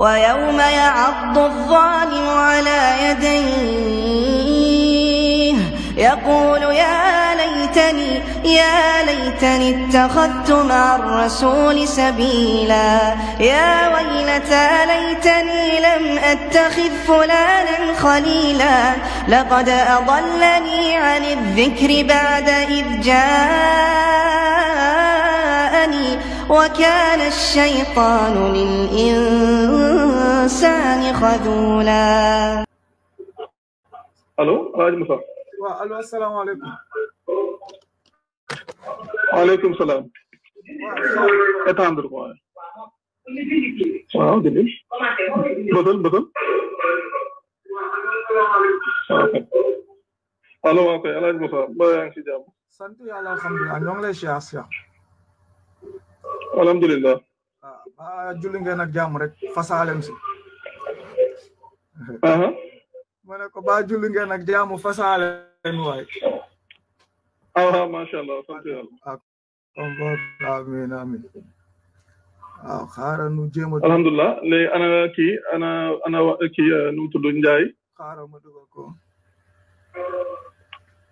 ويوم يعض الظالم على يديه يقول يا ليتني يا ليتني اتخذت مع الرسول سبيلا يا ويلتى ليتني لم اتخذ فلانا خليلا لقد اضلني عن الذكر بعد اذ جاء وكان الشيطان للإنسان خذولا ألو راجل مصر ألو السلام عليكم وعليكم السلام أتعلم قوة واو دليل بدل بدل ألو واقعي راج مصر ما يعني شجاب سنتي على الحمد لله نعم ليش يا أسيا Alhamdulillah. waaw ah, ah, julli ngeen ak jàmm rek fasaalem si Aha. Mana ko ba julli ngeen ak jàmm fasaalem waay ah masha allah amin amin waaw xaaral nu jéem a alhamdulilah léegi ana kii ana ana kii eh, nu mu tudd njaay xaaral ma dugal ko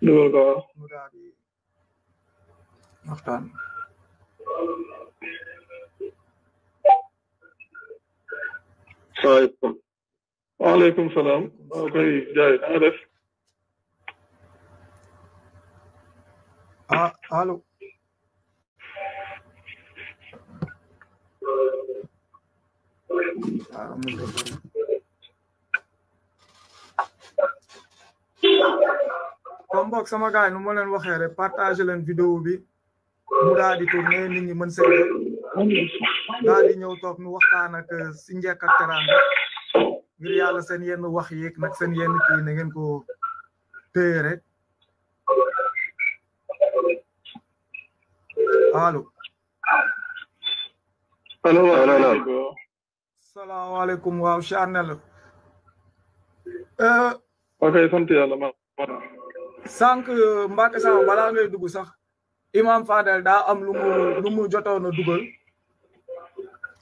dugal ko waaw mu di waxtaan salaamaaleykum. waaleykum salaam. maa koy jaay na nga def. ah allo. comme ah, sama gaay nu ma leen waxee partage leen vidéo bi. mu daal di tourné nit ñi mën seen daal di ñëw toog nu waxtaan ak euh, si njëkk ak teraanga ngir yàlla seen yenn wax yeeg nag seen yenn kii na ngeen ko téye rek allo. allo waaw. salaamaaleykum waaw Chane la. Euh, ok sant yàlla ma. sànq euh, Mbacke Sakho balaa ngay dugg sax. imam fadel da am lu mu lu mu jotono duggal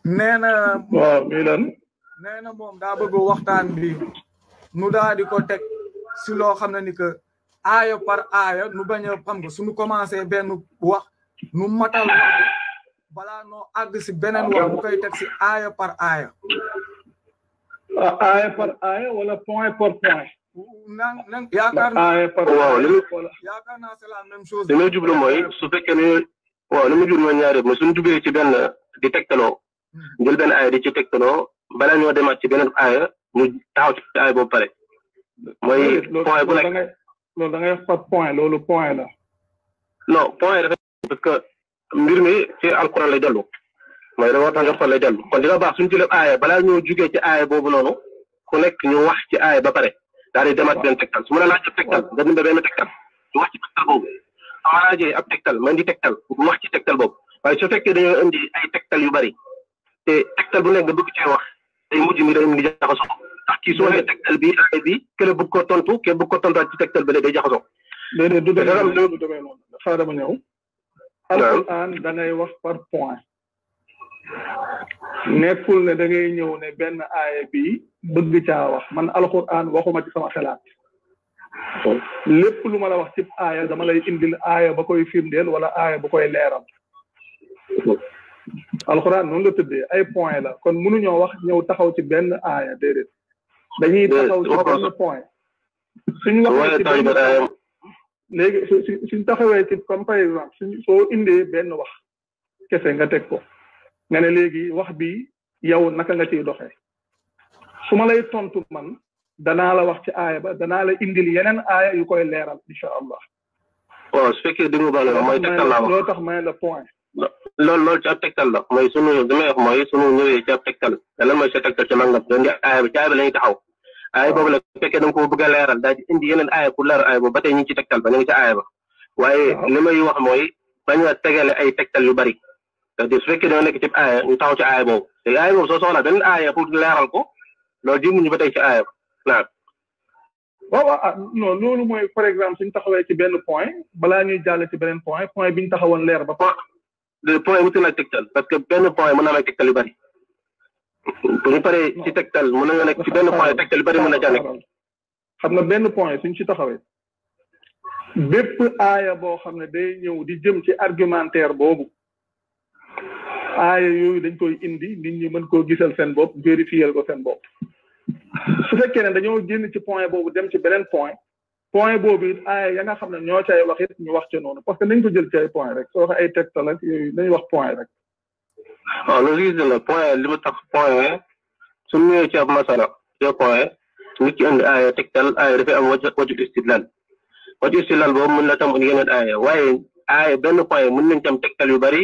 neena wa mi lan neena mom da bëgg waxtaan bi nu da di ko tek ci lo xamna ni ke aya par aya nu baña xam nga suñu commencé benn wax nu matal bala no ag si benen wax bu koy tek ci aya par aya aya ah, par aya wala point par point yaakaar ah, eh, waaw li muy li jublu mooy su fekkee ne waaw li muy jublu mooy ñaari mais suñ jubee ci benn di tegtaloo hmm. jël benn aaya di ci tegtaloo balaa ñoo demaat ci beneen aaya ñu taxaw ci aaya boobu pare mooy eh, point bu nekk loolu da ngay wax par point loolu point la non point dafa parce que mbir mi ci alquran la dellu mooy da war tax alquran lay dellu kon dina baax suñu jëlee aaya balaa ñoo jugee ci aaya boobu noonu ku nekk ñu wax ci aaya ba pare daal di demaat benn tegtal su ma la laajee tegtal nga dund benn tegtal du wax ci tegtal boobu su ma laajee ab tegtal man di wax ci tegtal boobu waaye soo fekkee dañoo indi ay tegtal yu bari te tegtal bu nekk nga bëgg cee wax day mujj mi dañu di jaxasoo ndax kii su ma bi aay bi kële bëgg ko tontu ke bëgg ko tontuwaat ci tegtal bi day jaxasoo. léeg-léeg du demee noonu dafa dama ñëw. alquran da ngay wax par point. nekkul ne da ngay ñëw ne benn aaya bi bëgg caa wax man alxuraan waxuma ci sama xalaat lépp lu ma la wax ci aaya dama lay indil aaya ba koy firndeel wala aaya ba koy leeral alxuraan noonu la tëddee ay point la kon mënuñoo wax ñëw taxaw ci benn aaya déedéet dañuy taxaw ci benn point suñ waxee ci benn léegi suñ taxawee ci comme par exemple suñ soo indee benn wax kese nga teg ko ne ne léegi wax bi yow naka nga ciy doxee su ma lay tontu man danaa la wax ci aaya ba danaa la indil yeneen aaya yu koy leeral insha allah waaw su fekkee di nga baale mooy tegtal la loolu tax may le point loolu loolu ci ab tegtal la mooy sunu li wax mooy sunu ñëwee ci ab tegtal lan mooy sa tegtal ci nangam doon di aaya bi ci aaya bi lañuy taxaw aaya boobu la fekkee da nga ko bëgg a leeral daa indi yeneen aaya pour leeral aaya boobu ba tey ñu ci tegtal ba ñu ci aaya ba waaye li may wax mooy bañ a tegale ay tegtal yu bari te à dire su fekkee da nga nekk ci aaya ñu taxaw ci aaya boobu te ko loolu jëmuñu ba tey ci aaya naam. Ah, par exemple suñu taxawee ci benn point balaa ñuy jàll ci beneen point point bi ñu taxawoon leer ba. point de point wuute na tegtal parce que benn point mën naa am ay bu ñu paree ci tegtal mën nañoo nekk ci benn point tegtal yu bari mën na jàll. xam nga benn point suñ ci taxawee. bépp aaya boo xam ne day ñëw di jëm ci argumentaire boobu. aaya yooyu dañ koy indi nit ñi mën koo gisal seen bopp vérifier ko seen bopp su fekkee ne dañoo génn ci point boobu dem ci beneen point point boobu it aaya ya nga xam ne ñoo cay wax it ñu wax ca noonu parce que nañ ko jël ci ay point rek soo waxee ay tegtal ak yooyu nañ wax point rek waaw loolu li ma tax point su ñëwee ci ab ci indi aaya tegtal aaya dafay am waju istidlal waju istidlal boobu mën na tam yeneen aaya waaye aaya benn point mun nañ tam tegtal yu bari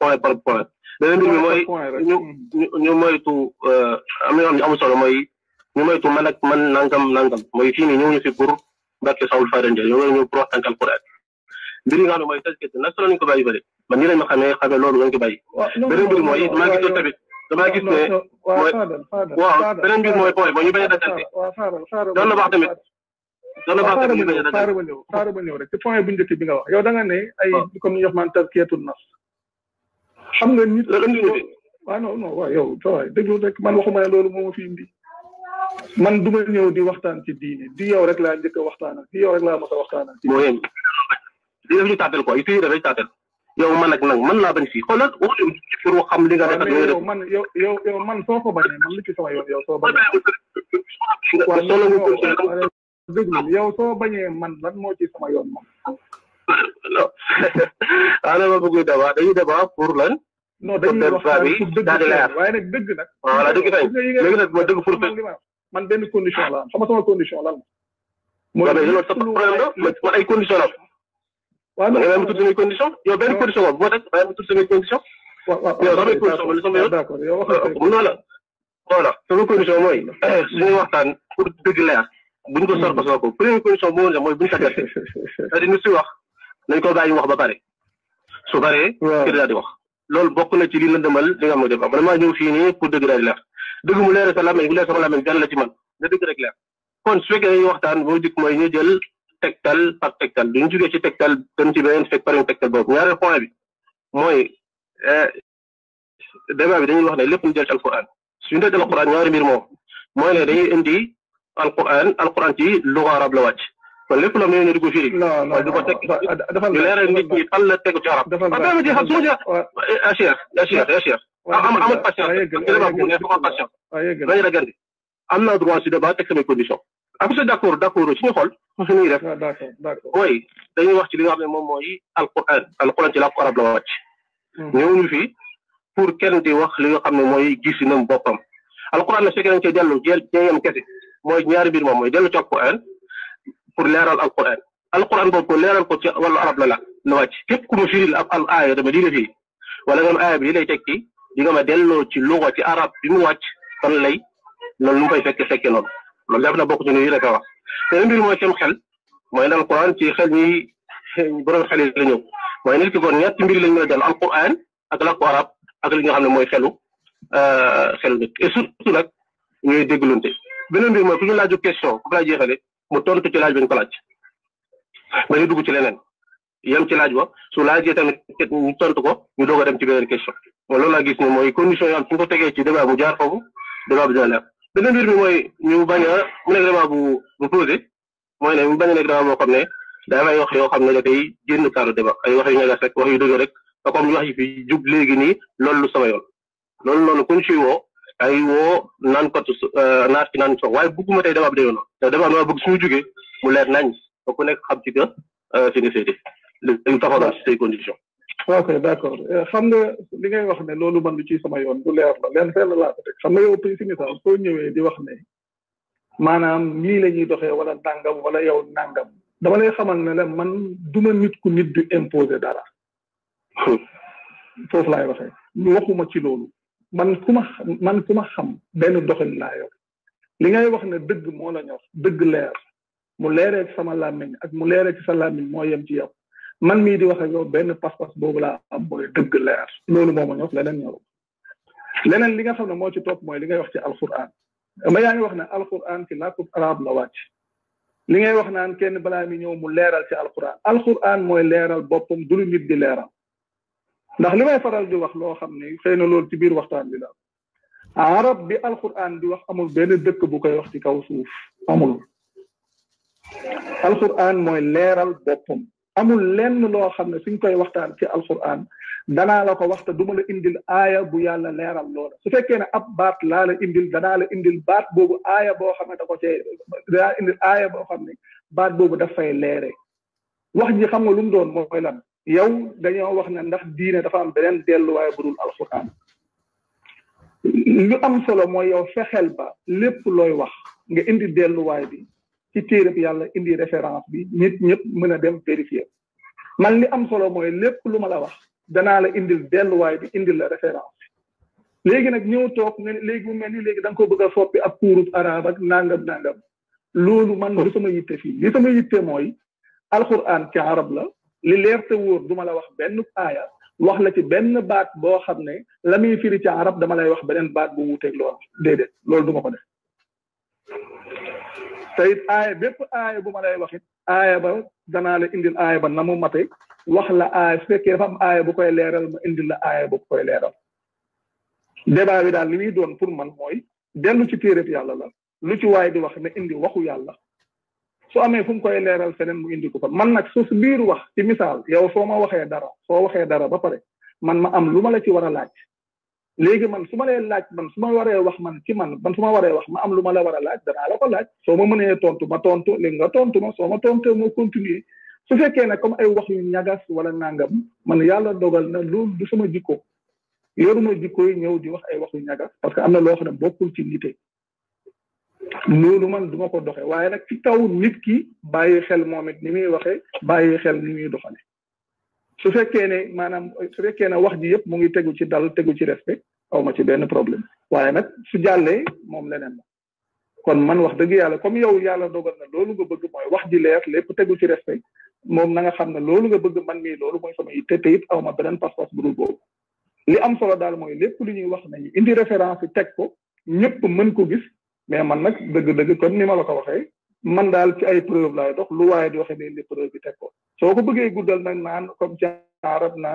point par point. beneen mbir mi mooy ñu ñu ñu moytu am na yoo xam ne amul solo mooy ñu moytu man ak nangam nangam mooy fi pour Mbàkke Sawul Fadanja ñëw ñu pour wax tànkal Quraan mbir yi nga xam ne mooy tasket nag solo nañu ko bàyyi bëri man nii lañ ma xamee xamee loolu lañ ko bàyyi. beneen mbir mooy maa ngi jot tamit damaa gis ne. waaw waaw mbir mooy point ba ñu bañ a dasante. doon na baax tamit. doon na baax tamit ñu bañ a dasante. xaaral ma ñëw xaaral ma ñëw rek ci point bu njëkk bi nga wax yow da ne ay comme ñu wax man tazkiyatun xam nga nit la indi nga waaw non non waaw yow man waxuma loolu fi man du ñëw di waxtaan ci diine di yow rek laa njëkk waxtaan ak di yow rek laa mos a waxtaan ak. moo yem li def man ak nag naa bañ fii xoolal nga def ak yow man yow yow yow man soo ko bañee man li ci sama yoon yow soo bañee. man lan moo ci sama yoon man. non xaaral ma bëgg débat dañuy débat pour lan. non dañuy wax pour dëgg la waaye nag dëgg nag. voilà dëgg nañ léegi nag mooy dëgg pour. man benn condition la am xam sama condition lan la. mooy problème la ay condition la waaw non non tudd condition yow benn condition boobu boo teg waaye mu tudd samay condition. waaw waaw yow samay condition wala sama yoon. d'accord yow wax euh, na la voilà sama condition mooy suñu waxtaan pour dëgg leer buñ ko hmm. sor ko soo ko première condition boo woon mooy buñ tàggatee c'est-à-dire ñu si wax nañ ko bàyyi wax ba pare su paree. waaw kii daal wax. loolu bokk na ci li lëndëmal li nga xam ne dafa am vraiment ñëw fii nii pour dëgg daal la leer dëgg mu leer sa làmmiñ bu leer sama làmmiñ gan la ci man na dëgg rek leer kon su fekkee dañuy waxtaan boo dikk mooy ñu jël tegtal par tegtal duñu jógee ci tegtal dem ci beneen fekk pare tegtal boobu ñaareel point bi mooy eh, débat bi dañuy wax ne lépp ñu jël ci alquran suñu dee alquran ñaari mbir moom mooy ne dañuy indi alquran alquran ci luga arab la wàcc kon lépp loo xam ne yéen a dugg fii. non non du ko teg dafa ñu leeral nit ñi fan la tegu ci arab. dafa am dafa jeexal su ma jeex. waaw Cheikh Cheikh Cheikh. am amul patience. waaye yëgën waaye yëgën nañu la gandi. am naa droit si débat teg samay condition. am si d' accord d' accord suñu xool. suñuy def waaw d' accord d' accord. oui dañuy wax ci li nga xam ne moom mooy alquran alquran ci làkk arab la wàcc. ñëwuñu fii pour kenn di wax li nga xam ne mooy gisinam boppam. alquran la su fekkee dañ cee dellu jéem kese mooy ñaari mbir moom mooy dellu ci alquran pour leral alquran alquran boobu pour leeral ko ci wala arab la la la wàcc képp ku mu firil ab al aya dama dina fii wala nga aya bi li lay tekki di nga ma delloo ci lugo ci arab bi mu wàcc tan lay loolu lu mu koy fekke fekke non loolu lépp na bokk ci ni rek a wax te mbir mo ci xel moy dal quran ci xel ñi borom xel la ñëw moy nit ki kon ñet mbir lañ mën a dal alquran ak la arab ak li nga xamne moy xelu euh xel nit et surtout nak ñoy déglunte benen bi mo ku ñu laaju question ku la jexale mu tontu ci laaj bañ ko laaj bañu dugg ci leneen yem ci laaj ba su laajee tamit ñu tontu ko ñu doog a dem ci beneen question mooy loolu laa gis ne mooy condition yoo xam ko tegee ci débat bu jaar foofu débat bu dina leer beneen mbir bi ñu bañ a mu nekk débat bu bu mooy ne mu bañ a nekk débat boo xam ne daa dafay wax yoo xam ne dafay génn kaaru débat ay wax yu ñagas rek wax yu dëgg rek comme ñu wax yi fi jub léegi nii loolu lu sama loolu noonu kuñ ci woo ay woo naan kottu euh, naat ki naan soow waaye bëgguma tey débat bi dayoon na débat bi bëgg suñu jógee mu leer nañ ba ku nekk xam ci que euh, fi nga féete lu taxaw ci say condition ok d'accord euh, xam nga li ngay wax ne loolu man lu ci sama yoon du leer la leen fenn laa ko teg xam yow pay si ñëwee di wax ne maanaam nii la ñuy doxee wala nàngam wala yow nàngam dama lay xamal ne la man duma nit ku nit du imposer dara foofu laay waxee ñu waxuma ci loolu man kuma ma man kuma xam benn doxin laa yor li ngay wax ne dëgg moo la ñor dëgg leer mu leeree ci sama làmmiñ ak mu leeree ci sa làmmiñ moo yem ci yow man mii di wax ak yow benn pas-pas boobu laa am mooy dëgg leer loolu moo ma ñor leneen ñoru leneen li nga xam ne moo ci topp mooy li ngay wax ci alquran ma yaa ngi wax ne alquran ci làkkub arab la wàcc li ngay wax naan kenn balaa mi ñëw mu leeral ci alquran alquran mooy leeral boppam du nit di leeral ndax li may faral di wax loo xam ne xëy na loolu ci biir waxtaan bi la arab bi alquran di wax amul benn dëkk bu koy wax ci kaw suuf amul alquran mooy leeral boppam amul lenn loo xam ne suñ koy waxtaan ci alquran danaa la ko waxta duma la indil aaya bu yàlla leeral loola su fekkee ne ab baat laa indil danaa la indil baat boobu aaya boo xam ne da ko cee danaa aaya boo xam ne baat boobu daf fay leere wax ji xam nga lu mu doon mooy lan yow dañoo wax na ndax diine dafa am beneen delluwaay bu dul alxuraan lu am solo mooy yow fexeel ba lépp looy wax nga indi delluwaay bi ci téereb yàlla indi référence bi nit ñëpp mën a dem vérifier man li am solo mooy lépp lu ma la wax danaa la indil delluwaay bi indil la référence bi léegi nag ñëw toog nga léegi mu mel ni léegi da nga ko bëgg a soppi ak kuurub arab ak nangam nangam loolu man du sama yitte fii li sama yitte mooy alxuraan ci arab la li leer te wóor duma la wax benn aaya wax la ci benn baat boo xam ne la muy firi ci arab dama lay wax beneen baat bu wuuteeg lool déedéet loolu duma ko def te it aaya bépp aaya bu ma lay wax it aaya ba danaa la indil aaya ba na mu mate wax la aaya su fekkee dafa am aaya bu koy leeral ma indil la aaya bu koy leeral débat bi daal li muy doon pour man mooy dellu ci téereb yàlla la lu ci waay di wax ne indi waxu yàlla su amee fu mu koy leeral feneen mu indi ko fa man nag su biir wax ci misaal yow soo ma waxee dara soo waxee dara ba pare man ma am lu ma la ci war a laaj léegi man su ma lay laaj man su ma waree wax man ci man man su ma waree wax ma am lu ma la war a laaj danaa la ko laaj soo ma mënee tontu ma tontu léegi nga tontu ma soo ma tontee moo continuer su fekkee ne comme ay wax yu ñagas wala nangam man yàlla dogal na loolu du sama jikko yoruma jikko yi ñëw di wax ay wax yu ñagas parce que am na loo xam ne bokkul ci nite loolu man duma ko doxee waaye nag ci kaw nit ki bàyyi xel moom it ni muy waxee bàyyi xel ni muy doxalee su fekkee ne maanaam su fekkee wax ji yëpp mu ngi tegu ci dal tegu ci respect aw ma ci benn problème waaye nag su jàllee moom leneen la kon man wax dëgg yàlla comme yow yàlla dogal na loolu nga bëgg mooy wax ji leer lépp tegu ci respect moom na nga xam ne loolu nga bëgg man mii loolu mooy sama yitte te it aw ma beneen pas-pas bu dul boobu li am solo daal mooy lépp lu ñuy wax indi référence yi teg ko ñëpp mën ko gis mais man nak deug deug comme ni ma la ko waxe man dal ci ay preuve lay dox lu waaye di waxee ne indi preuve bi teg ko soo ko guddal nak nan comme jaarab naa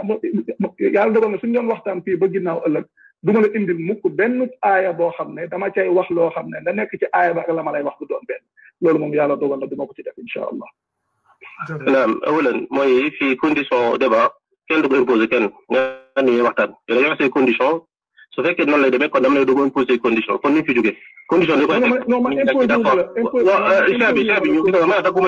yàlla dogal na suñ doon waxtan fi ba ginnaw ëlëk du ma la indil mukk benn aya bo xamne dama cey wax lo xamne ne da nekk ci aya ba ak la ma lay wax du doon ben lolu mom yàlla dogal na duma ko ci def inshallah naam awalan moy fi condition débat kenn du ko poser kenn nga ni waxtan yalla da nga say condition su fekkee noonu lay demee kon dama lay doon imposer condition kon ni ñu fi condition euh, bi koy dagguma la de. Ah. yàlla xam a daggante quoi dama ne a taxaw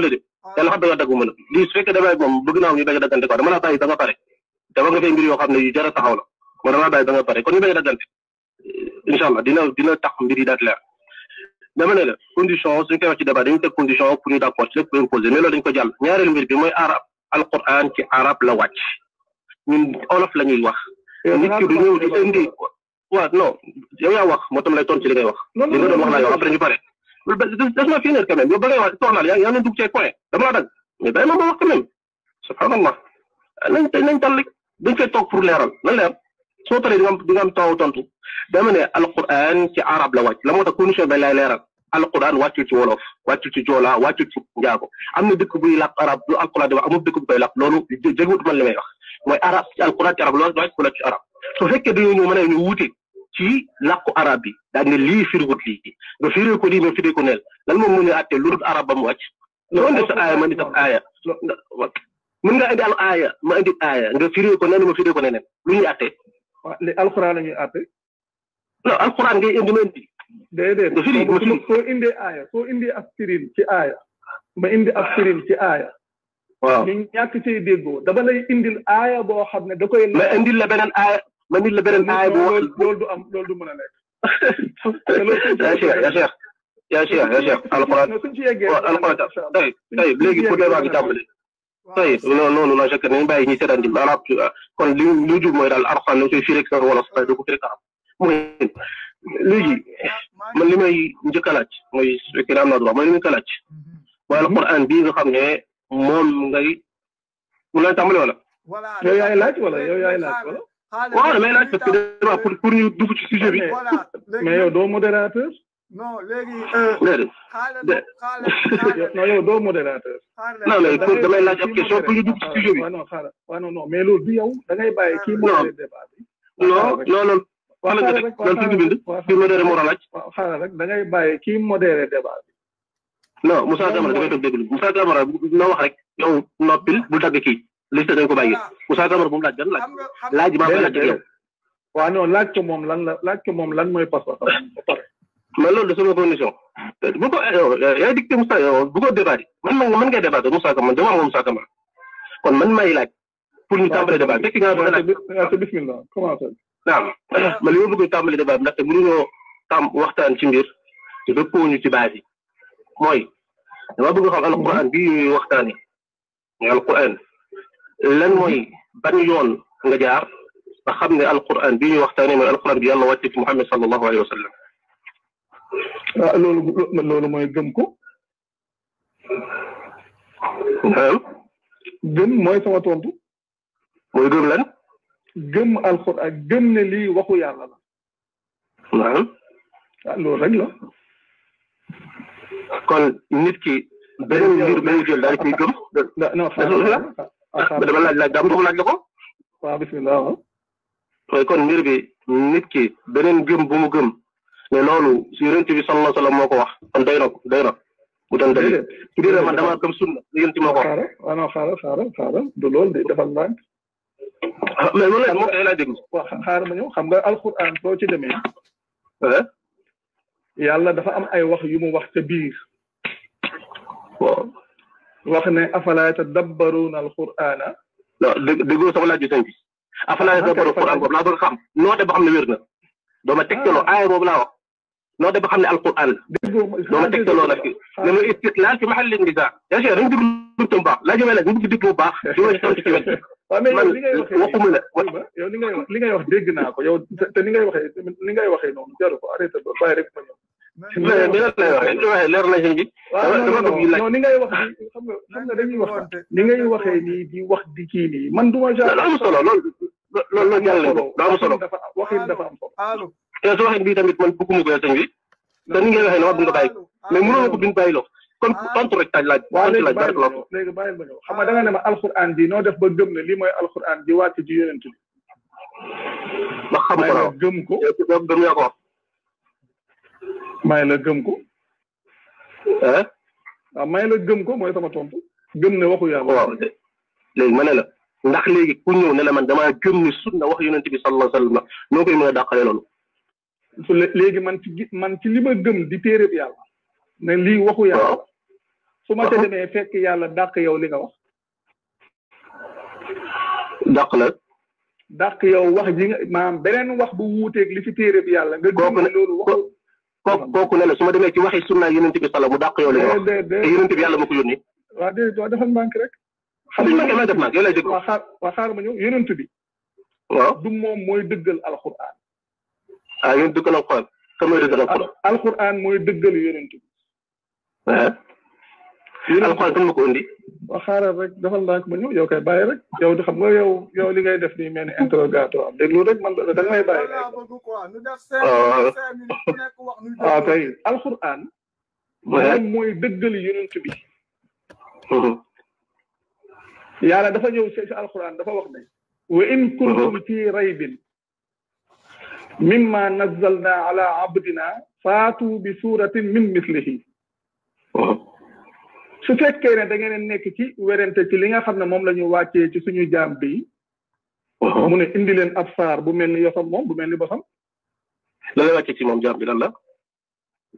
la dama la a daggante. Euh, incha allah dina dina tax mbir yi leer. dama ne la condition suñu koy wax ci débat dañu teg condition pour ñu ko jàll ñaareelu mbir bi mooy arab alquran ci arab la wàcc ñun olof la wax eh, waaw non yow yaa wax moo tam lay tontu ci li ngay wax. non non li nga doon wax naa yow après ñu pare. daf ma finir quand même yow ba ngay wax toog naa la yaa ngi dugg cee coin dama la dagg mais bàyyi ma ma wax quand même subhanallah nañ tey nañ tal rek dañ fay toog pour leeral lan leer soo taree di nga am di nga am taw tontu dama ne alquran ci arab la wàcc la moo tax condition bay lay leeral alquran wàccul ci wolof wàccul ci joola wàccul ci njaago am na dëkk buy làq arab lu alquran di wax amul dëkk bu koy làq loolu jëgwut man li may wax mooy arab ci alquran ci arab loolu wàcc ko la ci arab su fekkee dañoo ñëw mën a ñu wuute ci làkku arab bi daal ne lii firiwut lii nga firee ko lii ma firee ko neel lan moom mën a àtte lu dul arab ba mu wàcc loo indi sa aaya ma ni saf aaya indi al ma indi aaya nga firee ko neen ma firee ko neneen lu ñuy àtte li alxuraan la ñuy àtte non alxuraan ngay indi ma indi déedéet nga firi ma firi soo indee aaya soo indee ab firin ci aaya ma indi ab firin ci aaya waaw ñu ñàkk cay déggoo dama lay indil aaya boo xam ne da koy ma indil la ma nit la beneen aay bu wax loolu du am loolu du mën a nekk. yaa Cheikh yaa Cheikh yaa Cheikh yaa Cheikh alxuraan alxuraan tey tey léegi pour débat bi tàmbali tey non non non je ne bàyyi ñi seetaan di arab ah, kon li li jub mooy daal alxuraan lañ koy firi ak wala sa du ko firi arab mooy léegi man li may njëkk a laaj mooy su fekkee naa droit mooy li may njëkk a laaj mhm. mooy alxuraan bii nga xam ne moom ngay mu lay tàmbali wala. laaj wala yow wala. waaw damay laaj parce que débat pour pour ñu dugg ci sujet bi mais yow doo modérateur. non léegi. Euh, euh, déedéet déedéet. non yow doo modérateur. non léegi pour damay laaj ab question pour ñu dugg ci sujet bi. waaw non xaaral waaw non non mais loolu du yow da ngay bàyyi kii modéré débat bi. non non non. waaw xaaral rek waaw xaaral rek kii modéré moo laaj. waaw xaaral rek da ngay bàyyi kii modéré débat bi. non Moussa Camara dafay toog déglu Moussa Camara na wax rek yow noppil bu dagg kii. liste dañ ko bàyyi Moussa Camara moom laaj gan laaj laaj maa koy laaj ak yow. waaw non laaj ko moom lan la laaj moom lan mooy passeport ba pare. mais loolu de sama condition. bu ko yaay dicté Moussa bu ko débat man man man ngay débatté Moussa Camara dama am Moussa Camara kon man may laaj. pour ñu tàmbali débat fekk nga bëgg a laaj. bismillah commencé. naam man li ma bëgg a tàmbali débat ndaxte mënuñoo tam waxtaan ci mbir te dëppoo ñu ci base yi mooy dama bëgg xam alquran bii ñuy waxtaanee mooy alquran lan mooy ban yoon nga jaar ba xam ne alquran bi ñu waxtaane mooy alquran bi yàlla wàcce ci muhammad sallallahu alayhi wa sallam ah loolu loolu mooy gëm ko gëm mooy sama tontu mooy gëm lan gëm alquran gëm ne lii waxu yàlla la waaw loolu rek la kon nit ki beneen mbir beneen jël daal koy gëm non dama laaj laaj daam foofu laaj la ko. waaw bisimilah waaw. mooy kon mbir bi nit ki beneen gëm bu mu gëm ne loolu si yonent bi sallallahu alayhi wa moo ko wax kon doy na ko doy na bu doon dalil déedéet man damaa gëm moo ko wax. xaaral xaaral xaaral xaaral du loolu de defal ndànk. ah mais loolu moom day laa ma ñëw xam nga alquran soo ci demee. Eh? yàlla dafa am ay wax yu mu wax ca biir. wax ne afala tadabbaruuna alqur'ana non déggoo sama laaj ju tey bi afala tadabbaru alqur'an boobu laa doon xam noo def ba xam ne wér na dooma tegtaloo aaya boobu laa wax noo def ba xam ne alqur'an la dooma tegtaloo nag ne mu istiqlaal fi maxalli nisaa yaa cheikh dañ déglu tam baax laa jëmee nag ñu ngi déglu baax di ma tontu ci wet waaw mais yow li ngay waxee waxuma la yow li ngay wax li ngay wax dégg naa ko yow te ni ngay waxee ni ngay waxee noonu jaru ko arrêté ba bàyyi rek ma ñëw dina dina leer leer na ci dama bëgg laaj ni ngay wax di xam nga xam nga dañuy wax ni ngay waxee nii di wax di kii nii man du ma jaar am solo loolu loolu loolu jàll nañ ko am solo waxin dafa am solo te su waxin bii tamit man bëgguma ko sëñ bi da ni ngay waxee ne wax bu nga bàyyi mais mënoo ko duñ bàyyi loo kon tontu rek laaj waaw léegi bàyyi ma léegi bàyyi ma ñëw xam nga da nga ne ma alxuraan ji noo def ba gëm ne lii mooy alxuraan ji wàcc ci yonent bi ma xam ko gëm ko gëm yaa ko wax may la gëm ko. ah. waaw may la gëm ko mooy sama tontu. gëm ne waxu yàlla. waaw léegi ma ne la ndax léegi ku ñëw ne la man damaa gëm ni na wax yonent bi sallallahu alayhi wa sallam noo koy mën a dàqale loolu. léegi man ci man ci li ma gëm di téereb yàlla. lii waxu yàlla. ma ca demee yàlla dàq yow li nga wax. dàq la. dàq yow wax ji nga maanaam beneen wax bu wuuteeg li ci téereb yàlla nga. kooku loolu wax. kooku kooku nee na su ma demee ci waxi sunna yonent bi sala mu dàq yow la ñu wax te yonent bi yàlla ma ko yónni waa déedéet waa defal manque rek xamul manque laa def manque yow lay dégg waa xaar waa xaar ma ñëw yonent bi waaw du moom mooy dëggal alquran ah yéen dëggal alquran kan mooy dëggal alquran alquran mooy dëggal yonent bi alxuraan kan ma ko indi. waaw xaaral rek defal naa ko ma ñëw yow kay bàyyi rek yow di xam nga yow yow li ngay def nii mel ni interrogatoire déglu rek man da nga may bàyyi. waaw waaw kay alxuraan. moom mooy dëggali yonent bi. yàlla dafa ñëw si si alxuraan dafa wax ne. wa in kuntum fi raybin. mimma nazzalna ala abdina faatu bi suratin min mislihi. waaw. su fekkee ne da ngeen nekk ci werante ci li nga xam ne moom la ñu wàccee ci suñu jaam bi mu ne indi leen ab saar bu mel ni yosam moom bu mel ni bosam la lay wàccee ci moom jaam bi lan la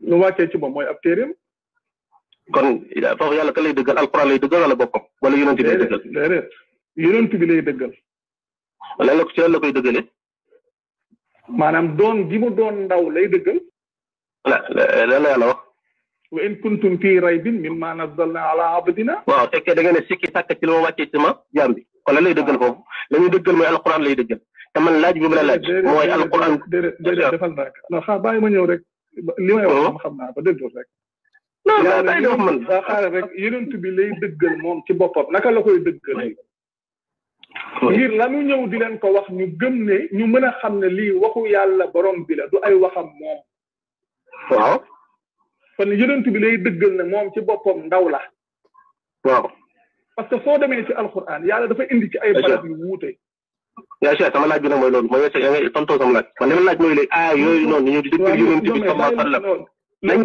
lu wàccee ci moom mooy ab téeréem kon foofu yàlla ka lay dëggal alquran lay dëggal wala boppam wala yonent bi lay dëggal déedéet la ci lan la koy dëggale maanaam doon gi mu doon ndaw lay dëggal la la la yàlla wax وان كنتم في ريب مما نزلنا على عبدنا واو فك دا غن سيكي فك تي لو واتي تما جامبي قال لي دغال فوف لا ني دغال موي القران لي دغال تما لاج بيم لا لاج موي القران دفال باك لا خا باي ما نيو رك لي ماي واخ ما خمنا با دغ رك لا لا باي دو من دا خا رك يونت بي لي دغال موم تي بوبوب نكا لا كوي دغال ngir lamu ñew di len ko wax ñu gëm kon yonent bi lay dëggal ne moom ci boppam ndaw la waaw parce que soo demee ci alxuraan yàlla dafa indi ci ay barab yu wuute yaa Cheikh sama laaj bi nag ma laaj mooy léegi aaya yooyu noonu ñu di dëggal yonent bi sallallahu alayhi wa sallam nañ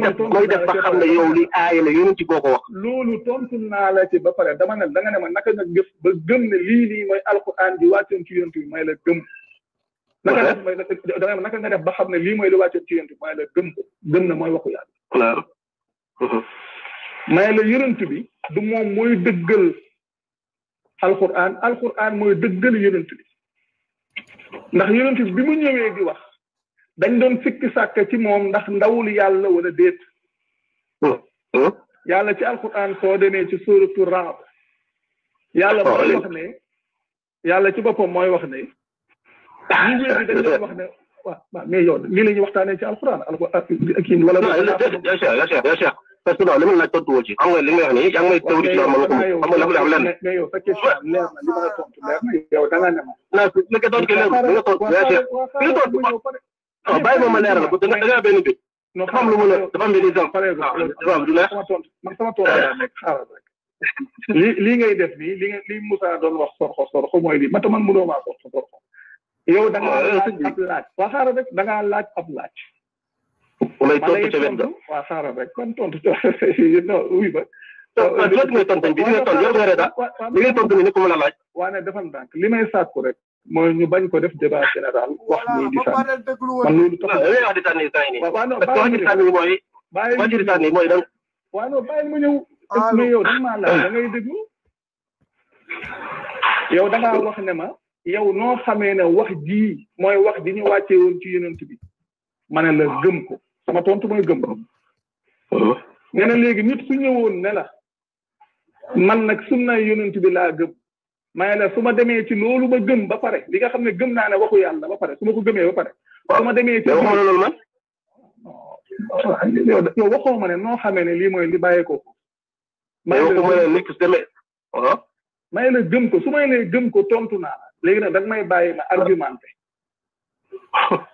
xam ne yow li aaya la yonent boo ko wax loolu tontu naa la ci ba pare dama ne danga nga ne ma naka nga gëf ba gëm ne lii nii mooy alxuraan bi wàccoon ci yonent bi may la gëm naka def mooy ne ma naka nga ba xam ne lii mooy li wàccoon ci yonent bi may la gëm gëm waxu yàlla claro uh-huh. may la yonent bi du moom mooy dëggal alquran alquran mooy dëggal yonent bi ndax yonent bi bi mu ñëwee gi wax dañ doon sikki sàkk ci moom ndax ndawul yàlla wala déet uh-huh. Uh-huh. yàlla ci alquran soo demee ci suuratu raab yàlla mooy wax ne yàlla ci boppam mooy wax ne ñu ah, wér dañ doon wax ne waaw waaw mais yow lii la ñuy waxtaanee ci alxuraan alxuraan kii wala. li li wax nii yaa ngi may tawlu na li ma la tontu leer na yow da ngaa ne ma. non su nekkee li nga tontu non ma ma leeral lii ngay def nii li nga li Moussa doon wax sorxo sorxo mooy lii man tam man mënoo maa sorxo yow ah, da ngaa laaj ab laaj da laaj ab laaj. ku may tontu ca rek kon tontu non wuy ba. jot li ko mën a laaj. waa ne defal li may sàkku rek. mooy ñu bañ ko def débat général wax nii di sànni man mooy. bàyyi ma ñëw mooy da wax ne ma. yow noo xamee ne wax jii mooy wax ji ñu wàccee woon ci yonent bi ma ne la gëm ko sama tontu mooy gëm ko uh-huh. nga léegi nit su ñëwoon ne la man nag sunna yonent bi laa gëm ma ne la su ma demee ci loolu ma gëm ba pare li nga xam ne gëm naa ne waxu yàlla ba pare su ko gëmee ba pare su ma demee ci loolu man yow ma ne noo xamee ne lii mooy li bàyyee ko may uh-huh. la gëm ko su may lay gëm ko tontu naa léegi nag da may bàyyi na argumenté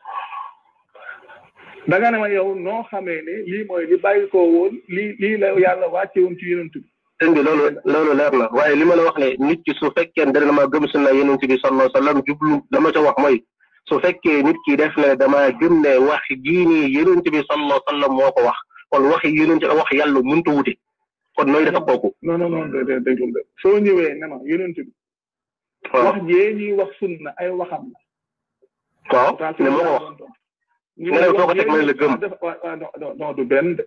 da nga ne ma yow noo xamee ne lii mooy li bàyyi koo woon lii lii la yàlla wàcce woon ci yonent ti sëñ bi loolu loolu leer na waaye li ma la wax ne nit ki su fekkee dana ma gëm sunna yonent bi sallallahu alayhi wa jublu dama ca wax mooy su fekkee nit ki def na dama gëm wax gii nii yonent bi sallallahu alayhi moo ko wax kon waxi yonent ak wax yàlla mënut a kon nooy def ak kooku. non non non déedéet déedéet soo ñëwee ne ma yonent bi wax jee ñuy wax sunna ay wax am waaw ne moo ko wax. ñu ne foo a teg ma ne la gëm. Ah, non du benn de.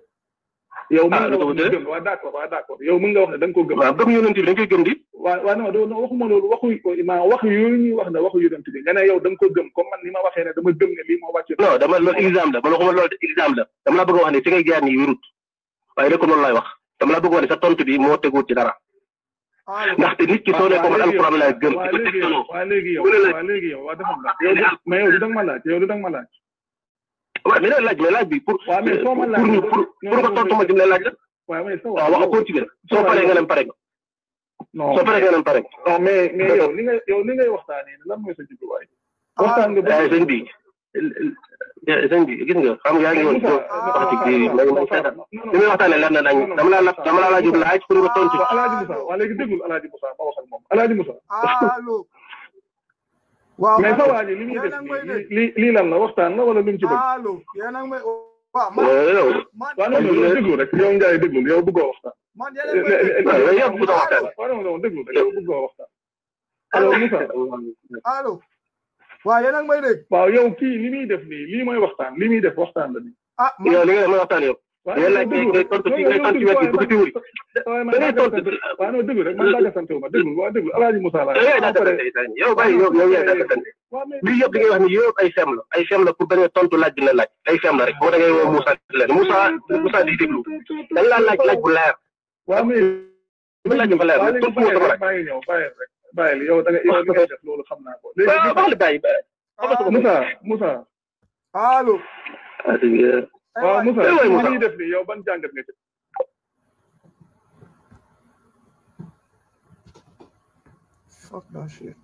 yow mën ah, nga wax gëm waaw d'accord wax ne da nga ko gëm. waaw gëm yonent bi da nga koy gëm di. waaw waaw non waxuma loolu waxu wax na wax ne waxu yonent bi nga ne yow da nga ko gëm comme man ni ma waxee ne dama gëm ne lii moo wàcc. non dama loolu exemple la man waxuma loolu exemple la dama la bëgg wax ne fi ngay jaar a wax ne sa tontu bi moo teguut ci dara ndaxte nit ki soo ne ko man alxuraan laa a waaw léegi yow waaw léegi yow waaw léegi yow waaw dafa laaj. mais yow du dang ma laaj yow du dang ma laaj. waaw mais laaj mais laaj bi pour. waaw mais soo ma laaj pour pour pour la. waaw mais soo waaw wax continuer soo paree nga dem pare nga. non soo paree nga dem pare nga. non mais mais yow li nga ah, eh, bi. gis nga xam nga yaa ngi woon ci ah. wax dëgg yi ma ngi seetal li may waxtaanee leer na nañ ah. dama laa la dama laa laaj laaj pour nga tontu. waaw ah, Alaaji Moussa waa léegi déggul Alaaji Moussa ma wax ak moom Alaaji Moussa. allo. waaw mais sa waa ji li muy def lii lii lan la waxtaan la wala lu mu ci bëgg. allo yéen a ngi may waaw man eh, yow. waaw non non déggul rek yow Ndiaye déggul yow bëggoo waxtaan. man yéen a ngi may eh, eh, waaw yow yow bëggoo waxtaan. waaw non non déggul rek yow bëggoo waxtaan. allo Moussa. allo. waaw yéen ak may dégg. waaw yow kii li muy def nii lii mooy waxtaan li muy def waxtaan la nii. ah man yow li nga def mooy waxtaan yow. waaw yow laaj ngay tontu ci ngay tontu ci wet bi bu ko ci wuri. da ngay tontu waaw non déglu rek man daa gasante ma déglu waaw déglu Alaaji Moussa laa. yow yaa gasante yow bàyyi yow yow yaa gasante. lii yëpp li ngay wax nii yëpp ay fem la ay fem la pour bañ a tontu laaj bi na laaj ay fem la rek boo da ngay woo Moussa di leen Moussa Moussa di déglu dañ laa laaj laaj bu leer. waaw mais. laaj bu leer mais tontu ma sama laaj. bàyyil yow da nga yow li ngay def loolu xam naa ko. léegi baax ah, na bàyyi bàyyi. Ah. Moussa Moussa. allo. waaw eh, eh, Moussa li ñuy def nii yow ban jàngat nga ci. fuck that shit.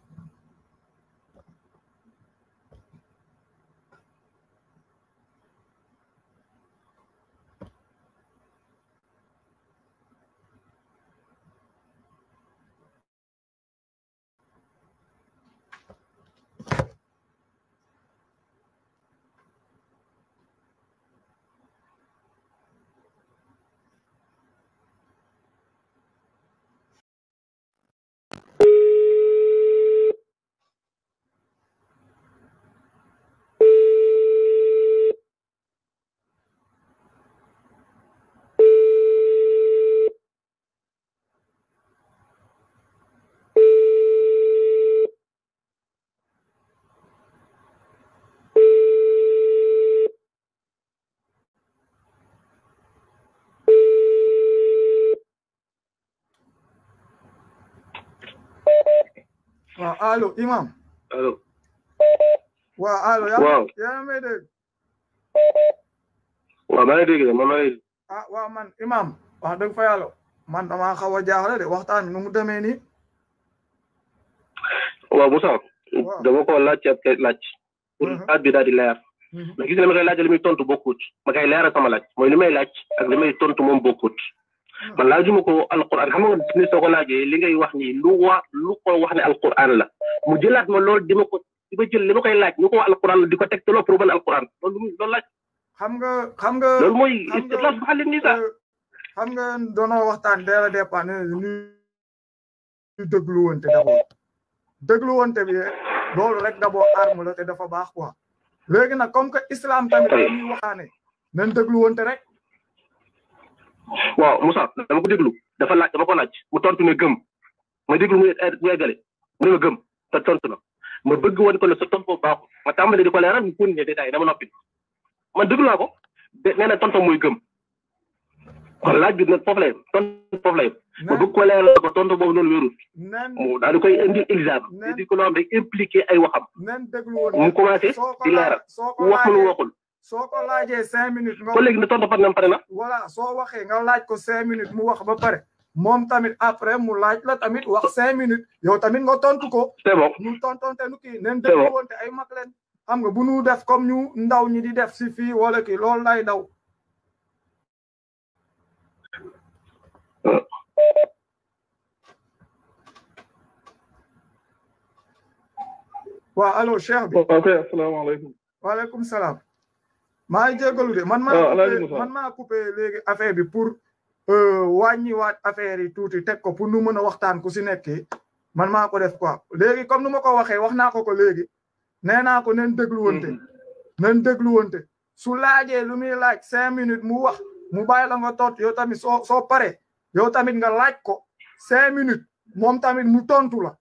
allo imam allo waaw allo yaa may dégg waaw maa ngi dégg de man maa ah, man imam wax dëgg fa yàlla man dama xaw a jaaxle de waxtaan nu mu demee nii waaw Moussa dama ko laaj ab laaj pour uh-huh. laaj bi daal di leer uh-huh. mais gis nga ma koy laaj li muy tontu bokkut ma koy leeral sama laaj mooy li may laaj ak li may tontu moom bokkut laa uh-huh. laajuma ko alquran xam nga ni soo ko li ngay wax nii lu wa lu ko wax ne alquran la mu jëlaat ma loolu dima ko dima jël li ma koy laaj ñu ko alquran di ko teg te loo pour mën alquran loolu loolu laaj. xam nga xam nga loolu mooy istiqlaal bu xalin nii sax. Euh, xam nga doonoo waxtaan dara dépend ni ñu déglu wonte d'abord déglu wonte bi loolu rek d'abord arme la te dafa baax quoi léegi nag comme que islam tamit dañuy waxaane nañ déglu wonte rek. waaw Moussa dama ko déglu dafa laaj dama ko laaj mu tontu ne gëm ma déglu mu yeggale mu ne ma gëm. te tontu na ma bëgg woon ko la sa tontu baaxul ma tàmbali di ko leeral mu continuer détaillé dama noppi man ko nee na tontu muy gëm kon laaj bi nag foofu la yem tontu foofu la yem ma bëgg ko leeral ko tontu boobu noonu wérul mu daal di koy indi exemple di ko loo xam day impliqué ay waxam mu commencé di leeral waxul waxul soo ko laajee cinq minutes. ba léegi ne tontu pat na pare na. wala so waxee nga laaj ko cinq minutes mu wax ba pare. moom tamit après ah, mu laaj la tamit wax cinq minutes yow tamit nga tontu ko. c'est bon ñu tontonte nu kii neen déglu woon ay mag leen. xam nga bu nu def comme ñu ndaw ñi di def si fii wala kii loolu lay daw. waaw allo cheikh bi. ok asalaamaaleykum. waaleykum salaam. maa ngi jégalu de man maa. Ah, man maa coupé léegi affaire bi pour. Euh, wàññiwaat affaire yi tuuti teg ko pour nu mën a waxtaan ku si nekk man maa ko def quoi léegi comme nu ma ko waxee wax naa ko ko léegi nee naa ko nañ dégluwante mm-hmm. nañ dégluwante su laajee lu muy laaj cinq minutes mu wax mu bàyyi la nga toot yow tamit soo soo pare yow tamit nga laaj ko cinq minutes moom tamit mu tontu la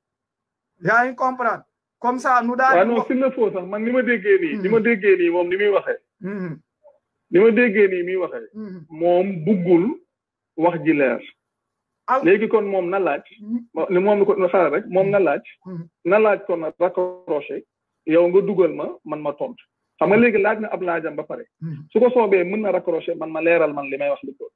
yaa ngi comprendre comme ça nu daal waaw non s'il man ni ma déggee nii ni ma mm-hmm. déggee nii moom ni muy waxee mm-hmm. ni ma déggee nii muy waxee moom buggul wax ji leer léegi kon moom na laaj ni moom ko xaaral rek moom na laaj na laaj kon na raccroché yow nga dugal ma man ma tont xam nga léegi laaj na ab laajam ba pare su ko soobee mën na raccroché man ma leeral man li may wax li ko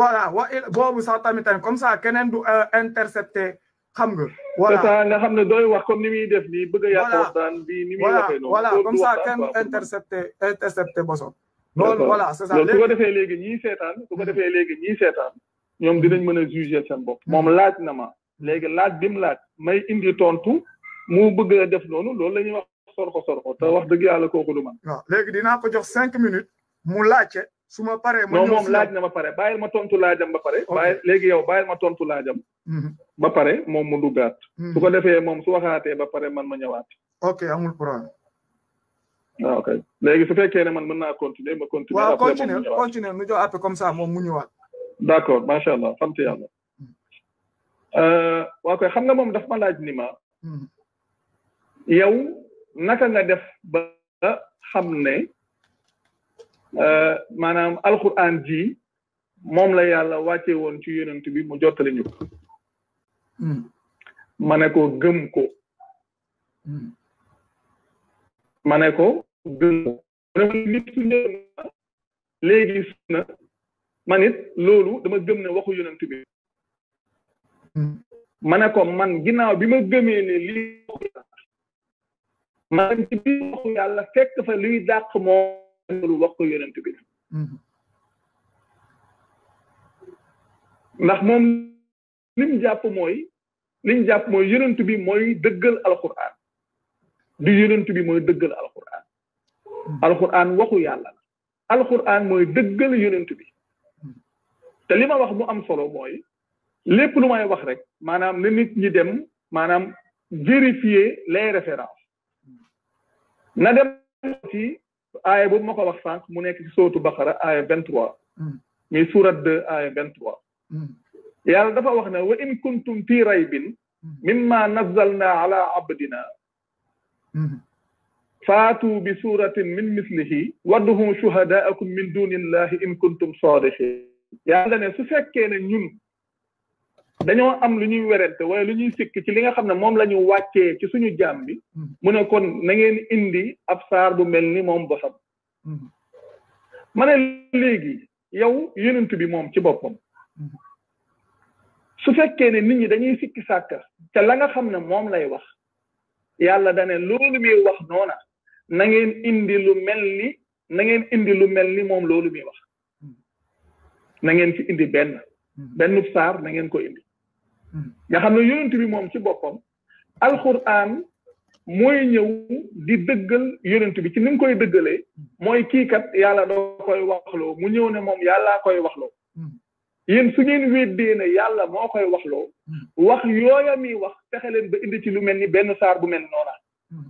voilà wa boobu sax tamit comme ça keneen du intercepter xam nga voilà ça nga xam ne doy wax comme ni muy def ni bëgg a yàq waxtaan bi ni muy waxee noonu voilà comme ça kenn intercepter intercepter bosom lool voilà c'est ça su ko defee léegi ñii seetaan su ko defee léegi ñii seetaan ñoom dinañ mën a juger seen bopp moom laaj na ma léegi laaj bi mu laaj may indi tontu mu bëgg def noonu loolu la ñuy wax sorko sorko te wax dëgg yàlla kooku du man léegi dinaa ko jox cinq minutes mu laajte su ma paree ma ñëw laaj na ma pare bàyyil ma tontu laajam ba pare bàyyi léegi yow bàyyil ma tontu laajam mhm. ba pare moom mu duggaat mhm. su ko defee moom su waxaatee ba pare man ma ñëwaat ok amul problème waaw ah, kay léegi su fekkee ne man mën naa continuer ma continuer. waaw continuer continuer nu jox àpp comme ça moom mu ñëwaat. d' accord macha allah sant yàlla. Hmm. Euh, waaw kay xam nga moom daf ma laaj ni ma. Hmm. yow naka nga def ba xam ne euh, maanaam alquran ji moom la yàlla wàcce woon ci yonent bi mu jottali ñu ko. Hmm. ne ko gëm ko. ma ne ko dund léegi sunna man it loolu dama gëm ne waxu yonent bi hmm. ma ne ko man ginnaaw bi ma gëmee ne lii waxu yàlla ma dem ci biir waxu yàlla fekk fa luy dàq moo loolu waxu yonent bi hmm. ndax moom lim jàpp mooy lim jàpp mooy yonent bi mooy dëggal alquran du yonent bi mooy dëggal alquran alquran waxu yàlla la alquran mooy dëggal yonent bi te li ma wax mu am solo mooy lépp lu may wax rek maanaam na nit ñi dem maanaam vérifier les références na dem ci aaya boobu ma ko wax sànq mu nekk ci sootu baqara aaya vingt trois mi surat deux aaya vingt trois yàlla dafa wax ne wa in kuntum fi raybin mimma nazzalna ala abdina Mm-hmm. faatu bi suuratin min mislihi wadduhu shuhadaakum min dunillahi in kuntum sadiqin yàlla ne su fekkee ne ñun dañoo am lu ñuy werante wala li ñuy sikk ci li nga xam ne moom la ñu wàccee ci suñu jaam bi mm-hmm. mu ne kon na ngeen indi ab saar mel ni moom bosam mm-hmm. ma léegi yow yonent bi moom ci boppam su fekkee ne nit ñi dañuy sikki sàkka te la nga xam ne moom lay wax yàlla dane loolu muy wax noona na ngeen indi lu mel ni na ngeen indi lu mel ni moom loolu muy wax na ngeen ci indi benn benn saar na ngeen ko indi nga xam ne yonent bi moom ci boppam alxuraan mooy ñëw di dëggal yonent bi ci ni koy dëggalee mooy kiikat yàlla doo koy waxloo mu ñëw ne moom yàllaa koy waxloo yéen su ngeen weddee ne yàlla moo koy waxloo hmm. wax yooya mi wax fexe leen ba indi ci lu mel ni benn saar bu mel noona hmm.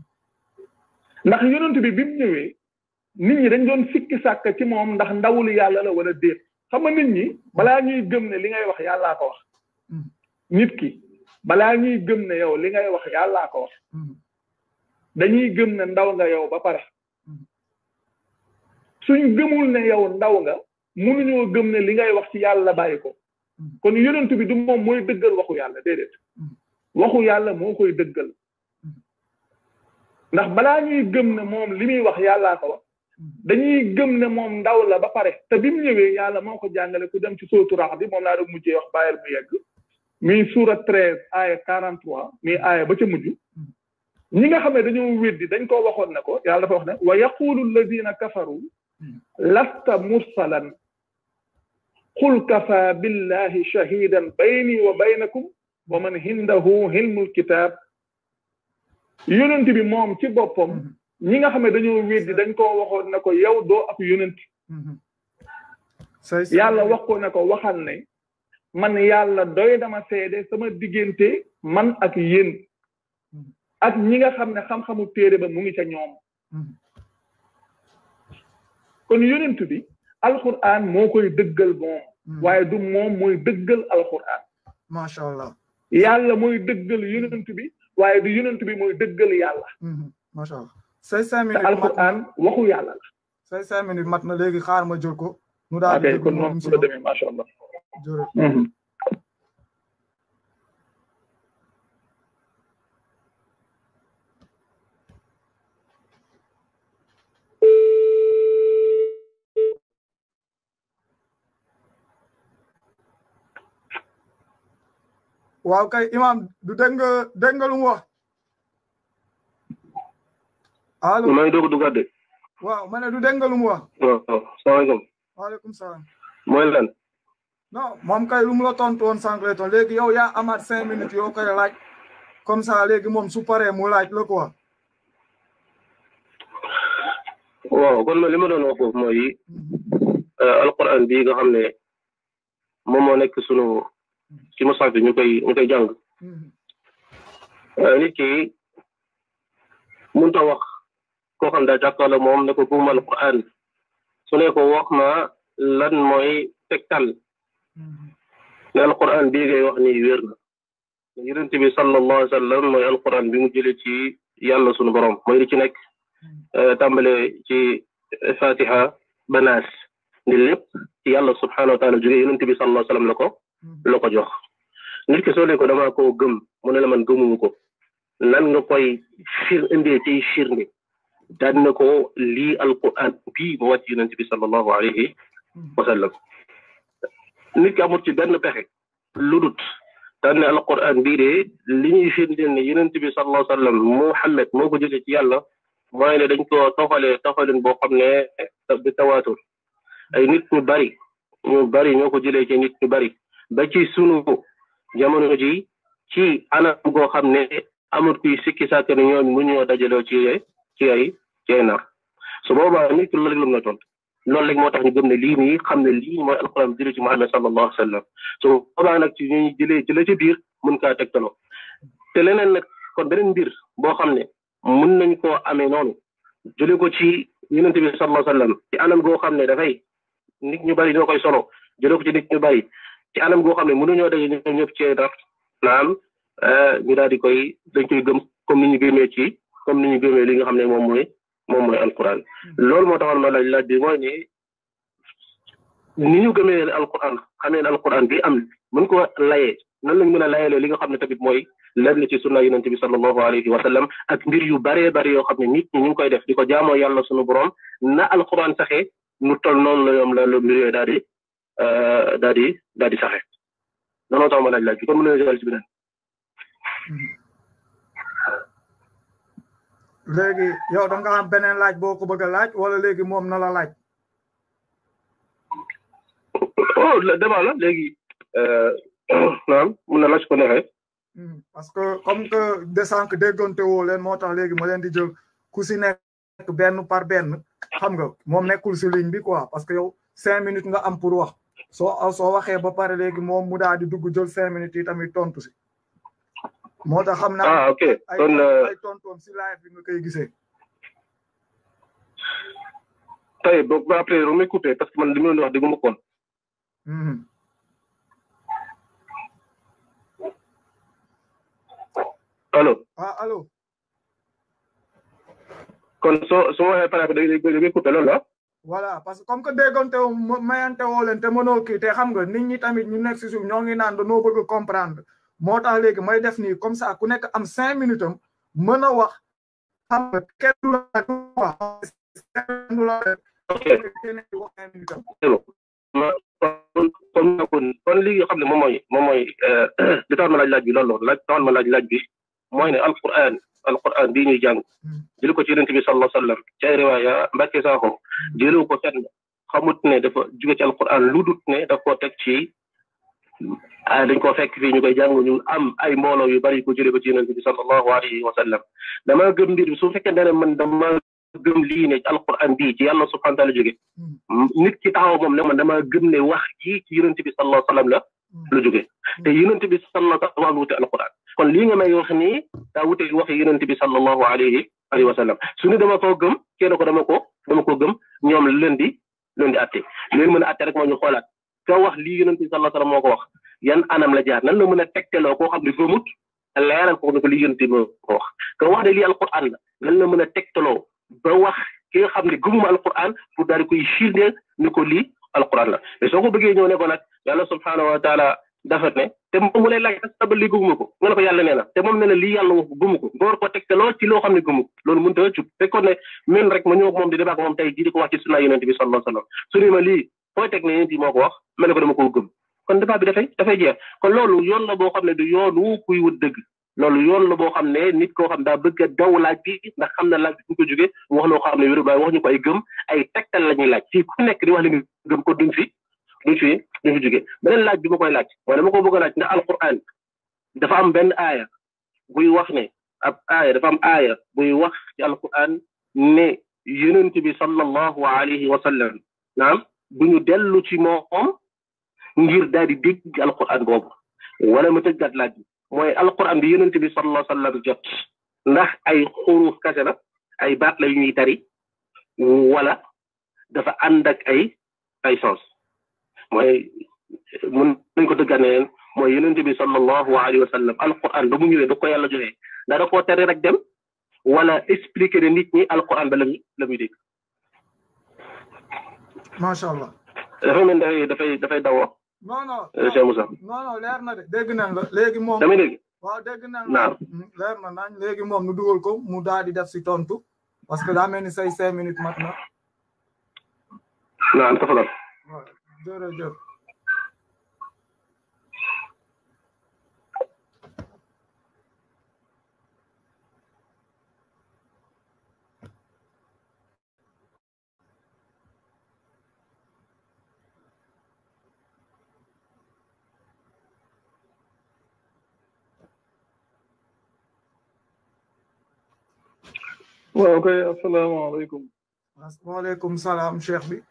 ndax yonent bi bi mu ñëwee nit ñi dañ doon sikki sàkk ci moom ndax ndawul yàlla la wala déet xam nit ñi balaa ñuy gëm ne li ngay wax yàllaa ko wax hmm. nit ki balaa ñuy gëm yow li ngay wax yàllaa ko wax dañuy gëm ne ndaw nga yow ba pare suñ gëmul ne yow ndaw nga mënuñoo gëm ne li ngay wax ci yàlla bàyyi ko mm-hmm. kon yonent bi du moom mooy dëggal waxu yàlla déedéet mm-hmm. waxu yàlla moo koy dëggal mm-hmm. ndax balaa ñuy gëm ne moom li muy wax yàllaa ko wax dañuy gëm ne moom ndaw la ba pare te bi mu ñëwee yàlla moo ko jàngale ku dem ci sóotu rax bi moom laa doon mujjee wax bàyyil mu yegg mi suura treize aaya quarante trois mi aaya ba ca mujj ñi nga xam ne dañoo weddi dañ ko waxoon ne ko yàlla dafa wax ne wa yaqulu alladina kafaru lasta mursalan qul kafa billahi shahidan bayni wa baynakum wa man hindahu hilmul kitaab yonent bi moom ci boppam mhm. ñi nga xam ne dañoo weddi dañ koo waxoon na ko yow doo ak yonent mhm. yàlla wax ko ne ko waxal ne man yàlla doy dama seede sama diggante man ak yéen mhm. ak ñi nga xam ne xam-xamu téere ba mu ngi ca ñoom kon yonent bi alquran moo koy dëggal moom hmm. waaye du moom mooy dëggal alquran macha allah yàlla mooy dëggal yonent bi waaye du yonent bi mooy dëggal yàlla hmm, macha allah say cinq minutes alquran waxu yàlla la say cinq minutes mat na léegi xaar ma jël ko nu daal kon noonu la demee macha allah waaw kay imam du dégg nga dégg nga lu mu wax de waaw ma ne du dégg nga lu mu wax waaw salaamaaleykum waaleykum salaam mooy lan moom kay lu mu la tontu woon sànq lay tontu léegi yow yaa amaat cinq minutes yoo koy laaj comme ça léegi moom su paree mu laaj la quoi waw kon ma li ma doon wax foofu mooy mm-hmm. euh, alquran bii nga xam ne moom moo nekk ci mosag bi ñu koy ñu koy jàng euh, wax koo xam daa jàkkaarloo moom ne ko buum alquran su ne ko wax ma lan mooy tegtal ne alquran bii ngay wax ni wér na yonent bi sallallahu alayhi wa sallam mooy alquran bi mu jëlee ci yàlla sunu borom mooy li ci nekk euh, tàmbale ci fatiha banaas ni lépp ci yàlla subhanahu wa taala jógee yonent bi la ko Mm-hmm. la ko jox nit ki soo ne ko damaa gëm mu ne la man gëmumu ko nan nga koy fir indee tey firnde daan na ko lii alquran bii ma wàcc yonent bi sallallahu alayhi wa sallam mm-hmm. nit ki amul ci benn pexe lu dut daan ne alquran bii de li ñuy firndeel ne yonent bi sallallahu alayhi wa sallam Muhammad moo ko jóge ci yàlla mooy ne dañ ko tofalee tofalin boo xam ne eh, bi tawaatur ay nit ñu bari ñu bari ñoo ko jëlee ci nit ñu bari ba ci sunu jamono ji ci anam goo xam ne amul kuy siki sàkk ni ñooñu mu ñoo dajaloo ci ci ay ci ay nar su boobaa nit ki loolu na tontu loolu rek moo tax ñu gëm ne lii nii xam ne lii mooy alquran jëlee ci Muhammad sallallahu alayhi wa sallam su boobaa nag ci ñuy jëlee jëlee ci biir mun kaa tolo te leneen nag kon beneen mbir boo xam ne mun nañ ko amee noonu jëlee ko ci ñu bi sallallahu alayhi wa ci anam goo xam ne dafay nit ñu bari ñoo koy solo jëlee ko ci nit ñu bari ci anam goo xam ne mënuñoo daje ñoom ñëpp ci daf naan euh, ñu daal di koy dañ koy gëm comme ni ñu gëmee ci comme ni ñu gëmee li nga xam ne moom mooy moom mooy alquran loolu moo taxoon ma laaj laaj bi mooy ni ni ñu gëmee alquran xamee ne alquran bi am mën ko layee nan lañ mën a layalee li nga xam ne tamit mooy lenn ci sunna yonente bi sallallahu alayhi wa sallam ak mbir yu baree bari yoo xam ne nit ñi ñu koy def di ko jaamoo yàlla suñu borom na alquran saxee nu toll noonu la yoom la mbir yooyu daal di Euh, daal di daal di saxe noonu tax ma laaj laaj bi kon mën nañu jàll ci beneen léegi yow da nga am beneen laaj boo ko bëgg a laaj wala léegi moom na la laaj. oh débat la léegi. Euh, naam mun na laaj ko neexee. Hmm, parce que comme que de sànq déggante woo leen moo tax léegi ma leen di jël ku si nekk benn par benn xam nga moom nekkul si ligne bi quoi parce que yow cinq minutes nga am pour wax. soo soo waxee ba pare léegi moom mu daal di dugg jël cinq minutes yi tamit tontu si. moo tax xam na ah ok kon si live bi nga koy gisee. tey boog ba après dama coupé parce que man li ma leen wax déggu ma koon. alo ah allo. kon soo soo waxee par rapport da ngay coupé loolu la. voilà parce que comme que déggoonte woo mayante woo leen te mënoo kii te xam nga nit ñi tamit ñu nekk si suuf ñoo ngi naan dañoo bëgg comprendre moo tax léegi may def nii comme ça ku nekk am cinq minutes am mën a wax xam nga kenn du la wax kenn du la li nga xam ne moom mooy moom mooy euh, li tax ma laaj laaj bi loolu la laaj taxoon ma laaj laaj bi mooy alquran bii ñuy jàng hmm. jël ko ci yonent bi sallallahu alayhi wasallam ci ay riwaaya Mbàkke Saaxo hmm. jëlewu ko fenn xamut ne dafa jóge ci alquran lu dut ne daf koo teg ci a ah, dañ ko fekk fii ñu koy jàng ñu am ay mbooloo yu bari ko jële ko ci yonent bi sallallahu alayhi wasallam dama gëm mbir bi su fekkee ne lii ne alquran bii ci yàlla subhanahu wa hmm. nit ki taxaw moom ne man dama gëm ne wax yi ci yonent bi sallallahu alayhi wasallam la lu jóge te yonent bi sallallahu alayhi wasallam wuute alquran kon li nga may wax ni da wutey wax yonent bi sallallahu alayhi wa sallam suñu dama ko gëm kenn ko dama ko dama ko gëm ñom lëndi lëndi atte leen mëna atte rek mo ñu xolaat ka wax li yonent sallallahu alayhi wa sallam moko wax yan anam la jaar nan la mëna a tegteloo koo xam ne gëmut leral ko ko li yonent mo ko wax ka wax de li alquran la nan la mëna a tegteloo ba wax ki nga xamni gëmuma alquran pour daal koy firndeel ni ko li alquran la mais soko ko bëggee ñëw ne ko nak yàlla subhanahu wa taala dafa ne te moom mu lay laaj sa ba lii gëmuma ko nga ko yàlla nee na te moom nee na lii yàlla wax gëmu ko nga war ko teg te loolu a jub fekkoon ne même rek ma ñëw ak moom ko wax ci ma lii fooy teg ne yonent yi moo yoon la boo xam ne du yoonu kuy wut dëgg loolu yoon la boo xam ne nit koo xam daa bëgg a daw laaj bi ndax xam na laaj bi fu ko jógee wax loo xam ne wéru wax ñu ko ay gëm ay tegtal la ñuy laaj fii ku nekk di wax li nga gëm ko duñ du fi du fi jóge beneen laaj bi ma koy laaj wala ma ko bëgg a laaj ndax alquran dafa am benn aaya buy wax ne ab aaya dafa am aaya buy wax ci alquran ne yonent bi sallallahu alayhi wa sallam naam duñu dellu ci moom ngir daal di dégg alquran boobu wala ma tëggaat laaj bi mooy alquran bi yonent bi sallallahu alayhi wa sallam jot ndax ay xuruuf kase la ay baat la yu ñuy tari wala dafa ànd ak ay ay sens موي من نكو دغانين موي يونس بي صلى الله عليه وسلم القران بامو نيوي دكو يالا جوي دا داكو تري رك ديم ولا اكسبليكي نيت ني القران بلا لامي ديك ما شاء الله دا فاي من دا فاي دا فاي دا فاي داو نو نو شيخ موسى نو نو لير نا دغنا لغي موم دامي ديك وا دغنا نعم لير نا نان لغي موم نو دوغول كو مو دادي داف سي تونتو باسكو دا ميني ساي 5 مينوت ماتنا نعم تفضل درجة اوكي السلام عليكم وعليكم السلام شيخ بي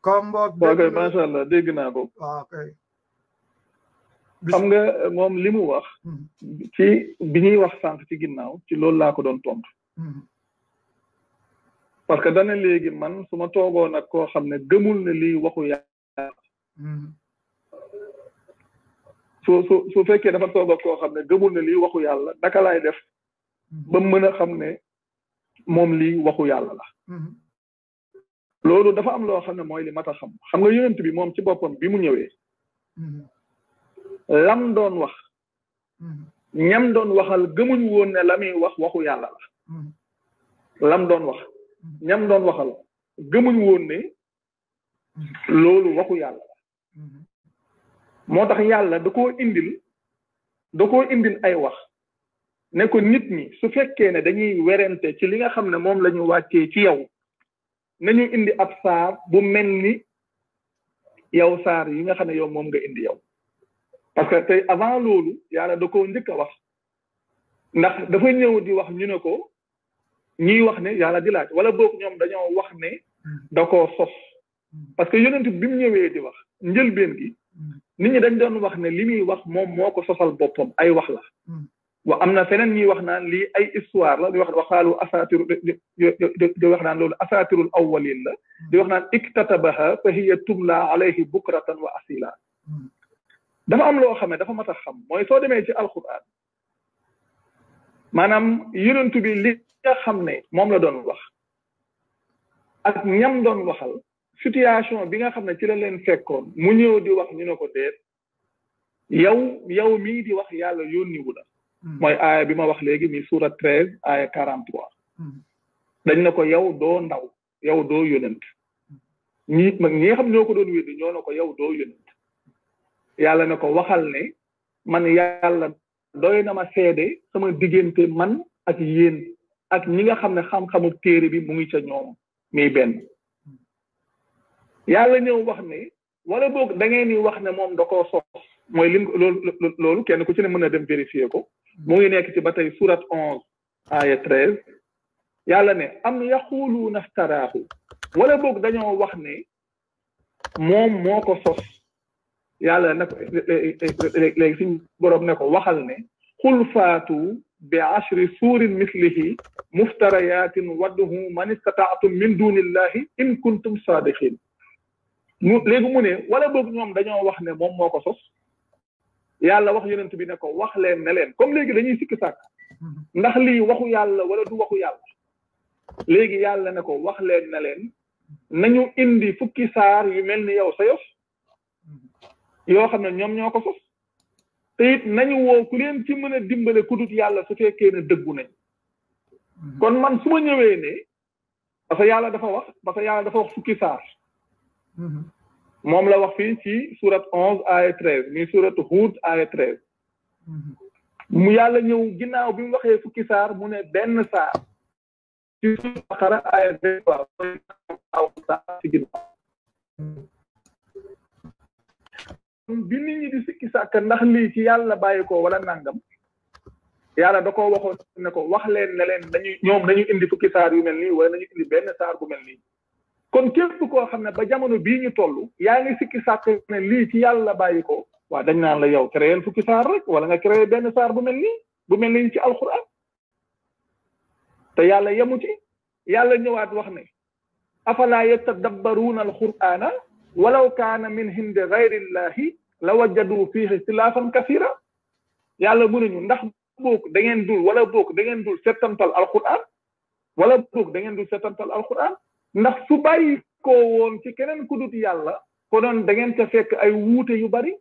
comme boobu waaw kay macha allah dégg naa ko. waaw ah, xam nga moom li mu wax. Hmm. ci bi ñuy wax sànq ci ginnaaw ci loolu laa ko doon tontu. Hmm. parce que dana léegi man su ma toogoon ak koo xam ne gëmul ne li waxu yàlla. Hmm. su su su fekkee dafa toog koo xam ne gëmul ne lii waxu yàlla naka laay def. ba mën xam ne moom lii waxu yàlla la. loolu dafa am loo xam ne mooy li mat xam xam nga yonent bi moom ci boppam bi mu ñëwee mm-hmm. lam doon wax mm-hmm. ñam doon waxal gëmuñu woon ne la wax waxu yàlla mm-hmm. lam doon wax ñam doon waxal gëmuñ woon ne loolu waxu yàlla la moo tax yàlla da koo indil da ko indil ay wax ne ko nit ñi su fekkee ne dañuy werante ci li nga xam ne moom la ñu wàccee ci yow nañu indi ab saar bu mel ni yow saar yi nga xam ne yow moom nga indi yow parce que tey avant loolu yàlla da ko njëkk wax ndax dafa ñëw di wax ñu ne ko ñuy wax ne yàlla di laaj wala boog ñoom dañoo wax ne da ko sos parce que yonent bi mu ñëwee di wax njëlbeen gi nit ñi dañ doon wax ne li wax moom moo ko sosal boppam ay wax la وامنا فنان ني واخنا لي اي استوار لا دي واخ وخالو اساطير دي واخ نان لول اساطير الاولين لا دي واخ نان اكتتبها فهي تملى عليه بكره واصيلا دا ام لو خامي دا ما تا خام موي سو ديمي سي القران مانام لي خامني موم لا دون اك نيام دون واخال سيتوياسيون بيغا خامني سي لا لين فيكون مو نيو دي واخ ني نكو دير دي واخ يالا يوني وودا Hmm. mooy aaya bi ma wax léegi mi suura treize aaya quarante trois hmm. dañ na ko yow doo ndaw yow doo yonent ñi mag ñi nga xam ñoo ko doon wéddi ñoo na ko yow doo yonent yàlla ne ko waxal ne man yàlla doy na ma seede sama diggante man ak yéen ak ñi nga xam ne xam-xamu téere bi mu ngi ca ñoom muy benn yàlla ñëw wax ne wala boog da ngeen di wax ne moom da koo sos mooy lim loolu loolu kenn ku ci ne mën a dem vérifier ko mu ngi nekk ci ba tey surat onze aaya treize yàlla ne am na ftaraahu wala boog dañoo wax ne moom moo ko sos yàlla ne ko léegi suñ boroom ne ko waxal ne xul faatu bi ashri suurin mislihi muftarayaatin wadduhu man istataatum min dunillahi in kuntum saadiqin mu léegi ne wala boog ñoom dañoo wax ne moom moo ko sos yàlla wax yonent bi ne ko wax leen ne leen comme léegi dañuy sikki sàkk ndax lii waxu yàlla wala du waxu yàlla léegi yàlla ne ko wax leen ne leen nañu indi fukki saar yu mel ni yow sa yos yoo xam ne ñoom ñoo ko sos te it nañu woo ku leen ci mën a dimbale kudut yàlla su fekkee ne dëggu nañ kon man su ma ñëwee ne parce que yàlla dafa wax parce yàlla dafa wax fukki saar moom la wax fii ci surat onze aya treize muy suratu Hud aya treize mhm. mu yàlla ñëw ginnaaw bi mu waxee fukki saar mu ne benn saar ci surat Baqara aya vingt trois bi nit ñi di sikki sàkk ndax lii ci yàlla bàyyi ko wala nangam yàlla da koo waxoon ne ko wax leen ne leen dañuy ñoom dañuy indi fukki saar yu mel nii wala dañuy indi benn saar bu mel nii kon képp koo xam ne ba jamono bii ñu toll yaa ngi sikki sàkk ne lii ci yàlla bàyyi ko waa dañ naan la yow créer fukki saar rek wala nga créer benn saar bu mel nii bu mel nii ci alquran te yàlla yemu ci yàlla ñëwaat wax ne afala yatadabbaruuna alqurana walaw kaana min hindi gayri llahi la wajadu fihi ixtilafan kasira yàlla mu ne ñu ndax boog da ngeen dul wala boog da ngeen dul settantal alquran wala boog da ngeen dul settantal alquran ndax su bàyyi ko woon ci keneen ku yàlla konoon dangeen ca fekk ay wuute yu bari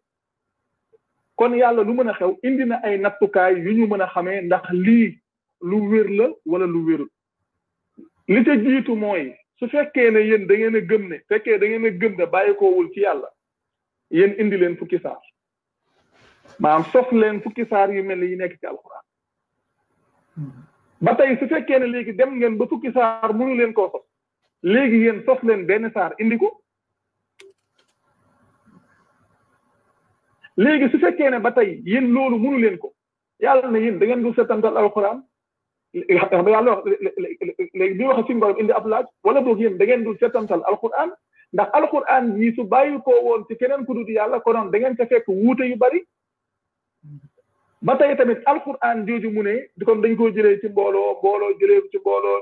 kon yàlla lu mën a xew indi na ay nattukaay yu ñu mën a xamee ndax lii lu wér la wala lu wérul li ca jiitu mooy su fekkee ne yéen da ngeen a gëm ne fekkee dangeen ngeen a gëm ne bàyyi koowul ci yàlla yéen indi leen fukki saar maam sof leen fukki saar yu mel ni yi nekk ci alxuraan hmm. ba tey su fekkee ne léegi dem ngeen ba fukki saar mënu leen koo sof leegi yéen sos leen benn saar indi ko léegi su fekkee ne ba tey yéen loolu mënu leen ko yàlla ne yéen da ngeen du setantal alquran xam yàlla wax léegi bi wax suñu borom indi ab laaj wala boog yéen da ngeen du setantal alquran ndax alquran yi su bàyyi ko woon ci keneen ku dut yàlla konoon da ngeen ca fekk wuute yu bari ba tey tamit alquran jooju mu ne kon dañ koo jëlee ci mbooloo mbooloo jëlee ci mbooloo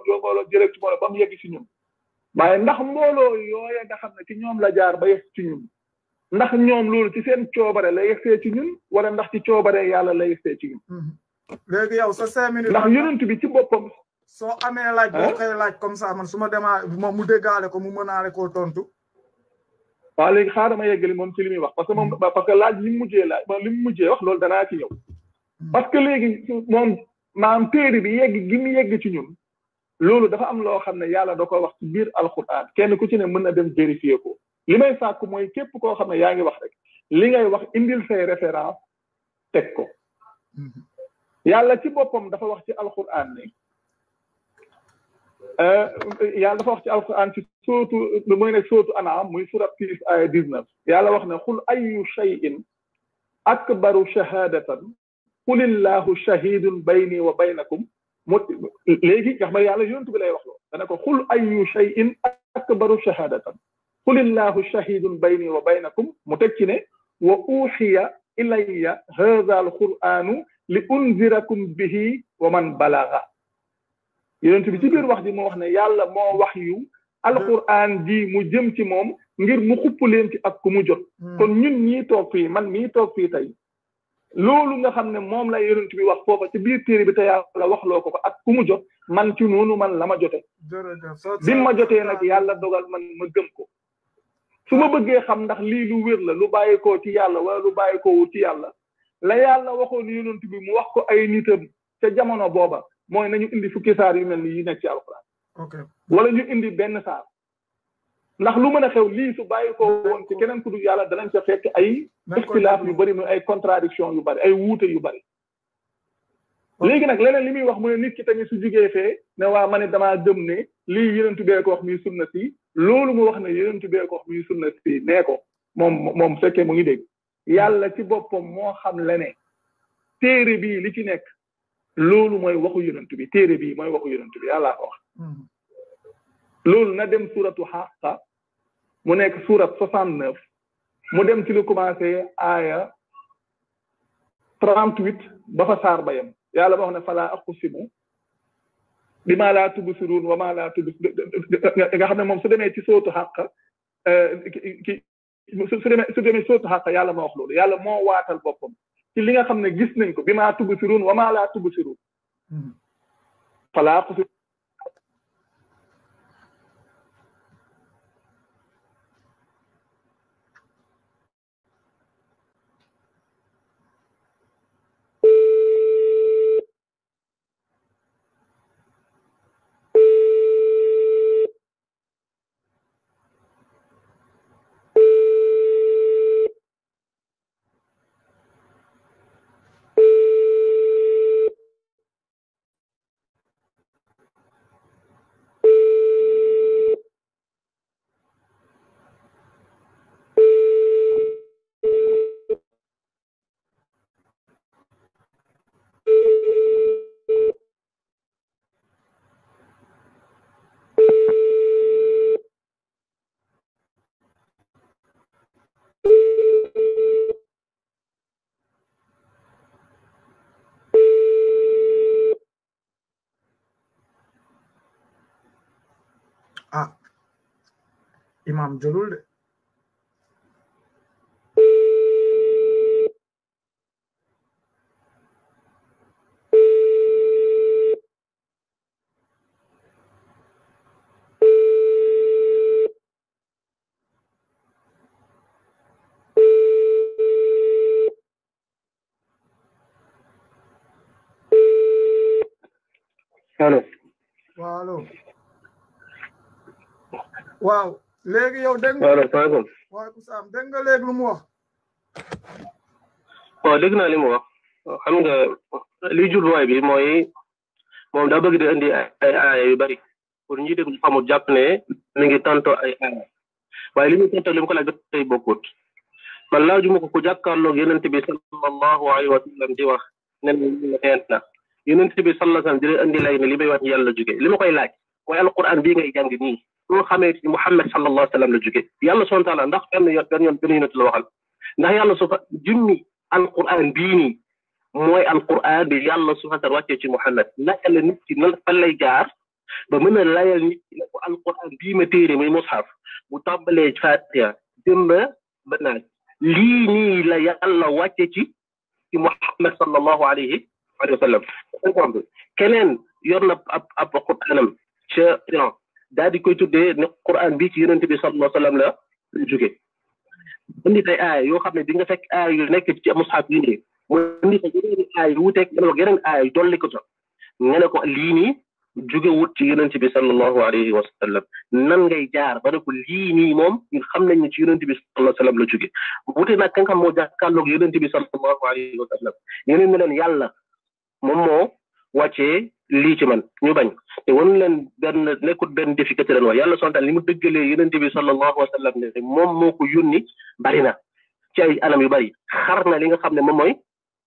jëlee ci mbooloo ba mu yegg si ñun waaye ndax mbooloo yooya nga xam ne ci ñoom la jaar ba yegg ci ñun ndax ñoom loolu ci seen coobare la yegsee ci ñun wala ndax ci coobare yàlla la yegsee ci ñun. Mm-hmm. yow sa cinq minutes. ndax yonent bi ci boppam. soo amee laaj boo koy laaj comme ça man su ma moom mu déggaale ko mu mënaale koo tontu. waaw léegi xaaral ma yeggali moom ci li muy wax parce que moom mm-hmm. parce que laaj li mu mujjee laaj li wax loolu danaa ci ñëw. Mm-hmm. parce que léegi moom maam téere bi yegg gi mu yegg ci ñun. loolu dafa am loo xam ne yàlla da ko wax ci biir alquran kenn ku ci ne mën na dem vérifier ko li may sàkk mooy képp koo xam ne yaa ngi wax rek li ngay wax indil say référence teg ko yàlla ci boppam dafa wax ci alquran ne yàlla dafa wax ci alquran ci sootu mooy ne sootu anaam muy surat six ay 19 yàlla wax ne xul ayu shayin akbaru shahadatan qulillahu shahidun bayni wa baynakum léegi nga xam ne yàlla yontu bi lay wax loolu dana ko xul ayu cheyin akbaru shahadatan qul illahu shahidun bayni wa baynakum mu teg ci ne wa uxiya ilayya hada alquranu li unzirakum bihi wa man balaga yonent bi ci biir wax ji moo wax ne yàlla moo wax yu alquran ji mu jëm ci moom ngir mu xupp leen ci ak ku mu jot kon ñun ñii toog fii man mii toog fii tey loolu nga xam ne moom la yonent bi wax foofa ci biir téere bi te yàlla waxloo ko ko ak ku mu jot man ci noonu man la ma jote bi ma jotee nag yàlla dogal man ma gëm ko su ma bëggee xam ndax lii lu wér la lu bàyyi koo ci yàlla wala lu bàyyi ko ci yàlla la yàlla waxoon yonent bi mu wax ko ay nitam ca jamono booba mooy nañu indi fukki saar yu mel ni yi nekk ci alxuraan wala ñu indi benn saar ndax lu mën a xew lii su bàyyi ko woon ci keneen ku dul yàlla danañ sa fekk ay ixtilaaf yu bari muy ay contradiction yu bari ay wuute yu bari léegi nag leneen li muy wax mu ne nit ki tamit su jugee fee ne waa ma ne damaa gëm ne lii yenentu bee ko wax muy sunna si loolu mu wax ne yenentu bee ko wax muy sunna si nee ko moom moom fekkee mu ngi dégg yàlla ci boppam moo xam lene téere bii li ci nekk loolu mooy waxu yenentu bi téere bii mooy waxu yenentu loolu na dem suratu xaqa mu nekk surat 69 mu dem ci lu commencé aaya 38 ba fa saar bayam yàlla wax ne fala aqusimu bima la tubsirun wa ma la tubs nga xam ne moom su demee ci sootu xàq ki su demee su demee sootu xàq yàlla ma wax loolu yàlla moo waatal boppam ci li nga xam ne gis nañ ko bima tubsirun wa ma la tubsirun fala aqusimu امام جلول الو والو واو léegi yow dégg nga waaleykum salaam dégg nga léegi lu mu wax. dégg naa li mu xam nga li jubluwaay bi mooy moom daa bëgg di indi ay aaya yu bari pour ñi déglu xamul jàpp ne mi ngi tantôt ay aaya li muy tontu li mu ko laaj ba tey bokkut man laajuma ko ku jàkkaarloog yonent bi sallallahu alayhi wa sallam di wax nen na yonent bi sallallahu alayhi wa sallam di leen indi lay li may wax yàlla jóge li ma koy laaj. mooy alquran bii ngay jàng nii loo xamee ci muhammad sallallahu alayhi wa sallam la jóge yàlla subhanahu taala ndax benn yoon benn yoon benn yonent la waxal ndax yàlla su fa junni alquran bii nii mooy alquran bi yàlla subhanahu taala wàccee ci muhammad naka la nit ki nan fan lay jaar ba mën a layal nit ki ne ko alquran bii ma téere muy mushaf bu tàmbalee fatiha dem ba ba naaj lii nii la yàlla wàcce ci ci muhammad sallallahu alayhi wa sallam keneen yor na ab ab quranam ca daal di koy tuddee ne Qur'an bi ci yonent bi sallallahu alayhi wa sallam la jóge indi tay yoo xam ne di nga fekk aay yu nekk ci mushaf yi nii mu indi fa yeneen aay yu wuteeg dolli ko ca nga ne ko lii nii jóge wut ci yonent bi sallallahu alayhi wa sallam nan ngay jaar ba ne ko lii moom ñun xam nañ ne ci yonent bi sallallahu alayhi la jóge wute nag ka nga xam moo jàkkaarloog yonent bi sallallahu alayhi wa yeneen ne leen yàlla moom moo wàccee lii ci man ñu bañ te wanu leen benn nekkut benn difficulté lan wax yàlla sontaan li mu dëggalee yonente bi sallallahu alayhi wa sallam moom moo ko yónni bari na ay anam yu bari xar na li nga xam ne moom mooy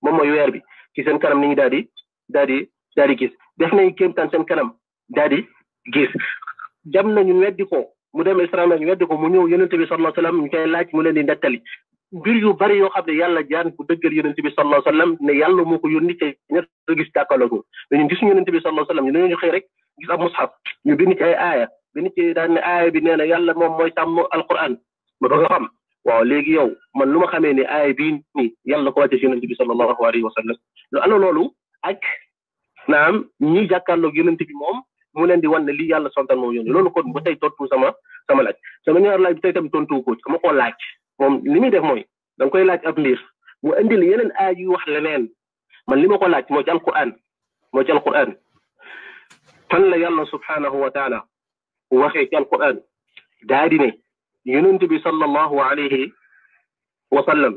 moom mooy weer bi ci seen kanam ni ñu daal di daal di daal di gis def nañu kéemtaan seen kanam daal di gis jam nañu weddi ko mu dem Isra nañu weddi ko mu ñëw yonente bi sallallahu wa sallam ñu koy laaj mu leen di nettali mbir yu bari yoo xam ne yàlla jaan ku dëggal yonente bi sallallahu alayhi wasallam ne yàlla moo ko yónni te ñett gis jàkkaarloo mais ñun gisuñu yonente bi sallallahu alayhi wasallam ñu dañoo ñu xëy rek gis ab mushaf ñu bind ci ay aaya bind ci daan ne aaya bi nee na yàlla moom mooy sàmm alquran ma bëgg a waaw léegi yow man lu ma xamee ne aaya bii nii ko wàcce si yonente bi sallallahu alayhi wasallam lu ana loolu ak naam ñi jàkkaarloog yonente bi moom mu leen di wan ne lii yàlla sontal moom yónni loolu kon ba tey tontu sama sama laaj sama ñaar laaj bi tey tam tontu ko sama ko laaj mom limi def moy dang koy laaj ab mbir mu andil yenen ayu wax leneen man limako ma ko laaj moo ci alquran mo ci alquran tan la yàlla subhanahu wa taala waxe ci alquran daa ne yonent bi sallallahu alayhi wa sallam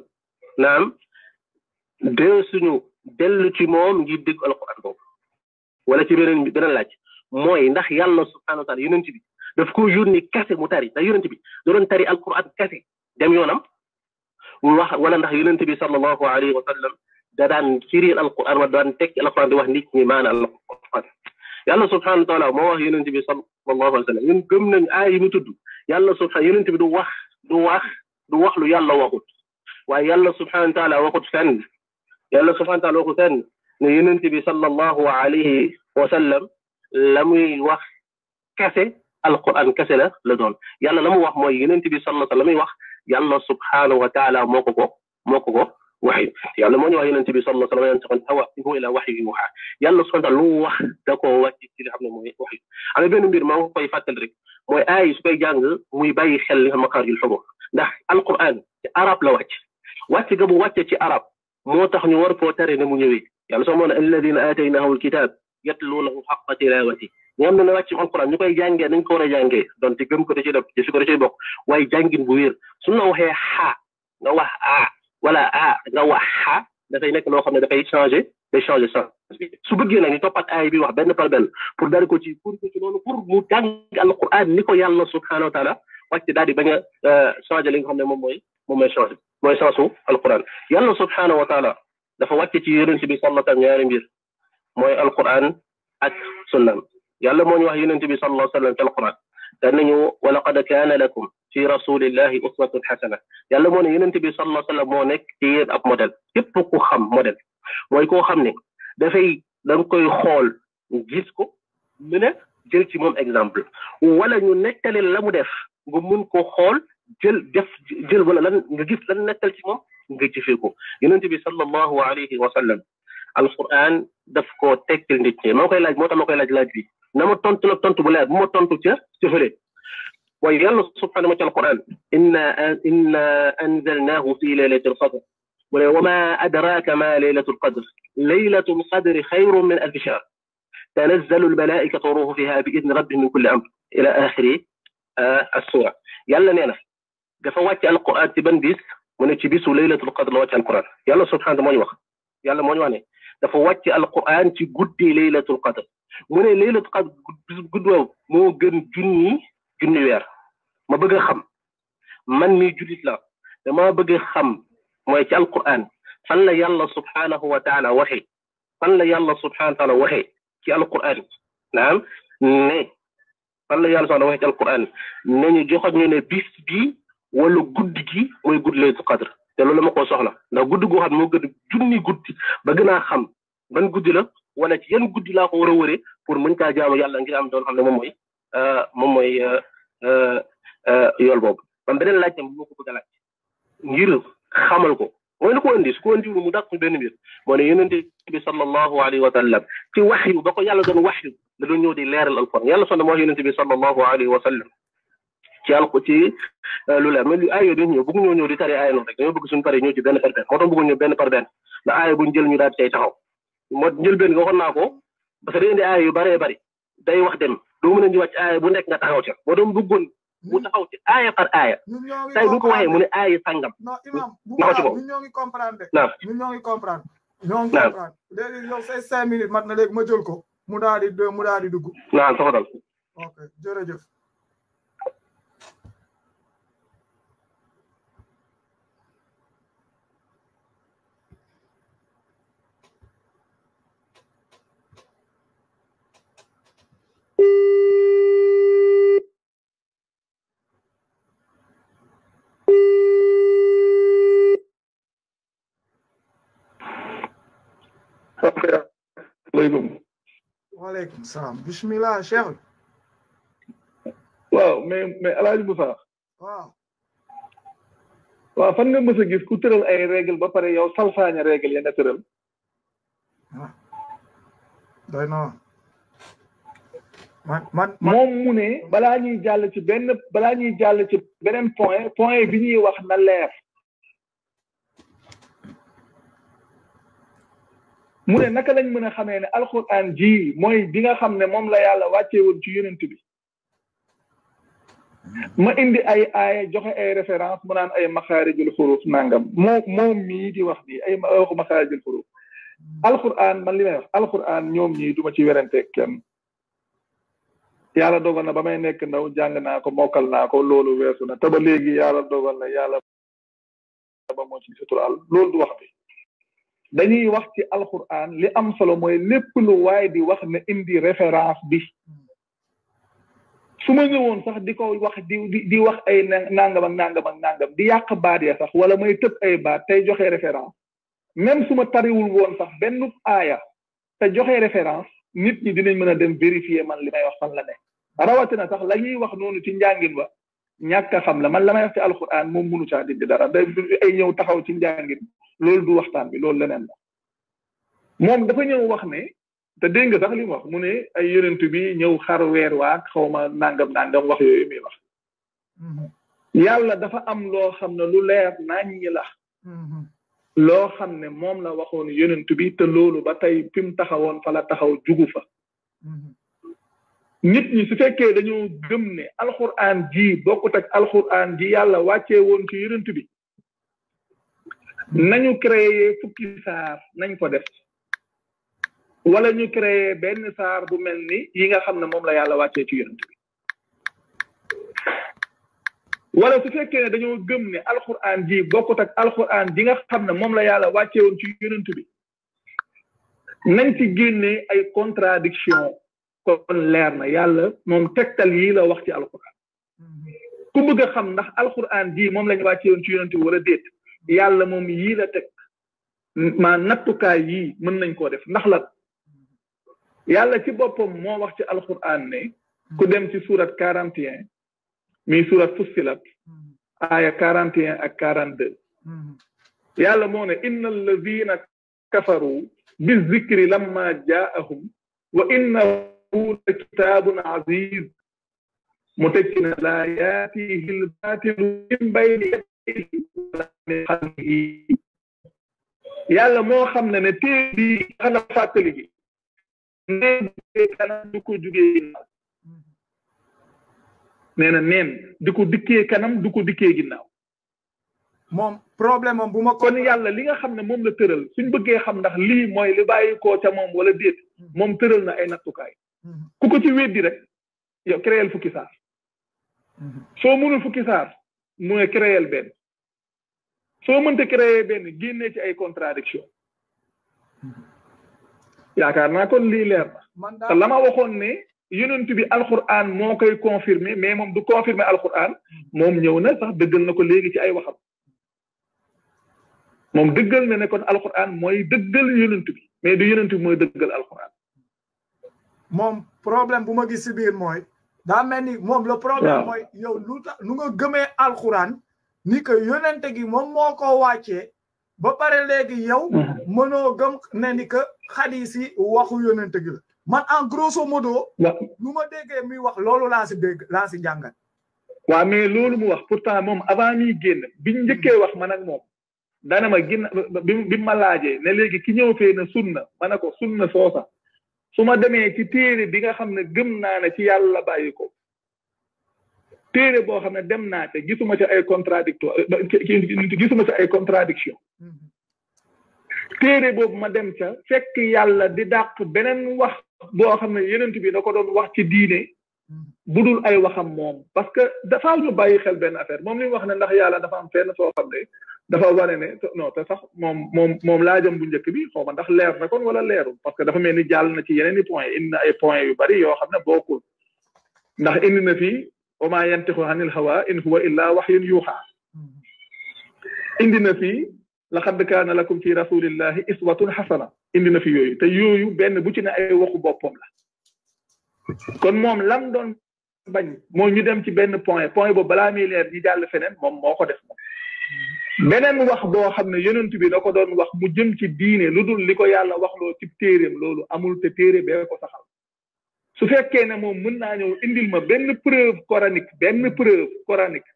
nam de suñu delu ci mom ngi dégg alquran bob wala ci beneen benen laaj moy ndax yàlla subhanahu wa taala yonent bi daf ko yónni kasse mu tari ndax yonent bi da doon tari alquran kasse dem yonam wax wala ndax yonent bi sallallahu alayhi wa sallam da dan firil alquran wa dan tek alquran di wax nit ñi maana alquran yàlla subhanahu wa taala mo wax yonent bi sallallahu alayhi wa sallam ñun gëm nañ ay yi mu tudd yàlla subhanahu yonent bi du wax du wax du wax lu yàlla waxut waaye yàlla subhanahu wa taala waxut fen yàlla subhanahu wa taala waxut fen ne yonent bi sallallahu alayhi wa sallam lamuy wax kasse القران kese la la doon yàlla la mu wax mooy yonente bi sallallahu alayhi wa sallam يالله سبحانه وتعالى موكو موكو وحي يالله من وحي لنتبي صلى الله عليه وسلم هو هو الى وحي يوحى يالله سبحانه وتعالى لو وح دكو وحي تيلي حبنا وحي انا بين بير ما هو كوي فاتل ريك موي اي سكوي جانغ موي باي خل لها مقار يلحبو ده القرآن عرب لا وحي وحي قبو وحي تي عرب موتخ نور فوتاري نمو نيوي يالله يعني سبحانه الذين آتيناه الكتاب يتلونه حق تلاوته nga xam ne na wàcc alquran ñu koy jàngee nañ ko war a jàngee donte gëm ko da ciy def jëfi bokk waaye jàngin bu wér su na waxee xaa nga wax a wala a nga wax xaa dafay nekk loo xam ne dafay changé day changé sens su bëggee nag ñu toppat aay bi wax benn par pour daal ko ci pour ci noonu pour mu jàng alquran ni ko yàlla subhanahu wa taala wàcc daal di bañ a euh, changé li nga xam moom mooy moom mooy changé mooy sensu alquran yàlla subhanahu wa taala dafa wàcc ci yonent si sallallahu alayhi wa sallam ñaari mbiir mooy alquran ak sunnam يلا مون وحي النبي صلى الله عليه وسلم في القران تنيو ولقد كان لكم في رسول الله اسوه حسنه يلا مون النبي صلى الله عليه وسلم مو نيك تير اب موديل كيب كو خام موديل موي كو خامني دا فاي دانكوي خول جيس كو من جيل تي موم اكزامبل ولا ني نيكال لا مو ديف غو مون كو خول جيل ديف جيل ولا لان نغا جيس لان نيكال تي موم نغا جي فيكو النبي صلى الله عليه وسلم القران داف كو تيكل نيت ما كاي لاج موتا ما كاي لاج لاج بي نما تنت لك تنت بلاد مو تنت تيا تفري ويلا سبحانه وتعالى القران انا انا انزلناه في ليله القدر وما ادراك ما ليله القدر ليله القدر خير من الف شهر تنزل الملائكه تروه فيها باذن ربهم من كل امر الى اخر آه السوره يلا نينا قفوات القران تبن بيس ونتبيس ليله القدر لوات القران يلا سبحانه ما يوخ يلا ما يواني دفوات القران تقدي ليله القدر mu ne laylatul qadr gudd woowu moo gën junni junni weer ma bëgg a xam man mi jullit la dama bëgg xam mooy ci alquran fan la yàlla subhaanahu wa taala waxee fan la yàlla subhaanahu wa waxee ci alquran naam ne fan yàlla subhaanahu waxee ci alquran ne ñu joxoon ñu ne bis wala guddi gi mooy gudd laylatul qadr te loolu ma ko soxla ndax guddi goo xam moo gën junni guddi ba gën a xam ban guddi la wala ci yan guddi laa ko war a wëree pour mën caa jamo yàlla ngir am doon xam ne moom mooy euh, moom mooy euh, euh, yool boobu. man beneen laaj tam moo ko bëgg a laaj ngir xamal ko mooy na ko indi su ko indiwul mu dàq ñu benn mbir moo ne yonente bi sallallahu alayhi wa sallam ci waxyu ba ko yàlla doon waxyu da doon ñëw di leeral alquran yàlla sonn moo yonente bi sallallahu alayhi wa sallam ci àll ko ci lu leer mais lu aayoo dañ ñëw bëgg ñoo ñëw di tari aaya noonu rek dañoo bëgg suñu pare ñëw ci benn par benn moo tax bëgg ñëw benn par jël ñu daal di cay moo njëlbeen waxoon naa ko parce que day indi aaya yu bëree bëri day wax dem doo mën a ñëwaat ci aaya bu nekk nga taxaw ca boo doon bëggoon mu hmm. taxaw ci aaya par aaya tey bu ko waxee mu ne aaya sàngam. non hmm. imam bu ci ko ñoo ngi comprendre de. ñun ñoo ngi comprendre. ñoo ngi comprendre léegi yow say cinq minutes na léegi ma jël ko mu daal di mu daal di dugg. naam soxna ok jërëjëf. waaleykum salaam bisimilah cheikh bi waaw mais mais alaaji Moussa waaw waaw fan nga mës ku tëral ay règle ba pare yow salfaaña règle ya nga tëral ah. doy man moom mu ne balaa ñuy jàll ci benn balaa ñuy jàll ci beneen point point bi ñuy wax na leer mu ne naka lañ mën a xamee ne alxuraan ji mooy bi nga xam ne moom la yàlla wàcceewoon ci yonent bi ma indi ay aaya joxe ay référence mu naan ay maxaarijul xuruf nangam moo moom mii di wax nii ay waxu maxaarijul xuruf alxuraan man li may wax alxuraan ñoom ñii duma ci werante kenn yàlla dogal na ba may nekk ndaw jàng naa ko mokkal naa ko loolu weesu na taba léegi yàlla dogal na yàlla ba moo ci suturaal loolu du wax dañuy wax ci alquran li am solo mooy lépp lu di wax na indi référence bi suma ma ñëwoon sax di ko wax di di wax ay nangam ak nangam ak nangam di yàq baat ya sax wala may tëb ay baat tey joxe référence même su ma tariwul woon sax benn aaya te joxe référence nit ñi dinañ mëna dem vérifier man limay wax fan la nekk rawatina sax la ñuy wax nonu ci njàngin ba ñaka xam la man lamay wax ci alquran mom mënu ca dig dara day ay ñëw taxaw ci njàngin lool du waxtaan bi lool leneen la mom dafa ñëw wax ne te deeng nga sax limu wax mu ne ay yonent bi ñëw xar weer wa xawma nangam nangam wax yoy mi wax yàlla dafa am lo xamna lu leer nañ ñi la loo xam ne moom la waxoon yonent bi te loolu ba tey fi mu taxawoon fa la taxaw jugu fa mhm. nit ñi su fekkee dañoo gëm ne alxuraan ji bokkut ak alxuraan ji yàlla wàccee woon ci tu bi nañu créer fukki saar nañ ko def wala ñu créer benn saar bu mel ni yi nga xam ne moom la yàlla wàccee ci yonent bi wala su fekkee ne dañoo gëm ne alquran ji bokkut ak alquran ji nga xam ne moom la yàlla wàcceewoon ci yonent bi nañ ci génne ay contradiction kon leer na yàlla moom tegtal yii la wax ci alquran ku bëgg a xam ndax alquran ji moom lañ woon ci yonent bi wala déet yàlla moom yii la teg maa nattukaay yii mën nañ koo def ndax la yàlla ci boppam moo wax ci alquran ne ku dem ci surat quarante et un mi sura fussilat aya 41 ak 42 yàlla moo ne inna alladina kafaru bizikri lamma jaahum wa innahu la kitabun aziz mu teg ci ne laa yaatihi lbaatilu min bayni yadihi wala min xalfihi yàlla moo xam ne ne téer bi xala fàttali gi ne kanam du ko jugee ginnaaw nee na neen du ko dikkee kanam du ko dikkee ginnaaw. moom problème am bu ma. kon yàlla li nga xam ne moom la tëral suñ bëggee xam ndax lii mooy li bàyyi koo ca moom wala déet moom tëral na ay nattukaay. ku ko ci weddi rek yow créel fukki saar. soo mënul fukki saar mu ne créel benn. soo mënta créer benn génnee ci ay contradiction yaakaar naa kon lii leer na. te la ma waxoon ne. يونت بي القران موكاي كونفيرمي مي موم دو كونفيرمي القران موم نيونا صاح دغال نكو ليغي سي اي وخام موم دغال ني نكون القران موي دغال يونت بي مي دو يونت موي دغال القران موم بروبليم بوما غيس بير موي دا ملني موم لو بروبليم موي يو لوتا نوغا گمي القران ني كو يونت غي موم موكو واتي با بار ليغي يو منو گم ني ني كو حديثي واخو يونت غي man en grosso modo. lu ma déggee muy wax loolu laa si dégg laa si njàngat. waaw mais loolu mu wax pourtant moom avant muy génn biñ njëkkee wax man ak moom dana ma gin bi ma laajee ne léegi ki ñëw fee na sunna ma ne ko sunna soosa su ma demee ci téere bi nga xam ne gëm naa ne ci yàlla bàyyi ko téere boo xam ne dem naa te gisuma ca ay contradictoire euh, gisuma ci ay contradiction mm-hmm. téere boobu ma dem ca fekk yàlla di dàq beneen wax boo xam ne yenent bi da ko doon wax ci diine budul ay waxam moom parce que dafa ñu bàyyi xel benn affaire moom li mu wax ne ndax yàlla dafa am fenn foo xam ne dafa wane ne non te sax moom moom moom laajam bu njëkk bi xaw ma ndax leer na kon wala leerul parce que dafa mel ni jàll na ci yeneen i point indi na ay point yu bari yoo xam ne bokkul ndax indi na fii wama yantixu anil hawa in huwa illa waxyun yuuxa indi na fii laqad kaana lakum fi rasulillahi iswatun xasana indi na fi yooyu te yooyu benn bu ci ne ay waxu boppam la kon moom lam doon bañ moo ñu dem ci benn point point boobu balaa muy leer ñu jàll feneen moom moo ko def moom beneen wax boo xam ne yonent bi da ko doon wax mu jëm ci diine lu dul li ko yàlla waxloo ci téeréem loolu amul te téere bee ko saxal su fekkee ne moom mën naa ñëw indil ma benn preuve coranique benn preuve coranique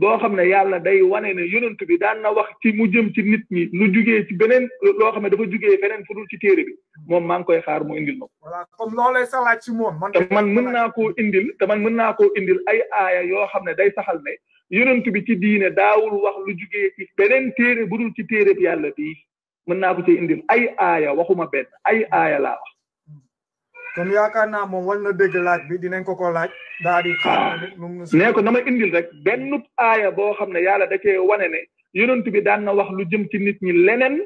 boo xam ne yàlla day wane ne yonent bi daan na wax ci mu jëm ci nit ñi lu jugee ci beneen loo xam ne dafa jugee feneen fu dul ci téere bi moom maa ngi koy xaar mu indil ma ko. voilà comme loolay sa ci moom. man mën naa koo indil te man mën naa koo indil ay aaya yoo xam ne day saxal ne yonent bi ci diine daawul wax lu jugee ci beneen téere bu dul ci téere bi yàlla bii mën naa ko ci indil ay aaya waxuma benn ay aaya laa wax. kon yaakaar naa moom war na dégg laaj bi dinañ ko ko laaj. daal di xaar ne ko na ma indil rek benn aaya boo xam ne yàlla da wane ne yonent bi daan na wax lu jëm ci nit ñi leneen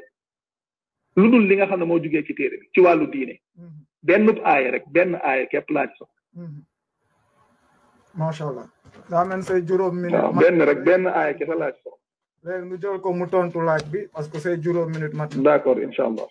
lu dul li nga xam ne moo jugee ci téere bi ci wàllu diine. Mm-hmm. benn aaya rek benn aaya képp laaj sax. Mm-hmm. macha allah. daa mel juróom benn rek benn aaya kese laaj sax. léegi nu jël ko mu tontu laaj bi parce que say juróom minute mat. d' accord allah.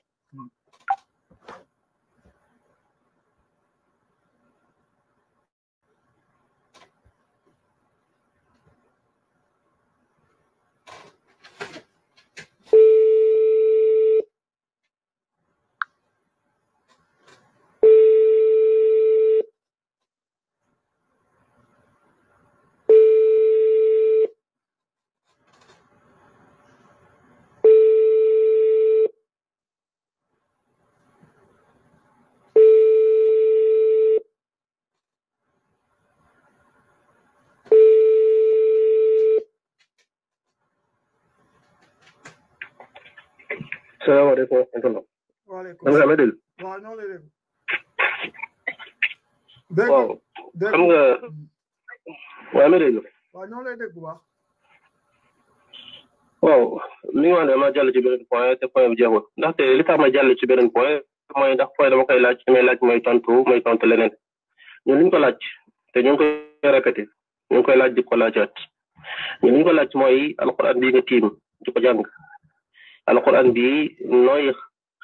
assalamu alaikum wa rahmatullah man waaw ñoo lay dégg dégg waaw ma dégg waaw ñoo lay dégg bu baax waaw nga wax ma jàll ci beneen point te point bi jeexul ndaxte li tax ma jàll ci beneen point mooy ndax point dama koy laaj may laaj mooy tontu mooy tontu leneen ñun li ko laaj te ñu ngi koy répété ñu koy laaj di ko laajaat ñun li ñu ko laaj mooy alquran bi nga tiim di ko jàng alquran bi nooy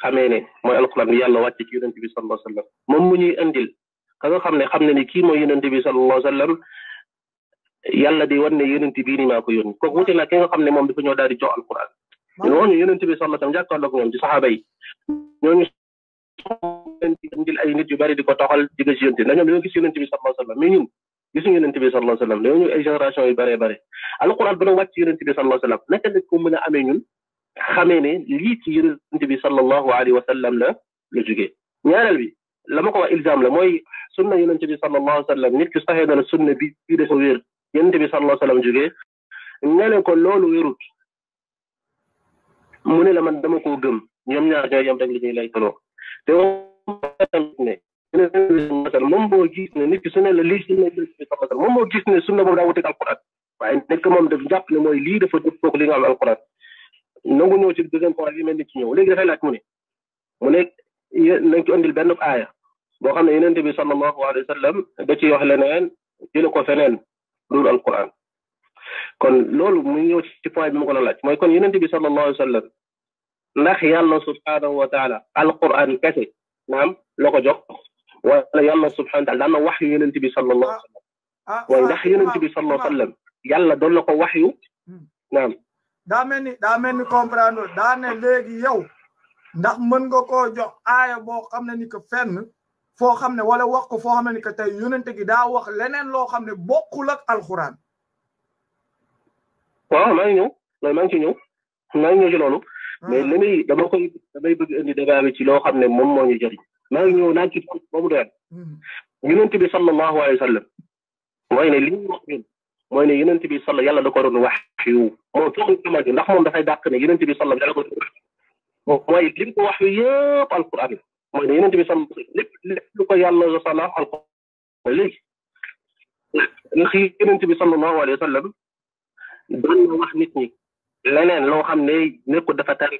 xamee ne mooy alquran bi yàlla wàcce ci yonent bi sallallahu alayhi moom mu ñuy indil ka nga xam ne xam ne ni kii mooy yonent bi sallallahu alayhi wa sallam yàlla di wan ne yonent bii ni maa ko yónni kooku na ki xam ne moom dafa ñëw daal di jox alquran ñun woñu yonent bi sallallahu alayhi wa sallam jàkkaarloog ñoom ci saxaaba yi ñooñu indil ay nit yu bari di ko toxal di ko ci yonent ñoom gisuñu yonent bi sallallahu alayhi wa génération yu bare bare alquran ba doon wàcc yonent bi sallallahu alayhi wa sallam naka a amee ñun xamee ne lii ci yonent bi sallallahu alayhi wa sallam la la jógee ñaareel bi la ma ko wax ilzam la mooy sunna yonent bi sallallahu alayhi wa sallam nit ki saxee na la sunna bi bi dafa wér yonent bi sallallahu alayhi wa sallam jógee nga ne ko loolu wérut mu ne la man dama koo gëm ñoom ñaar ñooy yam rek li ñuy lay toloo te ne moom boo gis ne nit ki su la lii sunna yonent bi sallallahu alayhi wa sallam moom boo gis ne sunna boobu daa wuteeg alquran waaye nekk moom daf jàpp ne mooy lii dafa dëppoog li nga am alquran نقول نو تي دوزيام بوان لي ملي كيو لي غير لاك موني موني نانكي اندي بن ايا بو خامني يننتي بي صلى الله عليه وسلم دا تي يوخ لنين جيل كو فنين دول القران كون لولو مي نيو تي بوان بي مكو لاك موي كون يننتي بي صلى الله عليه وسلم ناخ يالله سبحانه وتعالى القران كاتي نعم لوكو جوك ولا يالله سبحانه وتعالى دانا وحي يننتي بي صلى الله عليه وسلم وي ناخ يننتي بي صلى الله عليه آه. وسلم يالله دون لوكو وحي نعم daa mel ni daa mel ni comprendre daa ne léegi yow ndax mën nga ko jox aya bo xam ne ni que fenn foo xam ne wala wax ko foo xam ne ni que tey yonente gi daa wax leneen loo xam ne bokkul ak alxuraan. waaw maa ngi ñëw maa ngi ci ñëw maa ngi ñëw ci loolu. Ah. mais li muy dama koy damay bëgg indi débat bi ci loo xam ne moom moo ñu jëriñ. maa ngi ñëw naa ci ba mu doyal. Hmm. yonente bi sallallahu alayhi wa sallam. mooy ne wax ñun mooy ne yonent bi solo yàlla da ko doon wax yu moom soo ko xamante ndax moom dafay dàq ne yonent bi solo yàlla ko doon wax ko wax yëpp mooy ne yonent bi solo lu ko yàlla sala alquran léegi ndax yonent bi sallallahu alayhi wa sallam doon na wax nit ñi leneen loo xam ne nekku dafa tari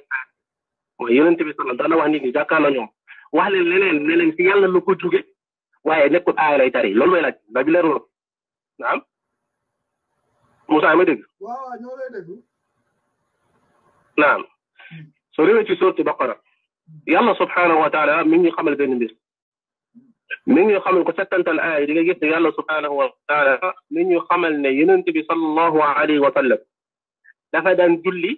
mooy yonent bi sallallahu daan na wax nit ñi na ñoom wax leen leneen leneen si yàlla la ko jóge waaye nekkul aay lay tari loolu may laaj ndax bi Moussa ma dégg. waaw ñoo lay dégg. naam soo demee ci sourate Baqara yàlla subhaanahu wa taala mi ngi xamal benn mbir mi ngi xamal ko settantal aay di nga gis ne yàlla subhaanahu wa taala mi ngi xamal ne yonent bi sallallahu alayhi wa sallam dafa daan julli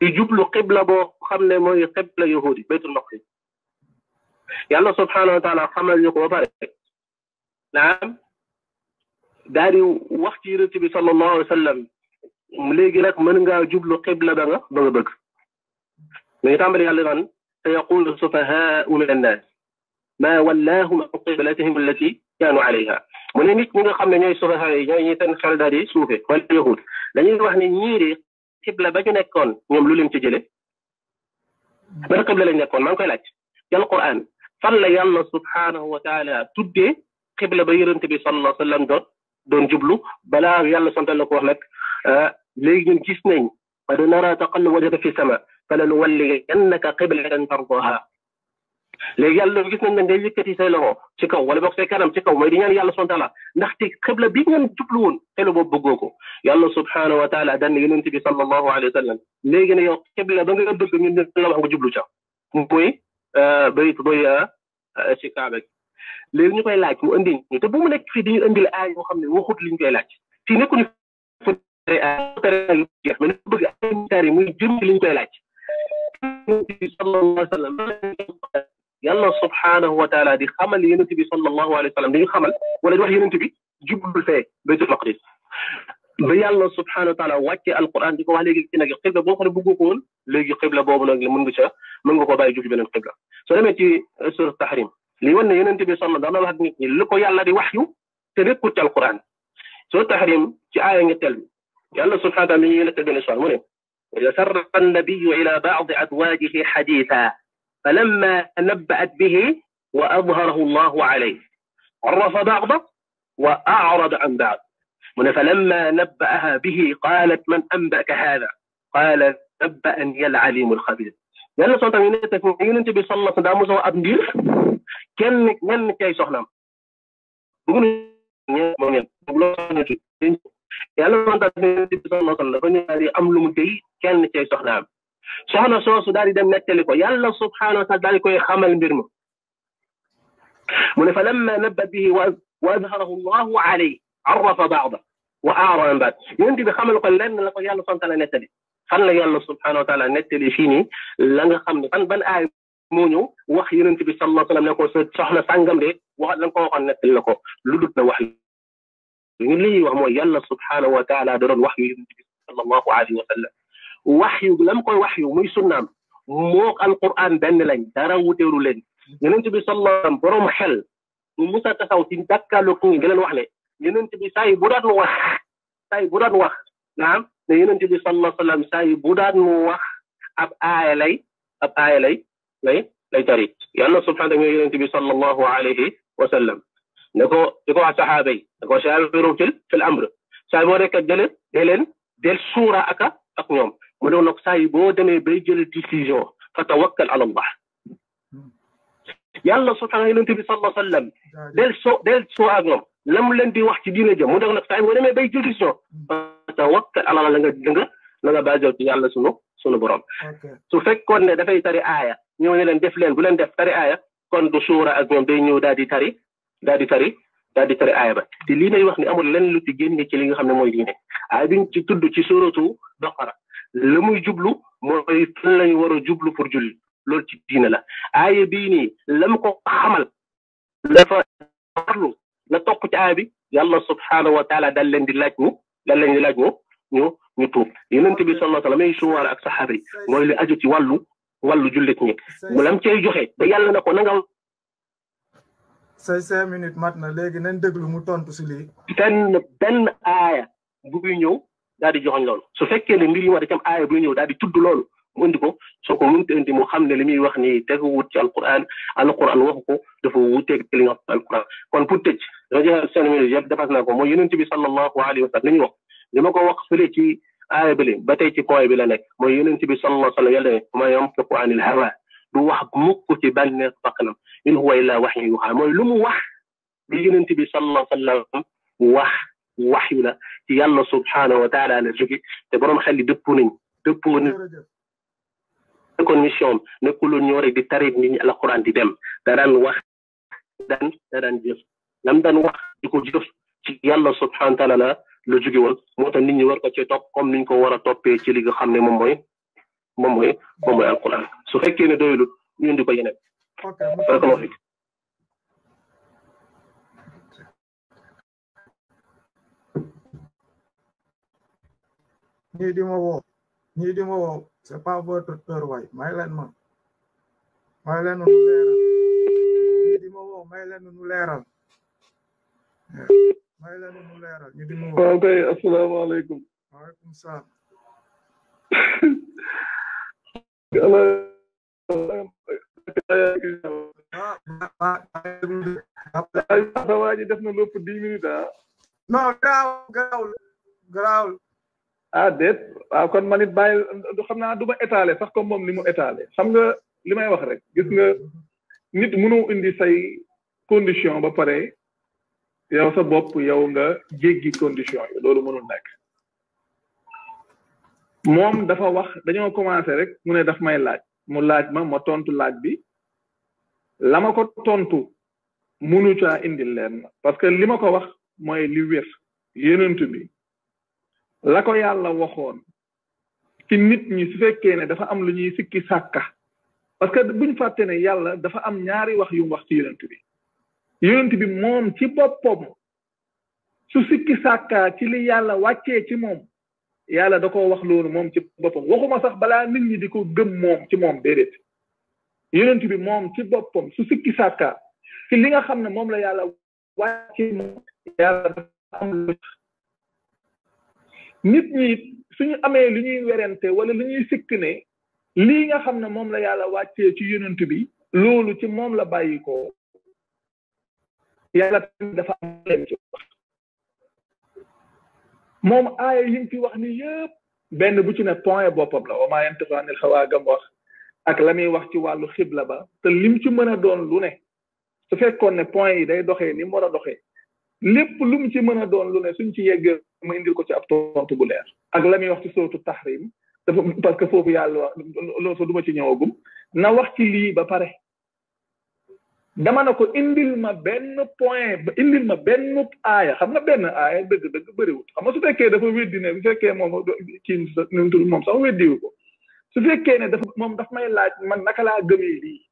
di jublu qibla boo xam ne mooy qibla yahudi baytul maqdis yàlla subhaanahu wa taala xamal ñu ko ba pare naam داري وقت يرتبي صلى الله عليه وسلم ملقي لك من جا جبل قبلة دعا بغبغ ميتام بري علقان سيقول السفهاء من الناس ما ولاهم عن قبلتهم التي كانوا عليها من نيت من قام من يسوع هاي يعني تن خال داري سوفة واليهود لأن يروح نيري قبلة بجنة كون يوم لولم تجلي من قبلة لين يكون ما نقولك يا القرآن صلى الله سبحانه وتعالى تبدي قبلة بيرن تبي صلى الله عليه وسلم دور doon jublu balaa yàlla santal la ko wax nag léegi ñun gis nañ qad nara taqalluba wajhaka fi sama falanuwalliyannaka qiblatan tardaha léegi yàlla gis nañ ne ngay yëkkati say loxo ci kaw wala boog say kanam ci kaw mooy di ñaan yàlla subhanahu wa taala ndaxte xibla bi ngeen jublu woon xelu boobu bëggoo ko yàlla subhanahu wa taala daan yonente bi sallallahu alayhi wa sallam léegi ne yow xibla ba nga bëgg ñun la wax nga jublu ca mooy bayt doy ci kaaba gi léegi ñu koy laaj mu indi ñu te bu mu nekk fii dañu indil aay yoo xam ne waxut liñ koy laaj fii nekkuñu fa ay ay lu jeex mais dañu bëgg ay militaire yi muy jëm ci liñ koy laaj. yàlla subhanahu wa taala di xamal yonent bi sallallahu alayhi wa sallam dañu xamal wala di wax yonent bi jublul fee baytul maqdis ba yàlla subhanahu wa taala wàcce alquran di ko wax léegi ci nag xibla boo xam ne bëggu ko woon léegi xibla boobu nag mën nga ca mën nga koo bàyyi jub beneen xibla soo demee ci sur tahrim li wan ne yonent bi sonn dana wax nit ñi li ko yàlla di wax yu te nekkul tal qur'an so tahrim ci aya nga tel bi yàlla subhanahu wa taala ne ñu nekk benn soir mu ne ويسر النبي إلى بعض أزواجه حديثا فلما نبأت به وأظهره الله عليه عرف بعضه وأعرض عن بعض من فلما نبأها به قالت من أنبأك هذا قال alim al-khabir benn sol tamit ne teg yonent bi sallallahu alayhi wasallam daa mos a ab mbir kenn ñenn cay soxnaam ngunu ñeen moom ñeen loolu soxnatu yàlla son tamit yonent bi sallallahu alayhi wasallam dafa ñëw di am lu mu tey kenn cay soxnaam soxna soosu daal di dem nettali ko yàlla subhanahu wa taala daal di koy xamal mbir ma mu ne fa lamma nabbat bihi wa azharahu allahu alayhi arrafa baada wa aara an baad yonent bi xamal ko lenn la ko yàlla son taala nettali fan la yàlla subhanahu wa taala nettali fii nii la nga xam ne fan ban aay moo ñëw wax yonent bi sallallahu alayhi wa sallam ne ko sa soxna sàngam de wax la nga ko waxoon nettali la ko lu dut na wax ñu li ñuy wax mooy yàlla subhanahu wa taala da doon wax yu yonent bi sallallahu alayhi wa sallam wax yu lam koy wax yu muy sunnaam mook alquran benn lañ dara wuteeru leen yonent bi sallallahu alayhi wa sallam borom xel mu musa taxaw ci dàkkaalu ku ngi leen wax ne yonent bi saa yi bu daan wax saa yi bu daan wax naam ne yonent bi sallallahu alayhi wa sallam saa yi bu daan mu wax ab aaya lay ab aaya lay lay lay tari yàlla subhanahu wa yonent bi sallallahu alayhi wa sallam ne ko di ko wax saxaaba yi ne ko shaawirum fil fil amr saa yi boo nekk jële dee leen del suura aka ak ñoom mu ne nag saa yi boo demee bay jël décision fa tawakkal ala allah yàlla subhanahu yonent bi sallallahu alayhi wa sallam del so del suura ak ñoom lam leen di wax ci diine jëm mu ne nag saa yi boo demee bay jël décision tawakkal ala la nga dënga na nga bàjjal ci yàlla sunu sunu borom su fekkoon ne dafay tari aaya ñëw ne leen def leen bu leen def tari aaya kon du suura ak ñoom day ñëw daal di tari daal di tari daal di tari aaya ba te lii may wax ni amul lenn lu ci génne ci li nga xam ne mooy diine aaya biñ ci tudd ci suuratu doqara la muy jublu mooy fan lañ war a jublu pour julli loolu ci diine la aaya bii nii lam ko xamal dafa farlu la topp ci aaya bi yàlla subhaanahu wa taala daal leen di laaj mu lan lañu laaj woo ñu ñu tuub yonent bi sallallahu alayhi wa sallam ay suwaara ak saxaaba yi mooy lu aju ci wàllu wàllu jullit ñi mu lam cay joxe ba yàlla na ko na nga say cinq minutes mat na léegi nañ déglu mu tontu si lii benn benn aaya buy ñëw daal di joxoñ loolu su fekkee ne mbir yi war a cam aaya buy ñëw daal di tudd loolu mu indi ko soo ko mënut indi mu xam ne li muy wax ni tegu wut ci alquran alquran waxu ko dafa wuteeg li nga alquran kon pour tëj رجل السنة من الجب دفتنا كوم وينتي بي صلى الله عليه وسلم يوم لما كو وقف لي تي آي بلي بتي تي قوي بلا لك ما ينتي بي صلى الله عليه وسلم يلي ما ينطق عن الهواء دو واحد مكو تي بلنا طقنا إن هو إلا وحي يوحى ما يلوم وح ينتي بي صلى الله عليه وسلم وح وحي لا تي الله سبحانه وتعالى على جوكي تبرم خلي دبوني دبوني نكون ميسيون نقولوا نيوري دي تاريخ ني القران دي دم دا دان واخ دان دا دان جيف lam daan wax di ko jëf ci yàlla subhanahu la la jóge woon moo tax nit ñi war ko cee topp comme niñ ko war a toppee ci li nga xam ne moom mooy moom mooy moom su fekkee ne doyul ñu indi ko yeneen. ñii di ma woo ñii di ma woo pas votre teur waay may leen ma may leen ma leen nu leeral may leen mu leeral waaw kay def na lépp dix minutes ah non garaawul garaawul garaawul ah déet waaw kon man it bàyyi xam naa du ma étaler sax comme moom li mu étaler xam nga limay wax rek gis nga nit mënu indi say condition ba pare yow sa bopp yow nga jéggi condition yi loolu mënul nekk moom dafa wax dañoo commencé rek mu ne daf may laaj mu laaj ma ma tontu laaj bi la ma ko tontu munu caa indi leen parce que li ma ko wax mooy li wér yenent bi la ko yàlla waxoon ci nit ñi su fekkee ne dafa am lu ñuy sikki sàkka parce que buñ fàtte ne yàlla dafa am ñaari wax yu wax ci yenent bi yonent bi moom ci boppam su sikki sàkkaa ki li yàlla wàccee ci moom yàlla da ko wax loolu moom ci boppam waxuma sax balaa nit ñi di ko gëm moom ci moom déedéet yonent bi moom ci boppam su sikki sàkkaa ci li nga xam ne moom la yàlla wàccee moom yàlla am lu nit ñi suñu amee lu ñuy werante wala lu ñuy sikk lii nga xam ne moom la yàlla wàccee ci yonent bi loolu ci moom la bàyyi ko yàlla tamit dafa am leen ci wax moom aaya yi mu fi wax ni yëpp benn bu ci ne point boppam la wa maa yantiqu anil hawaa gam wax ak la muy wax ci wàllu xibla ba te lim ci mën a doon lu ne su fekkoon ne point yi day doxee ni mu war a doxee lépp lu mu ci mën a doon lu ne suñ ci yegg mu indi ko ci ab tontu bu leer ak la muy wax ci sootu tahrim dafa parce que foofu yàlla wax loolu sax du ci ñëwagum na wax ci lii ba pare dama ne ko indil ma benn point indil ma benn aaya xam nga benn aaya dëgg dëgg bëriwut xam na su fekkee dafa weddi ne su fekkee moom kii nu tur moom sax weddiwu ko su fekkee ne dafa moom daf may laaj man naka laa gëmee lii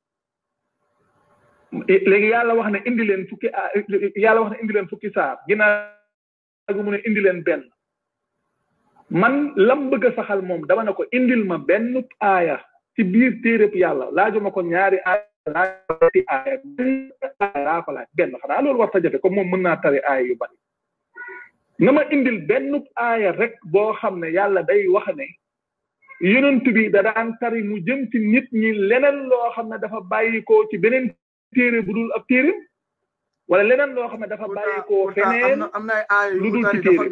léegi yàlla wax na indi leen fukki a yàlla wax ne indi leen fukki saar ginnaaw gi mu ne indi leen benn man lam bëgg saxal moom dama ne ko indil ma benn aaya ci biir téereb yàlla laajuma ko ñaari aaya xanaa ci aaya daa falaaj benn xanaa loolu war ta jafe comme moom mën naa tari aaya yu bari na ma indil benn aaya rek boo xam ne yàlla day wax ne yonent bi da daan tari mu jëm ci nit ñi leneen loo xam ne dafa bàyyikoo ci beneen téere bu dul ab téere wala leneen loo xam ne dafa bàyyikoo feneen lu dul ci téere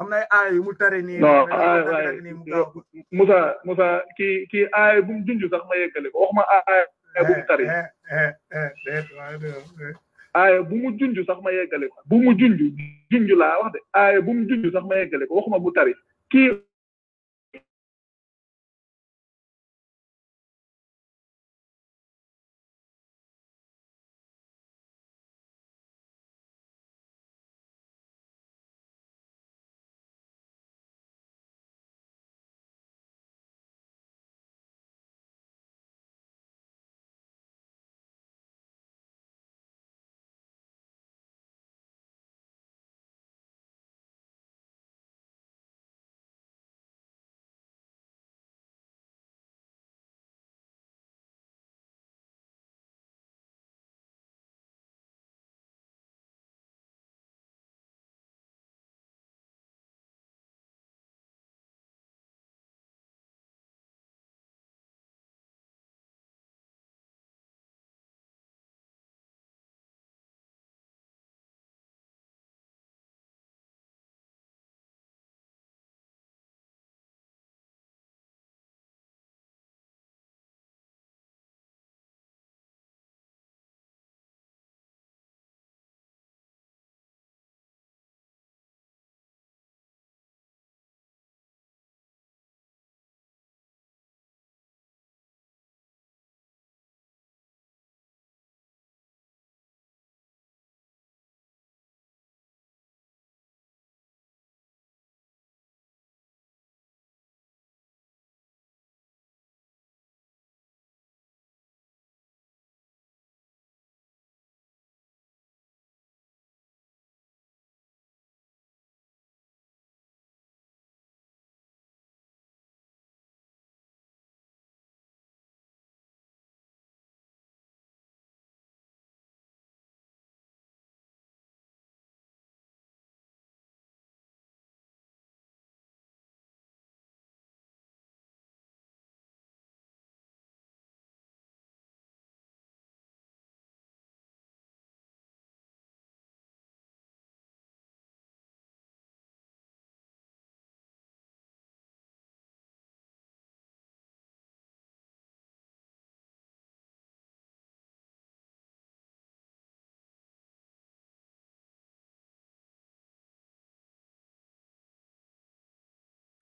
am na ay aaya yu mu tare nii non Moussa Moussa kii kii aaya bu mu junj sax ma yeggale ko wax ma aaya É é, é é é é aaya bu mu junj sax ma yeggale ko bu mu junj junj laa wax de aaya bu mu junj sax ma yeggale ko waxuma bu tari kii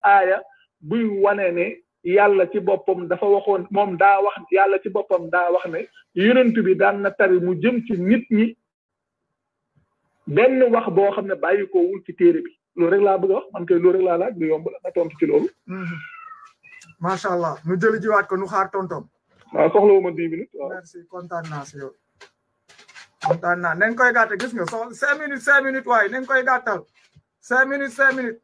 aaya buy wane ne yàlla ci boppam dafa waxoon moom daa wax yàlla ci boppam daa wax ne yonent bi daan na tari mu jëm ci nit ñi benn wax boo xam ne bàyyi ko wul ci téere bi loolu rek laa bëgg a wax man kay loolu rek laaj lu yomb la nga tontu ci loolu. Mm-hmm. macha allah nu jëli jiwaat ko nu xaar tontom. waaw soxla wu ma dix minutes waaw. merci kontaan naa si yow. kontaan naa nañ koy gàttal gis nga waaye nañ koy gàttal cinq minutes cinq minutes.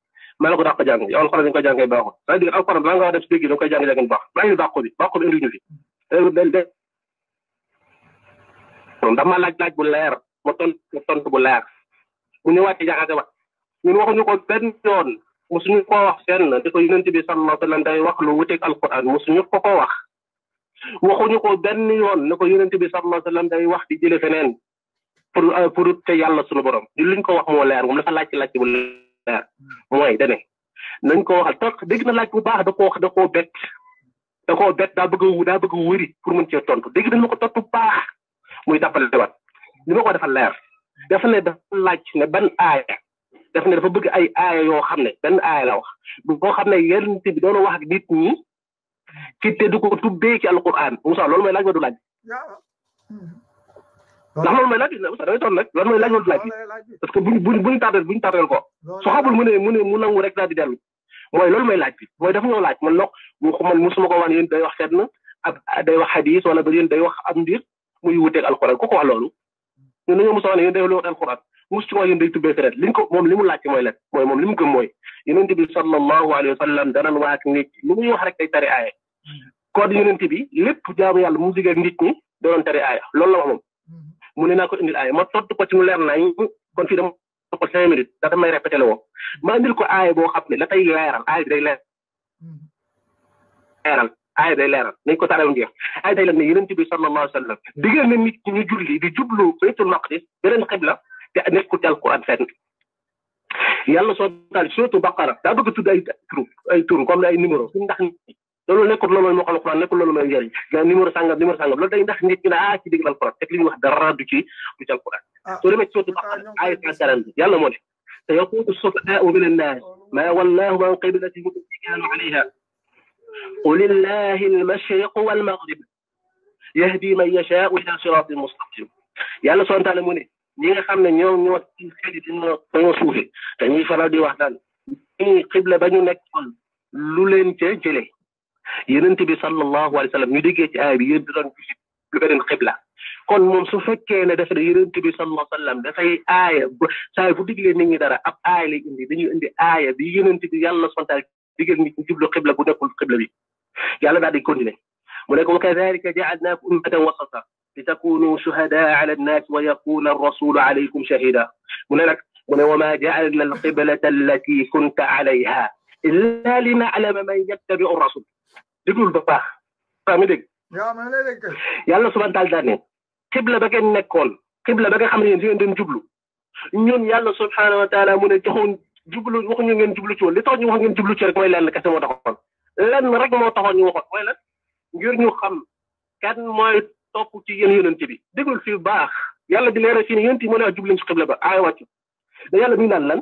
ma la ko dàq jàng yow alxuraan dañu koy jàngee baaxul c'est-à-dire da jàng ñu dàq bi dàq bi indi laaj laaj bu leer ma tont tont bu leer bu ñëwaatee jaxase wat ñun waxuñu ko wax fenn di ko yonent bi sallallahu wax lu wuteeg alxuraan mosuñu ko ko wax waxuñu ko benn yoon ne ko yonent bi sallallahu alayhi day wax di jële feneen pour te yàlla sunu borom di luñ ko wax moo leer moom dafa laaj laaj bu leer leer mooy dane nañ ko a toog dégg na laaj bu baax da koo wax da koo bett da koo bett daa bëgg a daa bëgg a wëri pour mën cee tontu dégg nañ ma ko tontu bu baax muy dàppale wat li ma ko dafa leer dafa ne dafa laaj ne ban aaya dafa ne dafa bëgg ay aaya yoo xam ne benn aaya la wax boo xam ne yonent bi doon wax ak nit ñi ci te du ko tuddee ci alquran Moussa loolu mooy laaj ba du laaj ndax loolu mooy laaj bi Oustaz damay toll loolu mooy laaj bi ko su xamul mu ne mu ne mu nangu rek daal di dellu mooy loolu mooy laaj bi mooy dafa ñoo laaj ko wan yéen day wax fenn ab day wax xadis wala ba yéen day wax am mbir muy wuteeg ko wax loolu ñun a wax ne yéen day wax alxuraan mos ci wax yéen day tubbee feneen ko moom li mu laaj mooy lan mooy li mu gëm mooy yonent bi sallallahu alayhi wa sallam danañ wax ak nit ñi lu muy mm-hmm. lépp jaamu yàlla mu digee ak nit ñi danoon tari aaya loolu la moom mm-hmm. mu ne naa ko indil aaya ma tott ko ci mu leer nañ kon fii dama ko cinq minutes dafa may répété la woo ma indil ko aaya boo xam ne la tey leeral aaya bi day leeral aaya day leeral nañ ko taral njeex aaya day leeral ne yonent bi sallallahu alayhi wa sallam digal na nit ñu julli di jublu baytul maqdis beneen xibla te nekkul ci alquran fenn yàlla soo taal surtout baqara daa bëgg tudd ay turu ay turu comme ay numéro ndax loolu nekkul loolu moo xam alquran nekkul loolu mooy njëriñ da numéro sangam numéro sangam loolu day ndax nit ñi ne ah ci dégg alquran teg li ñu wax dara du ci du ci alquran soo demee ci sotu baqara ay cent quarante yàlla moo ne te yaqulu السفهاء من الناس ما ولاهم عن قبل التي كانوا عليها قل الله المشرق والمغرب يهدي من يشاء الى صراط مستقيم yàlla soo taala mu ne ñi nga xam ne ñoo ñoo ci xel yi dina dañoo suufe dañuy faral di wax naan ñi xibla ba ñu nekkoon lu leen ca jëlee يننتي صلى الله عليه وسلم نديجيت اي بي يدون قبلة القبلة منصفك موم سو فكينا صلى الله عليه وسلم دا فاي اي ساي فو ديغلي نيغي دارا اب اي لي اندي دانيو اندي اي بي يننتي بي يالا سبحانه وتعالى قبلة بو نيكول قبلة بي يالا دا دي كونتيني مو كذلك جعلناكم امه وسطا لتكونوا شهداء على الناس ويكون الرسول عليكم شهيدا مولاك وما جعلنا القبلة التي كنت عليها إلا لنعلم من يتبع الرسول déglul ba baax yaa ngi dégg. yàlla subhaanahu wa taala daal ne xibla ba ngeen nekkoon xibla ba nga xam ne yéen si ngeen jublu ñun yàlla subhaanahu wa taala mu ne joxoon jublu waxuñu ngeen jublu ci woon li tax ñu wax ngeen jublu ci rek mooy lenn kese moo taxoon lenn rek moo taxoon ñu waxoon mooy lan ngir ñu xam kan mooy topp ci yéen yonent bi déglul fii baax yàlla di leeral fii ne yonent yi moo ne wax jublu ci xibla ba aay wàcc yàlla mi ngi naan lan.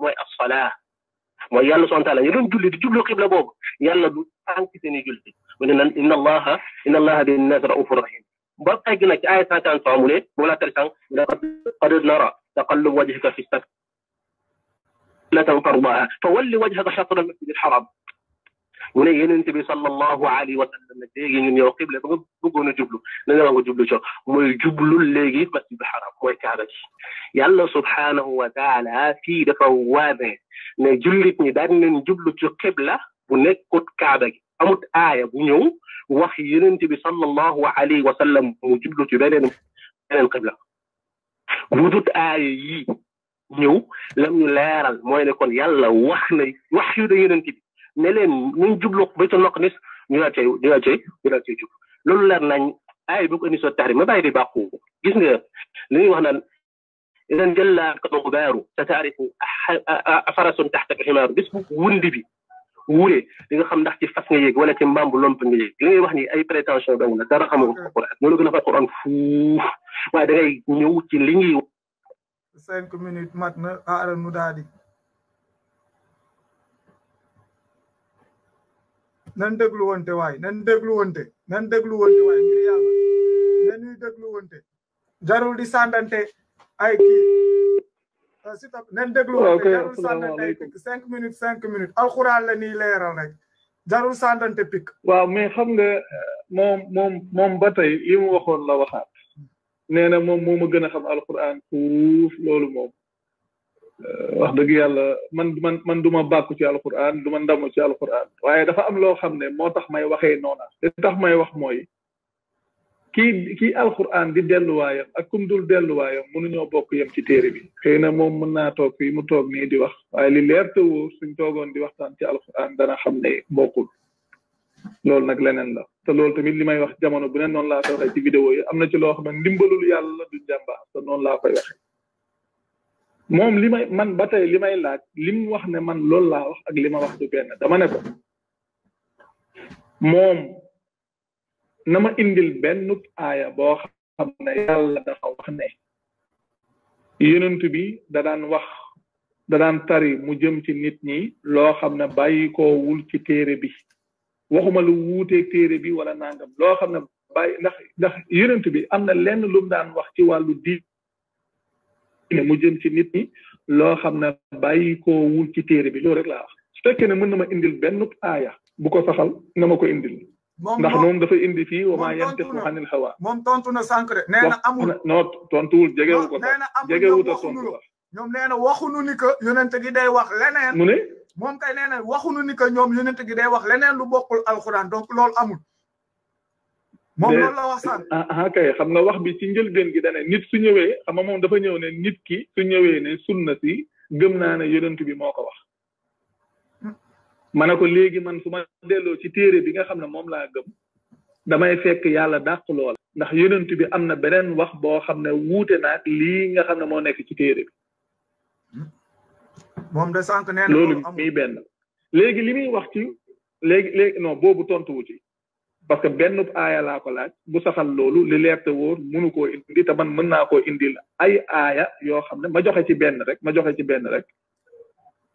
mooy as salaa mooy yàlla subhanahu wa taala ñu doon julli di jublu xibla boobu yàlla du tànk seeni julli mu ne nan inna allaha inna allaha bin nas raufur rahim ba egg nag ci aaya cent quarante trois mu ne moom laa tari sànq qad nara taqallub wajhika fi sat la tan tardaha fa walli wajhaka shatra al masjid al haram وني ينتبه صلى الله عليه وسلم ديجي ني يوقب لي بوغو نجبلو نانا بوغو جبلو شو موي جبلو ليغي بس بحرام موي كارش يالا سبحانه وتعالى في دفوابه ني جوليت ني دار نين جبلو تي قبلة بو نيك كوت كابه اموت آية بو نيو وخ ينتبه صلى الله عليه وسلم مو جبلو تي بنين بنين قبلة ودوت آية يي نيو لم يلارل موي نكون يالا وخ ني وخ يو ده ينتبه ne leen ñu jublu baytul maqdis ñu daal cay ñu daal cay ñu daal loolu leer nañ ay bu ko indi soo taxrim ma bàyyi di bàqu gis nga li ñuy wax naan idan jalla alqubaaru sa taarifu farasun taxta ximaaru bis bu wundi bi wuure di nga xam ndax ci fas nga yéeg wala ci mbaam bu lomp nga yéeg li wax ni ay prétention dong la dara xamoo ko Quran ñoo la gën a fa waaye da ñëw ci li ñuy cinq minutes mat na aaral mu daal nan déglu wante waay nan déglu wante nan déglu wante waay ngir yàlla di sàndante ay kii sita nan déglu cinq minutes cinq minutes alxuraan la nii leeral rek jarul sàndante pikk waaw mais xam nga moom moom moom ba tey li mu la waxaat nee na moom moo ma gën a xam alxuraan fuuf loolu moom Euh, wax dëgg yàlla man man man du bàkku ci alquran du ma ndamu ci alquran waaye dafa am loo xam ne moo tax may waxee noona te tax may wax mooy kii kii alquran di delluwaayam ak kum dul delluwaayam mënuñoo bokk yem ci téere bi xëy na moom mën naa toog fii mu toog nii di wax waaye li leer te wóor suñ toogoon di waxtaan ci alquran dana xam ne bokkul loolu nag leneen la te loolu tamit li may wax jamono bu ne noonu laa koy ci vidéo yi am na ci loo xam ne ndimbalul yàlla la du noonu laa koy moom li may man ba tey li may laaj li mu wax ne man loolu laa wax ak li ma wax du benn dama ne ko moom na ma indil benn aaya boo xam ne yàlla dafa wax ne yonent bi da daan wax da daan tari mu jëm ci nit ñi loo xam ne bàyyi wul ci téere bi waxuma lu wuuteeg téere bi wala nangam loo xam ne bàyyi ndax ndax bi am na lenn lum daan wax ci wàllu diit ne mu jëm ci nit ñi loo xam ne bàyyi ko wul ci téere bi loolu rek laa wax su fekkee ne mën na ma indil benn aaya bu ko saxal na ma ko indil ndax moom dafa indi fii wa maa yantiqu anil hawa moom tontu na sànq de nee na amul non tontuwul jegewu ko nee na jegewu ta tontu la ñoom nee na waxunu ni que yonente gi day wax leneen mu ne moom kay nee na waxunu ni que ñoom yonente gi day wax leneen lu bokkul alquran donc loolu amul moom loolu la wax sànq. Ah, ah, kay xam nga wax bi ci njëlbéen gi da ne nit su ñëwee xam moom dafa ñëw ne nit ki su ñëwee ne sunna si gëm naa ne yonent bi moo ko wax. ma ne ko léegi man su ma delloo ci téere bi nga xam ne moom laa gëm damay fekk yàlla dàq loola. ndax yonent bi am na beneen wax boo xam ne wuute naa lii nga xam ne moo nekk ci téere bi. moom de sànq loolu muy benn. léegi li muy wax ci léegi léegi no boobu tontuwu wu ci. parce que benn aaya laa ko laaj bu saxal loolu li leer te wóor mënu koo indi te man mën naa koo la ay aaya yoo xam ne ma joxe ci benn rek ma joxe ci benn rek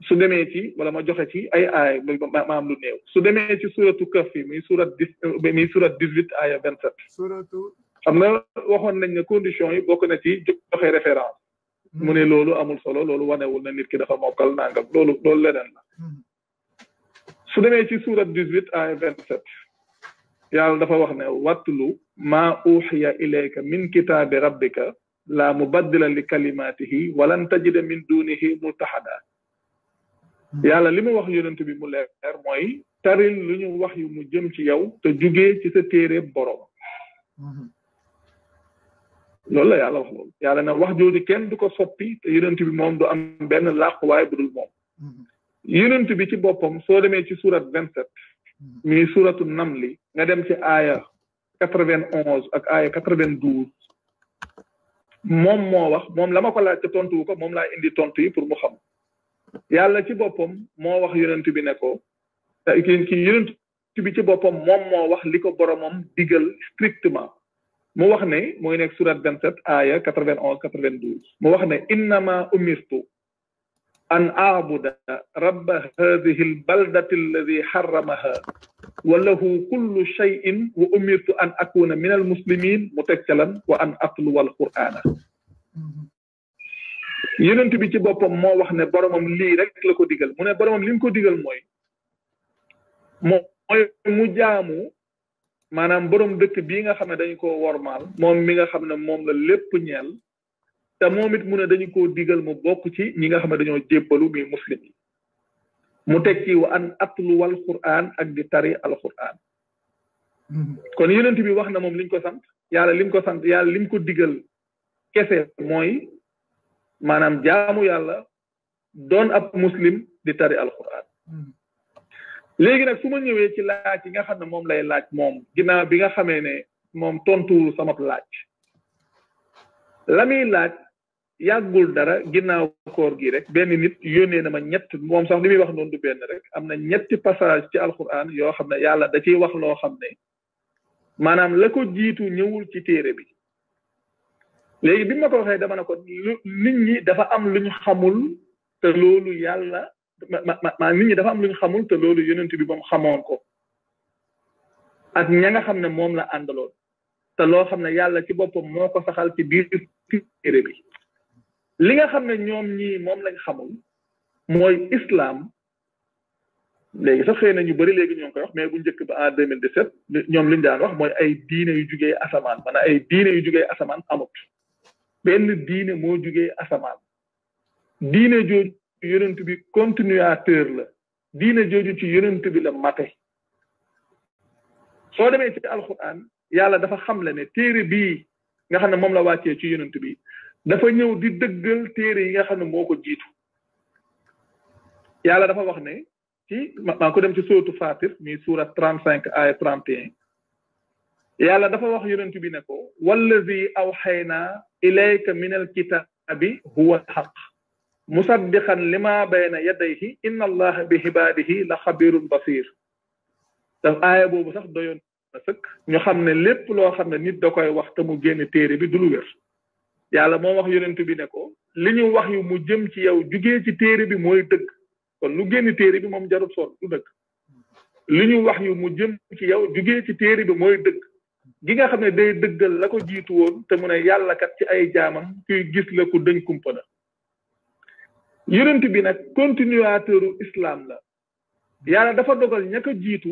su demee ci wala ma joxe ci ay aaya ma am lu néew su demee ci suratu kaf yi muy surat dix euh, muy surat dix huit aaya vingt sept xam nga waxoon nañ ne condition yi bokk na ci joxe référence hmm. mu ne loolu amul solo loolu wanewul na nit ki dafa mokkal nangam loolu loolu leneen la hmm. su demee ci surat dix huit aaya vingt sept yàlla dafa wax ne wattlu maa uxiya ilayka min kitaabi rabbika laa mubaddila li kalimaatihi walan tajida min dunihi multaxada yàlla li mu wax yonent bi mu leer mooy taril lu ñu wax yu mu jëm ci yow te jugee ci sa téere borom loolu la yàlla wax loolu yàlla na wax jooju kenn du ko soppi te yonent bi moom du am benn làquwaay bu dul moom yonent bi ci boppam soo demee ci surat vingt sept mi mm. suratu namli nga dem ci aaya quatre vingt onze ak aaya quatre vingt douze moom moo wax moom la ko laaj te tontu ko moom laa indi tontu yi pour mu xam yàlla ci boppam moo wax yonent bi ne ko ki ki yonent bi ci boppam moom moo wax li ko boromam digal strictement mu wax ne mooy nekk surat vingt sept aaya quatre vingt onze quatre vingt douze mu wax ne innama umirtu أن أعبد رب هذه البلدة الذي حرمها وله كل شيء وأمرت أن أكون من المسلمين متكلا وأن أطلو القرآن يننت بي تي بوبام مو واخني لي رك لاكو ديغال مو ني بروم لي نكو ديغال موي موي مو جامو مانام بروم دك بيغا خامي دنجكو وورمال موم ميغا te moom it mu ne dañu koo digal mu bokk ci ñi nga xam ne dañoo jébbalu muy muslim mu teg ci wa an wal quraan ak di tari al quraan mm-hmm. kon yonent bi wax na moom liñ ko sant yàlla lim ko sant yàlla lim ko digal kese mooy maanaam jaamu yàlla doon ab muslim di tari al quraan mm-hmm. léegi nag su ma ñëwee ci laaj yi nga xam ne moom lay laaj moom ginnaaw bi nga xamee ne moom tontuwul sama laaj la laaj yagul dara ginnaaw koor gi rek benn nit yónnee na ma ñett moom sax li muy wax noonu du benn rek am na ñetti passage ci alquran yoo xam ne yàlla da ciy wax loo xam ne maanaam la ko jiitu ñëwul ci téere bi léegi bi ma ko waxee dama ne ko nit ñi dafa am lu ñu xamul te loolu yàlla ma ma nit ñi dafa am lu ñu xamul te loolu yonent bi moom xamoon ko ak ña nga xam ne moom la àndaloon te loo xam ne yàlla ci boppam moo ko saxal ci biir téere bi li nga xam ne ñoom ñii moom lañ xamul mooy islam léegi sax xëy na ñu bëri léegi ñoo ngi koy wax mais bu njëkk ba en 2017 ñoom li daan wax mooy ay diine yu jugee asamaan maanaam ay diine yu jugee asamaan amut benn diine moo jugee asamaan diine jooju ci yonent bi continuateur la diine jooju ci yonent bi la mate soo demee ci alquran yàlla dafa xamle ne téere bi nga xam ne moom la wàccee ci yonent bi dafa ñëw di dëggal téere yi nga xam ne moo ko jiitu yàlla dafa wax ne ci maa ko dem ci sóotu fatir mi suura 35 ay 31 yàlla dafa wax yonent bi ne ko wallazi awxayna ilayka min alkitabi huwa alxaq musaddiqan lima bayna yadayhi inna allaha bi ibaadihi la xabirun basir daf aaya boobu sax doyoon na sëkk ñu xam ne lépp loo xam ne nit da koy wax te mu génn téere bi du lu wér yàlla moo wax yonent bi ne ko li ñu wax yu mu jëm ci yow jugee ci téere bi mooy dëgg kon lu génn téere bi moom jarut soon du dëgg li ñu wax yu mu jëm ci yow jugee ci téere bi mooy dëgg gi nga xam ne day dëggal la ko jiitu woon te mu ne yàlla kat ci ay jaamam kuy gis la ko dëñ kumpa la bi nag continuateur islam la yàlla dafa dogal ña ko jiitu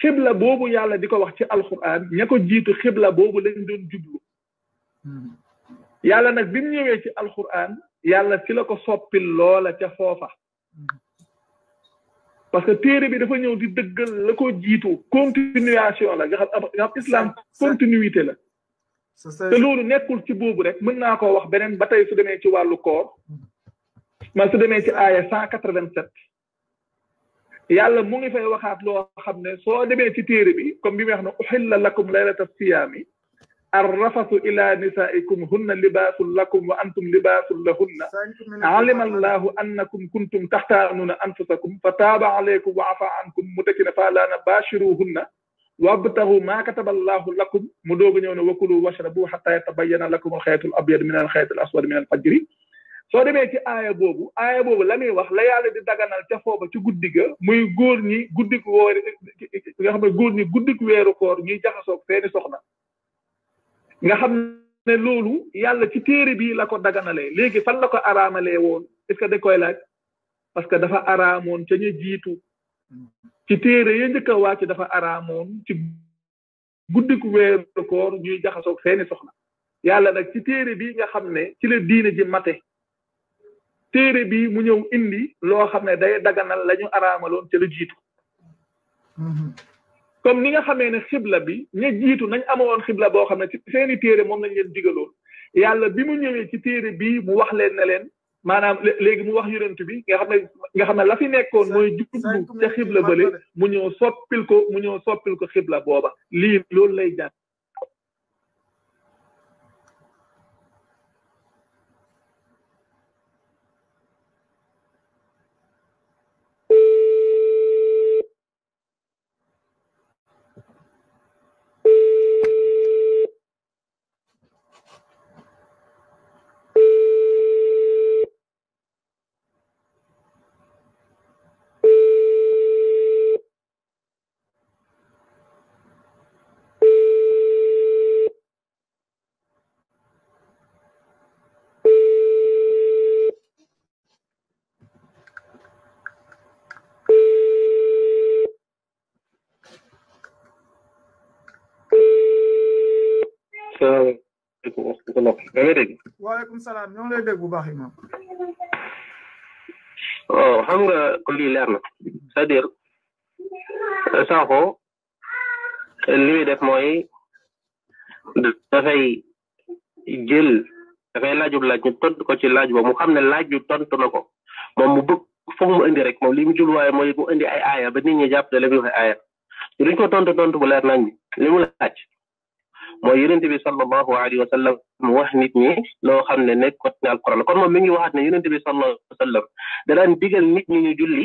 xibla boobu yàlla di ko wax ci alxuraan ña ko jiitu xibla boobu lañ doon jublu Hmm. yàlla nag bi mu ñëwee ci alquran yàlla ci la ko soppil loola ca foofa hmm. parce que téere bi dafa ñëw di dëggal la ko jiitu continuation la nga xam nga xam islam continuité la te loolu nekkul ci boobu rek mën naa ko wax beneen ba tey su demee ci wàllu koor hmm. man su demee ci aaya cent quatre vingt sept yàlla mu ngi fay waxaat loo xam ne soo demee ci téere bi comme bi na muy wax ne uxilla te laylata yi الرفث إلى نسائكم هن لباس لكم وأنتم لباس لهن علم الله أنكم كنتم تختارون أنفسكم فتاب عليكم وعفى عنكم متكنا فلا نباشروهن وابتغوا ما كتب الله لكم مدوغ نيون وكلوا واشربوا حتى يتبين لكم الخيط الأبيض من الخيط الأسود من الفجر so demee ci aaya boobu aaya boobu la muy wax la yàlla di daganal ca fooba ci guddi ga muy góor ñi guddik woor nga xam ne góor ñi guddik weeru koor ñuy jaxasoog seeni soxna nga xam ne loolu yàlla ci téere bi la ko daganalee léegi fan la ko araamalee woon est que dañ koy laaj parce que dafa araamoon ca jiitu ci téere ya njëkk a wàcc dafa araamoon ci guddiku weeru koor ñuy jaxasoog seeni soxna yàlla nag ci téere bi nga xam ne ci la diine ji mate téere bi mu ñëw indi loo xam ne day daganal la ñu araamaloon ca lu jiitu mm-hmm. comme ni nga xamee ne xibla bi ña jiitu nañ amoon xibla boo xam ne ci seeni téere moom lañ leen digaloon yàlla bi mu ñëwee ci téere bi mu wax leen na leen maanaam léegi mu wax yonent bi nga xam ne nga xam ne la fi nekkoon mooy jublu ca xibla bële mu ñëw soppil ko mu ñëw soppil ko xibla booba lii loolu lay jàng da nga dégg. waaleykum salaam ñoo ngi lay dégg bu baax imam. Oh, xam nga lii leer na c'est-à-dire Sakho li muy def mooy dafay jël dafay laajub laaj ñu tontu ko ci laaj boobu mu xam ne laaj yu tontu na ko moom mu bëgg foog mu indi rek moom li mu jubluwaay mooy mu indi ay aaya ba nit ñi jàpp te li muy wax aaya duñ ko tont tontu bu leer nañ li mu laaj. mooy yonente bi sallallahu alayhi wa sallam mu wax nit ñi loo xam ne nekk ne alquran kon moom mi ngi waxaat ne yonente bi sallallahu alayhi wa sallam da daan digal nit ñi ñu julli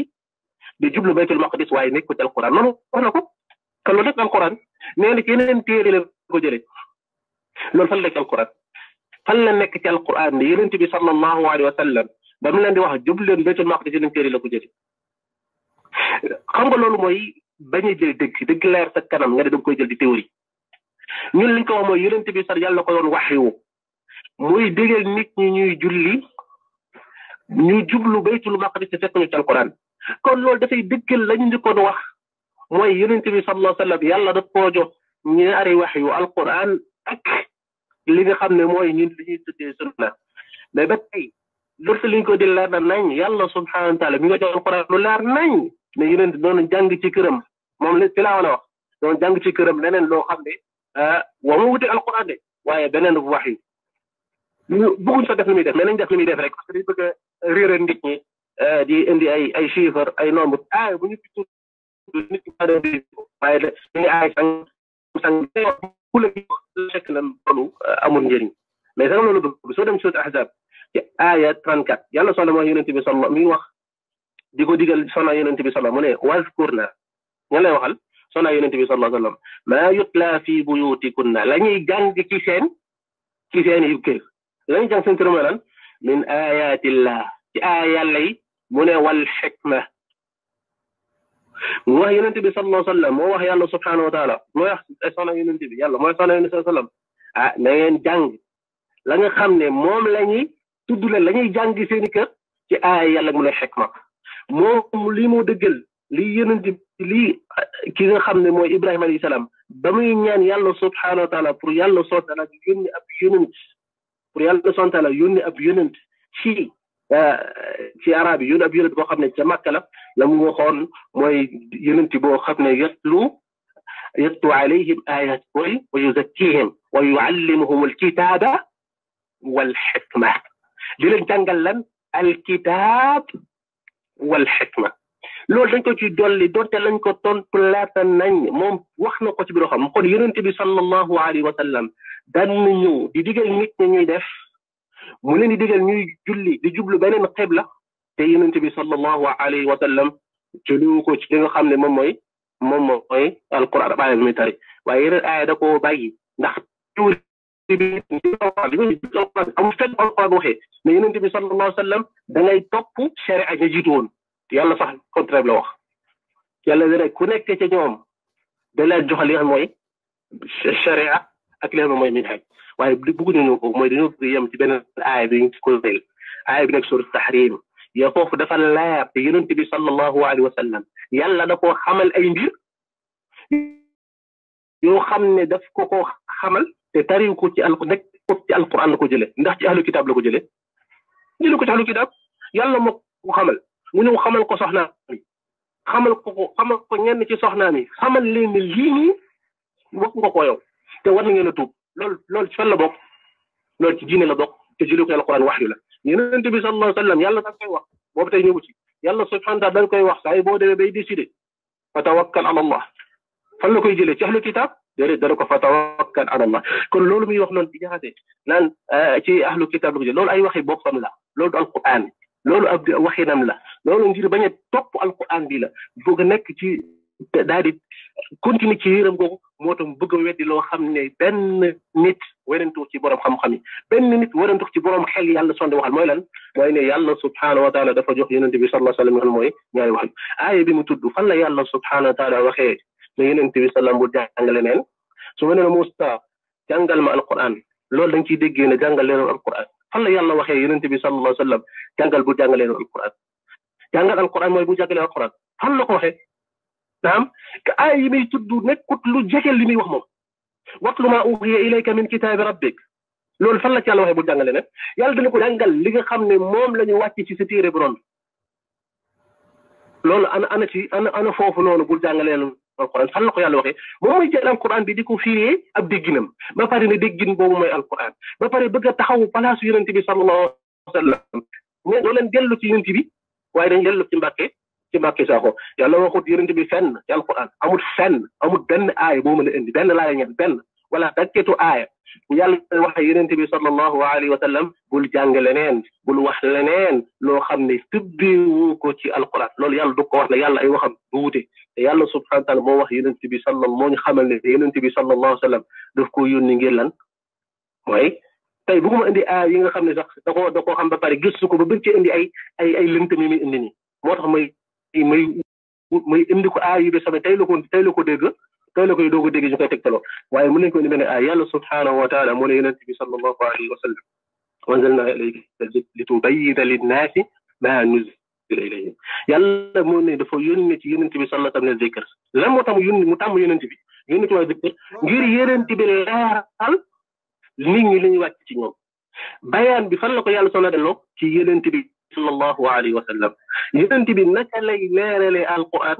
di jublu baytul maqdis waaye nekk ci alquran loolu wax na ko kon loolu nekk alquran nee na ci yeneen téere la ko jëlee loolu fan la ci alquran fan la nekk ci alquran ne yonente bi sallallahu alayhi wa sallam ba mu leen di wax jublu leen baytul maqdis yeneen téere la ko jëlee xam nga loolu mooy bañ a jël dëgg dëgg leer sa kanam nga ne da koy jël di théorie ñun liñ ko wax mooy yonent bi sax yàlla ko doon wax waxyu muy digal nit ñi ñuy julli ñu jublu baytul maqdis te fekk ñu kon loolu dafay dëggal lañ ñu ko doon wax mooy yonent bi sallallahu alayhi wa sallam yàlla daf koo jox ñaari waxyu alquran ak li nga xam ne mooy ñun li ñuy tuddee sunna mais ba tey liñ ko di leer na nañ yàlla subhanahu wa taala mi nga jox alquran lu leer nañ ne yonent doon jàng ci këram moom la ci laa wax doon jàng ci këram leneen loo xam ne Euh, waaw moo wuteeg alquran de waaye beneen wax yi bëgguñ sa def li muy def mais nañ def li muy def rek parce que dañ bëgg euh, di indi ay ay chiffres ay nombre aay ah, bu ñu fi tudd waaye da ñu ku la fekk la loolu euh, amul loolu bëgg soo dem surat ahzab ci aaya 34 yàlla soo demee yonent bi solo mi ngi wax di ko digal solo yonent bi solo mu ne wazkur na ñu lay waxal. soxnaa yonent bi sallallahu alayhi wa sallam maa yutla fi buyutikunna la ñuy jàng ci seen ci seen kër la ñuy jàng seen kër mooy lan min ayatillah ci aaya yàlla mu ne wal xikma mu wax yonent bi sallallahu alayhi wa moo wax yàlla subhanahu wa mooy wax soxna yonent bi yàlla mooy soxna yonent sallallahu alayhi ah na ngeen jàng la nga xam ne moom la tudd la la ñuy jàng seeni kër ci aaya yàlla mu ne xikma moom li mu dëggal li yonent li ki nga xam ne mooy ibrahima alayhi salaam ba muy ñaan yàlla subhanahu wa taala pour yàlla subhanahu wa taala yónni ab yonent pour yàlla subhanahu wa taala yónni ab yonent ci ci arab yi yónni ab yonent boo xam ne ca màkka la la mu waxoon mooy yonent boo xam ne yatlu yatlu alayhim ayat mooy wa yuzakkihim wa yuallimuhum alkitaba wal xikma di leen jàngal lan alkitab wal xikma loolu dañ ko ci dolli donte lañ ko tontu laata nañ moom wax na ko ci biir xam kon yonente bi sallallahu alayhi wa sallam daan na ñëw di digal nit ñi ñuy def mu leen di digal ñuy julli di jublu beneen xibla te yonente bi sallallahu alayhi wa sallam jëliwu ko ci li nga xam ne moom mooy moom mooy alquran aaya bi muy tari waaye yeneen da koo bàyyi ndax bi amul fenn alquran waxee ne yonente bi sallallahu alayhi wa sallam da ngay topp sharia ña jiitu woon yàlla sax contraire la wax yàlla dana ku nekk ca ñoom da leen joxal li nga xam mooy sharia ak li nga xam mooy minhaj waaye bëgguñu ñu ko mooy dañoo bëgg yem ci benn aaya bi ñu ci ko del aaya bi nag surat tahrim ya foofu dafa leer te yonente bi sallallahu alayhi wa sallam yàlla da koo xamal ay mbir yoo xam ne daf ko ko xamal te tariw ko ci al nekk ko ci alquran la ko jëlee ndax ci ahlu kitab la ko jëlee jëlee ko ci ahlu kitab yàlla moo ko xamal mu ñëw xamal ko soxna mi xamal ko ko xamal ko ñen ci soxna mi xamal leen ni li ni wax nga ko yow te war na ngeen a lol loolu loolu la bok lol ci diine la bok te jilu ko alquran wahyu la yonent bi sallallahu alayhi wasallam yàlla da koy wax boobu tay ñëwu ci yàlla subhanahu taala dañ koy wax say bo dewe bay décidé fa tawakkal ala allah fa la koy jëlee ci ahlu kitab dere dana ko fa tawakkal ala allah kon lolou muy wax non di jaxate nan ci ahlu kitab lu ko lolou ay waxi boppam la lolou alquran loolu ab waxinam la loolu ngir bañ a topp alquran bi la bëgg a nekk ci daal di continuer ci yéram googu moo tam bëgg a weddi loo xam ne benn nit werantu ci borom xam-xam yi benn nit werantu ci borom xel yàlla sonde waxal mooy lan mooy ne yàlla subhaanahu wa taala dafa jox yonent bi sallallahu alayhi wa sallam mooy ñaari wax aaya bi mu tudd fan la yàlla subhaanahu wa taala waxee ne yonent bi sallam bu jàngale neen su ma nee la Moussa jàngal ma alquran loolu dañ ciy déggee ne jàngal leen alquran fan la yàlla waxee yonent bi sallallahu alayhi wa sallam jàngal bu jàngalee alquran jàngal alquran mooy bu jàngalee alquran fan la ko waxee naam ka aay yi muy tudd nekkut lu jege li muy wax moom watlu ma uxiya ilayka min kitaabi rabbik loolu fan la ci yàlla waxee bu jàngale nag yàlla dana ko jàngal li nga xam ne moom la ñu wàcc ci sa téere bi loolu ana ana ci ana ana foofu noonu bul jàngalee alquran fan la ko yàlla waxee moom mooy jël alquran bi di ko firee ab dégginam ba pare ne déggin boobu mooy alquran ba pare bëgg a taxaw palaasu yonente bi sallallahu alayhi wa sallam ne doo leen dellu ci bi waaye dañ dellu ci mbàkke ci mbàkke saako yàlla waxut yonente bi fenn ci alquran amul fenn amul benn aaya boo mën a indi benn laaya ñet benn wala dakketu aaya bu yàlla waxee yonente bi sallallahu alayhi wa sallam bul jàng leneen bul wax leneen loo xam ne tëbbeewoo ko ci alquran loolu yàlla du ko wax ne yàlla ay waxam du wute yàlla subhanahu taala moo wax yonent bi salla moo ñu xamal ne yonent bi sallallahu alayhi wasallam daf ko yónni ngir lan mooy tey bëgguma indi aaya yi nga xam ne sax da koo xam ba pare gëstu ba bëgg ci indi ay ay ay lëntëm yi muy indi nii moo may may may indi ko aaya yu bi sama tey la ko tey la ko dégg tey la koy doog a dégg ñu koy tegtaloo waaye mën nañ ko indi benn aaya yàlla subhanahu wa taala moo ne bi sallallahu alayhi wasallam wanzalna ilayka li tubayida linnaasi ma nuzila ilayhim yàlla moo ne dafa yónni ci yónent bi sallallahu alayhi wa sallam zikr lan moo tax mu yónni mu tàmm bi yónni ci ngir yónent bi leeral nit ñi li ñu wàcc ci ñoom bayaan bi fan la ko yàlla soxla delloo ci yónent bi sallallahu alayhi wa sallam yónent bi naka lay leeralee alquran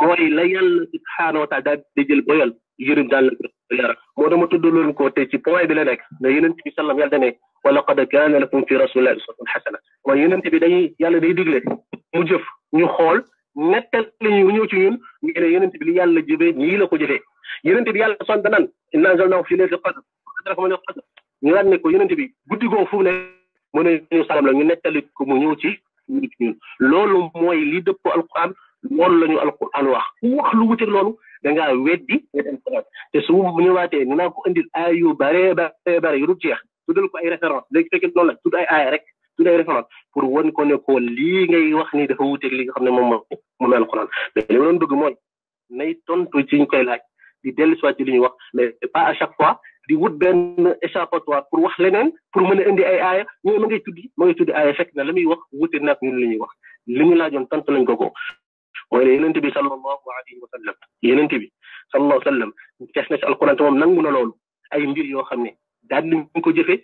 mooy la yàlla subhaanahu wa taala daal di jël boyal yërëm daal la moo dama tuddaloon ko te ci point bi la nekk ne yonent bi sallam yàlla ne wala qad kaana lakum fi rasulillahi uswatun hasana mooy yonent bi day yàlla day digle mu jëf ñu xool nettal ñu ñëw ci ñun ñu ne yonent bi li yàlla jëfee nii la ko jëfee yonent bi yàlla son danan inna anzalnahu fi laylatil qadr qadr fa qadr ñu daan ne ko yonent bi guddi goo fu ne mu ne ñu salam la ñu nettali ko mu ñëw ci ñun loolu mooy li dëpp alquran loolu la ñu alquran wax wax lu wuteeg loolu da ngaa weddi nga dem salaat te su mu ñëwaatee dinaa ko indil aay yu bare bare bare yu dul jeex tuddal ko ay référence léegi fekkee noonu la ay aay rek tudd ay référence pour wan ko ne ko lii ngay wax nii dafa wuuteeg li nga xam ne moom moom la alquran mais li ma doon bëgg mooy nay tontu ci ñu koy laaj di dellu soit ci li ñuy wax mais pas a chaque fois di wut benn échappatoire pour wax leneen pour mën a indi ay aaya ñooy ma ngay tuddi ma ngay tuddi aaya fekk na la muy wax wuute naag ñun li ñuy wax li ñu laajoon tontu lañ ko ko mooy yonent bi sallallahu alayhi wa sallam yonent bi sallallahu alayhi wa sallam fees na ci alquran te moom nangu na loolu ay mbir yoo xam ne daal nañ ko jëfee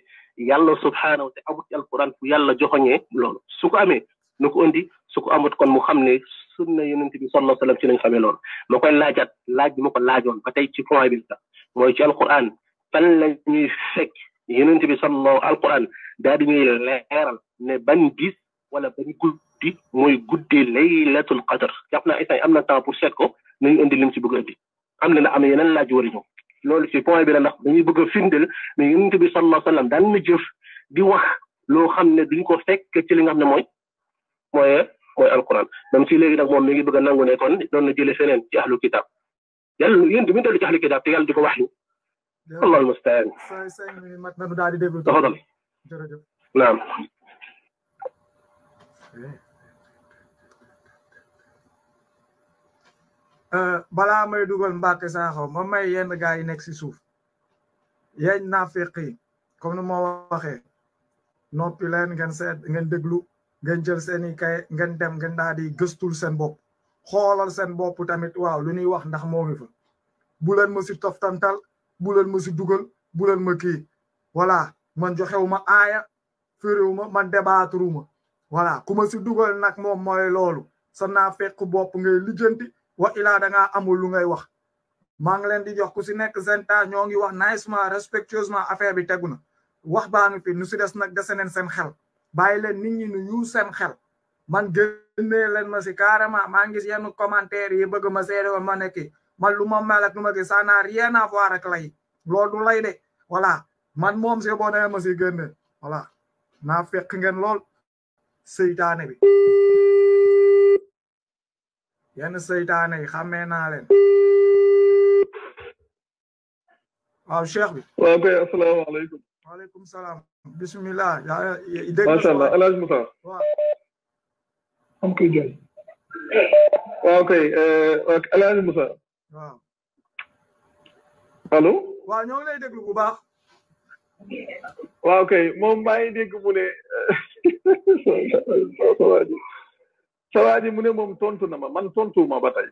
yàlla subhanahu te amut ci alquran fu yàlla joxoñee loolu su ko amee nu ko indi su ko amut kon mu xam ne sunna yonent bi sallallahu alayhi wa sallam ci lañ xamee loolu ma koy laajat laaj bi ma ko laajoon ba tey ci point bi sax mooy ci alquran fan la ñuy fekk yonent bi sallallahu alquran daal di ñuy leeral ne ban gis wala ban gudd guddi mooy guddi laylatul qadr jàpp na instant am na temps pour set ko nañu indi lim si bëgg a indi am na am na yeneen laaj war a ñëw loolu si point bi la ndax dañuy bëgg a firndeel ne yonent bi sallallahu alayhi wa sallam daan na jëf di wax loo xam ne duñ ko fekk ci li nga xam ne mooy mooy mooy alquran même si léegi nag moom mi ngi bëgg a nangu ne kon doon na jëlee feneen ci ahlu kitab yàlla yéen tamit dellu ci ahlu kitab te yal di ko wax yu allahul mustaan dafa dal naam bala may dugal Mbacke Sakho ma may yenn gaa yi nek si suuf yéen naafeq yi comme ni ma waxee no deglu, jël kay ngeen dem ngeen dadi gustul senbok bop. bopp sen bop bopp tamit waaw lu ñuy wax ndax Bulan ngi fa bu wala, ma si toftantal bu leen ma si dugal bu mo ma kii voilà man joxewu ma aaya man voilà kuma si dugal sa bop ngay wa ilaa da ngaa amul lu ngay wax maa ngi leen di jox ku si nekk seen taas ñoo ngi wax nicement respectueusement affaire bi tegu na wax baa ngi fi nu si des nag dese neen seen xel bàyyi leen nit ñi nu yu seen xel man génnee leen ma si carrément maa ngi gis yenn commentaire yi bëgg ma seede woon ma nekki man lu ma mel ak lu ma gis ça n'a rien à voir lay loolu du lay de voilà man moom si boo demee ma si génne voilà naa fekk ngeen lool seytaane bi yenn seytaane yi xàmmee naa waaw cheikh bi waaw kay asalaamaaleykum waaleykum salaam bisimilah yaa dégg macha allah El Hadj waaw am koy waaw kay El eh, waaw allo waaw ñoo lay déglu bu baax waaw kay moom maa ngi dégg sa waa ji mu ne moom tontu na ma man tontu ma ba tey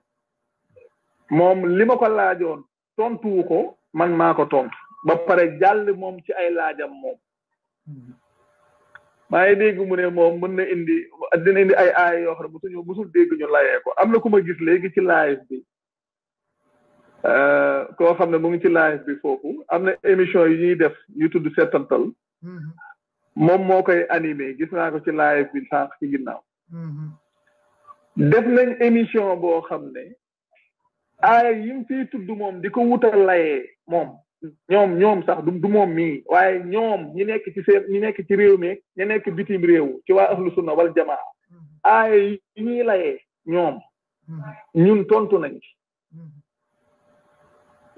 moom li ma ko laajoon tontuwu ko man maa ko tontu ba pare jàll moom ci ay laajam moom maa ngi dégg mu ne moom mën na indi dina indi ay aay yoo xam ne mosuñu mosul dégg ñu ko am na ku ma gis léegi ci live bi euh, koo xam ne mu ngi ci live bi foofu am na émission yi ñuy def yu tudd setantal mm-hmm. moom moo koy animé gis naa ko ci live bi sànq ci ginnaaw mm-hmm. def nañ émission boo xam ne aaya yi mu tudd moom di ko wutal layee moom ñoom ñoom sax du moom mii waaye ñoom ñi nekk ci seen ñi nekk ci réew mi ñi nekk bitim réew ci waa ahlu sunna wal jamaa aaya yi ñuy layee ñoom ñun tontu nañ ci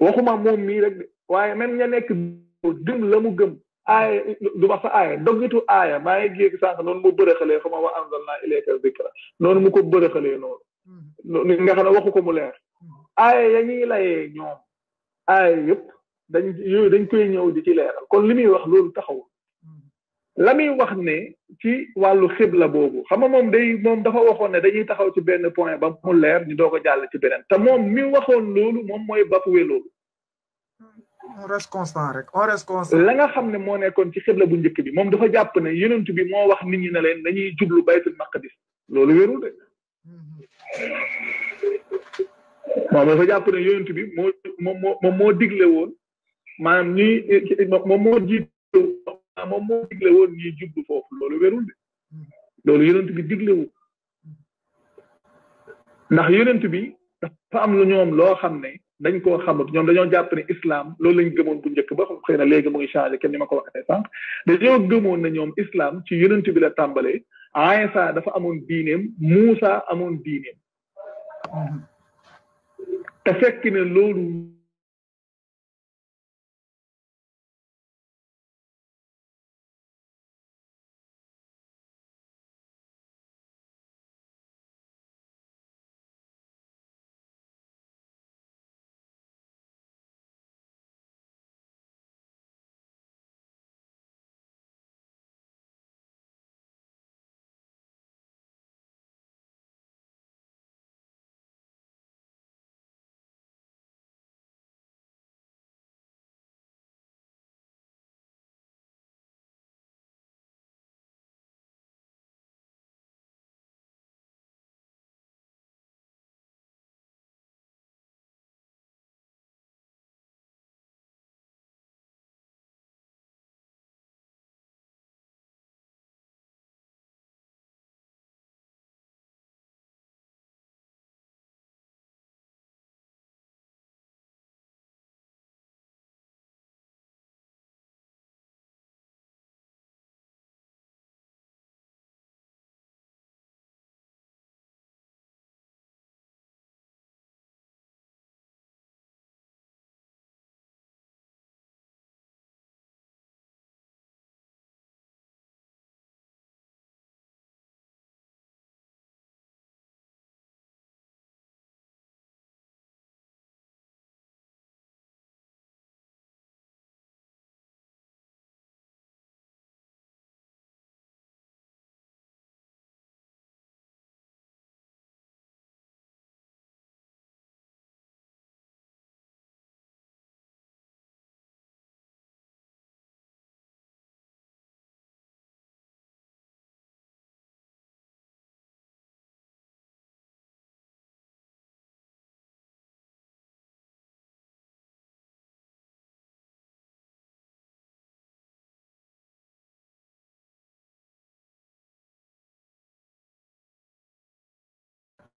waxuma moom mii rek waaye même ña nekk gëm la mu gëm aaya du ma sa aaya doggitu aaya maa ngi géeg sànq noonu mu bërëxalee xama wa anzalnaa ilayka zikra noonu mu ko bërëxalee noonu hmm. nga xam ne waxu ko mu leer hmm. aaya ya ñuy layee ñoom aaya yëpp dañ yooyu dañ koy ñëw di ci leeral kon li muy wax loolu taxawul hmm. la muy wax ne ci wàllu xibla boobu xam nga moom day moom dafa waxoon ne dañuy taxaw ci benn point ba mu leer ñu doog a jàll ci beneen te moom mi waxoon loolu moom mooy bapwe loolu on reste constant rek la nga xam ne moo nekkoon ci xibla bu njëkk bi moom dafa jàpp ne yonent bi moo wax nit ñi ne leen dañuy jublu baytul maqdis loolu wérul de mm-hmm. moom dafa jàpp ne bi moo digle woon maanaam ñuy moom moo jiite moom moo jublu foofu loolu wérul de mm-hmm. loolu yonent bi digle wu mm-hmm. ndax yonent bi dafa am lu ñoom loo xam ne. dañ koo xamut ñoom dañoo jàpp ne islam loolu lañ gëmoon bu njëkk ba xëy na léegi mu ngi changé kenn ni ma ko waxee sànq dañoo gëmoon ne ñoom islam ci yonent bi la tàmbalee Isa dafa amoon diineem Muusa amoon diineem mhm. te fekk ne loolu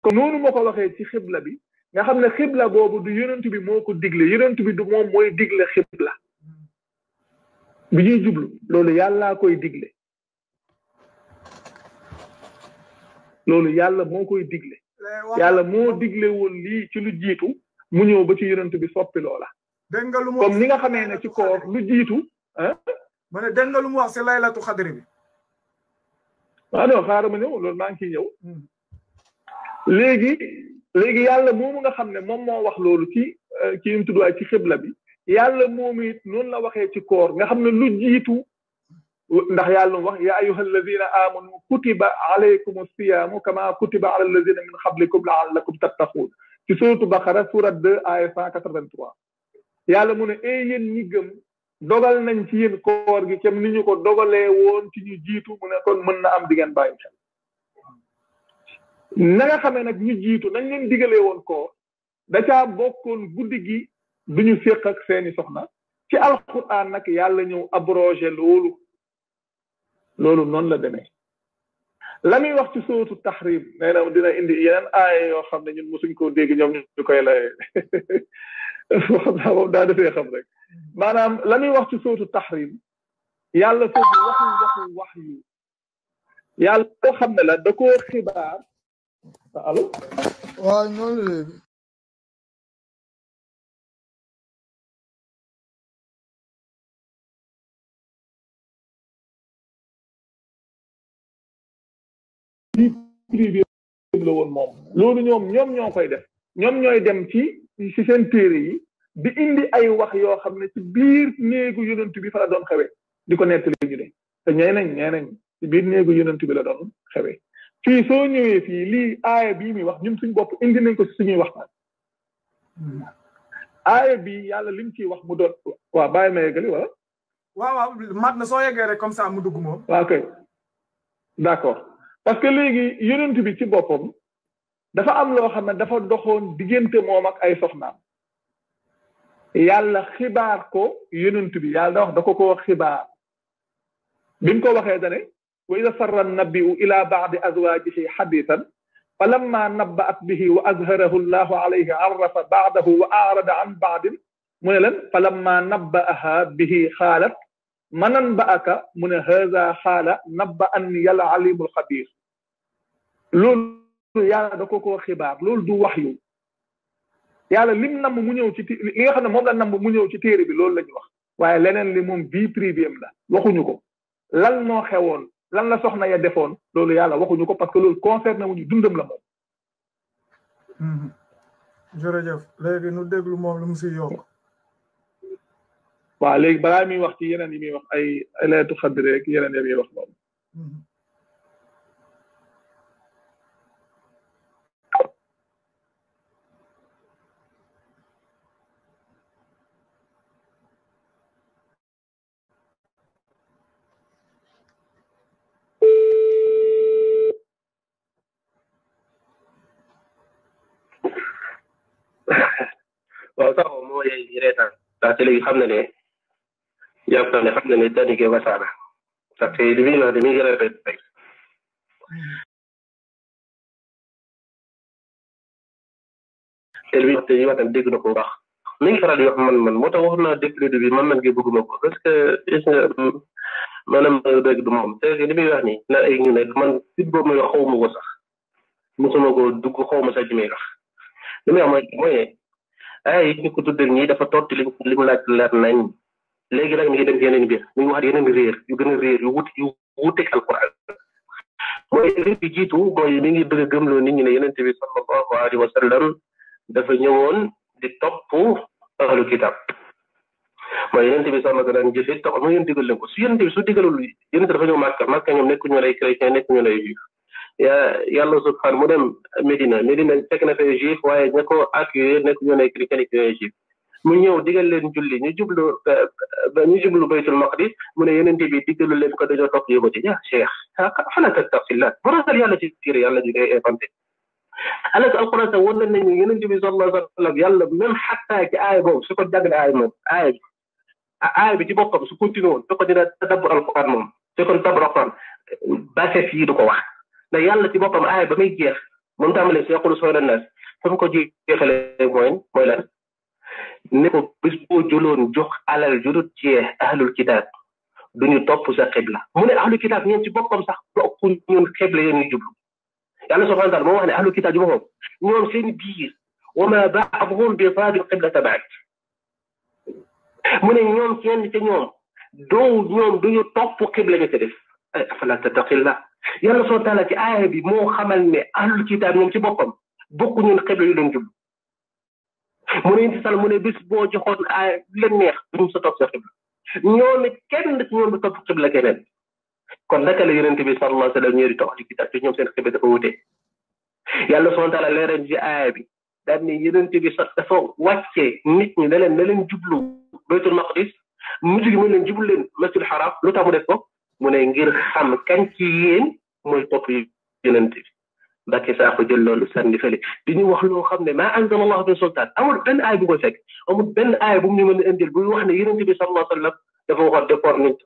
kon noonu moo ko waxee ci xibla bi nga xam ne xibla boobu du yonent bi moo ko digle yonent bi du moom mooy digle xibla bi ñuy jublu loolu yàllaa koy digle loolu yàlla moo koy digle yàlla moo digle woon lii ci lu jiitu mu ñëw ba ci yonent bi soppi loola comme ni nga xamee ne ci koor lu jiitu ah ma ne dégg nga lu mu wax si laylatu xadri bi waaw non xaaral ma ñëw loolu maa ngi ciy ñëw hmm. léegi léegi yàlla moomu nga xam ne moom moo wax loolu ci euh, ci mu tudduwaay ci xibla bi yàlla moom it noonu la waxee ci koor nga xam ne lu jiitu ndax yàlla mu wax ya ayuha alladina amanu kutiba alaykum siyaamu kama kutiba ala alladina min qablikum laallakum tattaquun ci suratu baqara surat 2 aya 183 yàlla mu ne ee ñi gëm dogal nañ ci yéen koor gi kem nu ñu ko dogalee woon ci ñu jiitu mu ne kon mën na am di ngeen bàyyi xel na nga xamee nag ñu jiitu nañ leen digalee woon koor da caa bokkoon guddi gi duñu séq ak seeni soxna ci alquran nag yàlla ñëw abrogé loolu loolu noonu la demee la muy wax ci sóotu taxrim nee na dina indi yeneen aaya yoo xam ne ñun mosuñ koo dégg ñoom ñu koy laye xam naa moom maanaam la muy wax ci sootu taxrim yàlla foofu waxul wax yu yàlla koo xam ne la da xibaar allo. waaw ñooñu la léegi. loolu ñoom ñoom ñoo koy def ñoom ñooy dem ci ci seen téere yi di indi ay wax yoo xam ne ci biir néegu yonent bi fa la doon xewe di ko nettali ñu ne te ñee nañ ñee nañ ci biir néegu yonent bi la doon xewe fii soo ñëwee fii lii aaya bii muy wax ñun suñ bopp indi nañ ko si suñuy waxtaan aaya bi yàlla lim ciy wax mu doon waaw bàyyi ma yeggali wala. waaw waaw mat na soo yeggee rek comme ça mu dugg moom. waaw kay d' accord parce que léegi yonent bi ci boppam dafa am loo xam ne dafa doxoon diggante moom ak ay soxnaam yàlla xibaar ko yonent bi yàlla da wax da ko koo xibaar bi mu ko waxee da وإذا سر النبي إلى بعض أزواجه حديثا فلما نبأت به وأزهره الله عليه عرف بعده وأعرض عن بعض من لن فلما نبأها به قالت من أنبأك من هذا قال نبأني العليم الخبير لول yàlla da ko koo xibaar loolu du wax yu yàlla lim namm mu ñëw ci li nga xam ne moom la namm mu ñëw ci téere bi loolu la ñu wax waaye leneen li moom vie privée am la waxuñu ko lan moo xewoon lan la soxna ya defone lolou yàlla waxu ñuko parce que lolou concerné wuñu dundum la mom moom. jeuf léegi nu déglu mom lu musi yok wa waaw bala mi wax ci yenen yi mi wax ay ay laytu khadre ak yenen yi mi wax loolu. waaw sax moom moo lay reetaan ndax te léegi xam na ne jàpp na ne xam na ne daanike wasaana parce que li muy naan dañuy gën a rafet wax dégg na ko baax mi ngi faral di wax man man moo tax wax naa depuis le début man man gi bëgguma maanaam dëgg du moom wax nii na ay ñu ne man fit boobu muy wax xaw ma ko sax mosuma ko dugg xaw ma sax ji li muy wax mooy mooy ay yi ñu ko tuddee nii dafa tontu li li mu laaj leer nañ léegi nag mi ngi dem yeneen biir mi ngi wax yeneen réer yu gën a réer yu wut yu wuteeg alquran mooy li bi jiitu mooy mi ngi bëgg a gëmloo nit ñi ne yonent bi sallallahu alayhi wa sallam dafa ñëwoon di topp ahlu kitab mooy yonent bi sallallahu alayhi wa sallam jëfe topp mooy yéen digal leen ko su yonent bi su digalul yonent dafa ñëw màkka màkka ñoom nekkuñu lay chrétien nekkuñu lay juif يالله سبحانه مدام مدينة مدينة تكنا في جيف واي نكو أكيد نكو يوم أكريكان في جيف من يوم دجال لين جولي نجيب له نجيب له بيت المقدس من يوم نتي بيت دجال لين كده جو تقي يبغى تيجي شيخ فلا تتقي الله برا إيه، إيه، سال يالله جيتير يالله جيتير فانتي أنا في القرآن تقول لنا إن ينجم صلى الله عليه وسلم يلا من حتى كآية بوم سكوت دقن آية مو آية آية بتجيب بقى بس كنتي نون تقدر تدبر القرآن مو تقدر تدبر القرآن بس في دقوة واحد mais yàlla ci boppam aay ba muy jeex ba mu tàmbalee si yaqulu sooy naas fa mu ko jeexalee mooy mooy lan ne ko bis boo jëloon jox alal ju dul jeex ahlul kitaab duñu topp sa xibla mu ne ahlul kitaab ñeen ci boppam sax bokku ñun xibla yéen ñu jublu yàlla subhanahu wa taala moo wax ne ahlul kitaab ju boppam ñoom seen biir wa ma baaduhum bi taabin qiblata baad mu ne ñoom kenn ci ñoom doo ñoom duñu topp xibla ñu ci def afala tattaqillah yàlla soo taala ci aaya bi moo xamal ne ahlul kitaab ñoom ci boppam bokku ñun xibla yu doon jublu mu ne inti sal mu ne bis boo joxoon aaya leen neex duñ sa topp sa xibla ñoo ne kenn ci ñoom kon naka la yonent bi sallallahu alayhi wa sallam ñëw di topp ahlul kitaab te dafa wute yàlla soo taala leeral ci aaya bi daal ne yonent bi sax dafa wàccee nit ñi ne leen ne leen jublu baytul maqdis mujj gi mu leen jublu leen masjidul haram lu tax mu def ko mu ne ngir xam kan ci yéen mooy topp yonent bi Mbacke Sakho jël loolu sànni fële di ñu wax loo xam ne maa anzal allahu bi sultaan amul benn aay bu ko fekk amul benn aay bu mu ñu mën a indil buy wax ne yonent bi sallallahu alayhi wa sallam dafa waxoon déport nit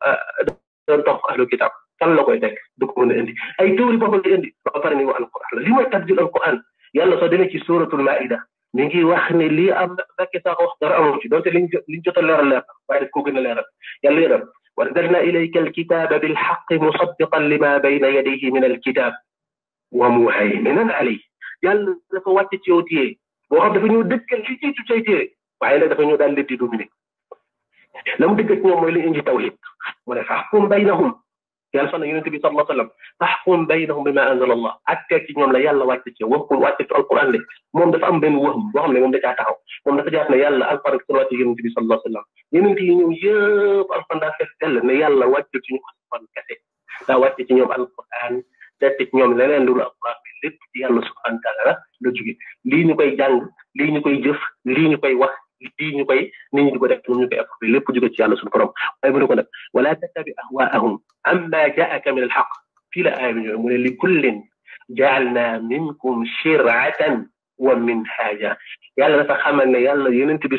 doon topp ahlu kitab kan la koy fekk du ko mën a indi ay théorie boppam la indi ba pare ni wa alquran la li mooy tabdil alquran yàlla soo demee ci suratul maida mi ngi wax ne lii am Mbacke Sakho wax dara amu ci donte liñ liñ jot a leeral leer waaye daf koo gën a leeral yàlla yaram وانزلنا اليك الكتاب بالحق مصدقا لما بين يديه من الكتاب ومهيمنا عليه يال دافا وات تي بو خا دافا نيو دكل لي تي تي تي دافا نيو دال لي تي لام دكت نيو موي لي انجي توحيد مولاي فاحكم بينهم yàlla sax na yonente bi sallallahu alayhi wa sallam taxkum baynahum bi ma anzala allah àtte ci ñoom la yàlla wàcc ci ci alquran le moom dafa am benn wëxam boo ñoom alquran dette ci ñoom leneen bi lépp ci yàlla subhanahu wa taala lii ñu koy jëf lii ñu koy wax ديني كوي نيني ديكو ديك نيو كاي افوبي ليپ ديكو سي الله سون بروم واي مونيكو نك ولا تتبع اهواءهم اما جاءك من الحق في لا اي نيو مون لي كل جعلنا منكم شرعه ومن حاجه يالا دا خامل ني يالا يننت بي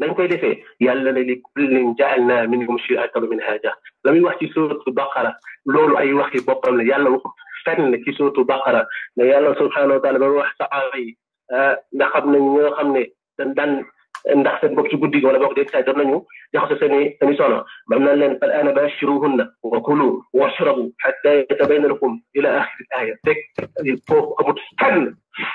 لم كيدفع يلا لكل جعلنا منكم شرعة ومنهاجا لم يوحي سورة البقرة لولو أي وحي بطل يلا fenn ci sootu baqara ne yàlla subhanahu wa taala ba wax saxaaba yi nga xam ne ñi nga xam ne dañ daan ndax seen bokk ci guddi wala bokk dégg saa doon nañu jaxase seeni seeni sono bam nan leen fal ana bashiruhunna wa kulu washrabu hatta yatabayna lakum ila akhir aya teg foofu amut fenn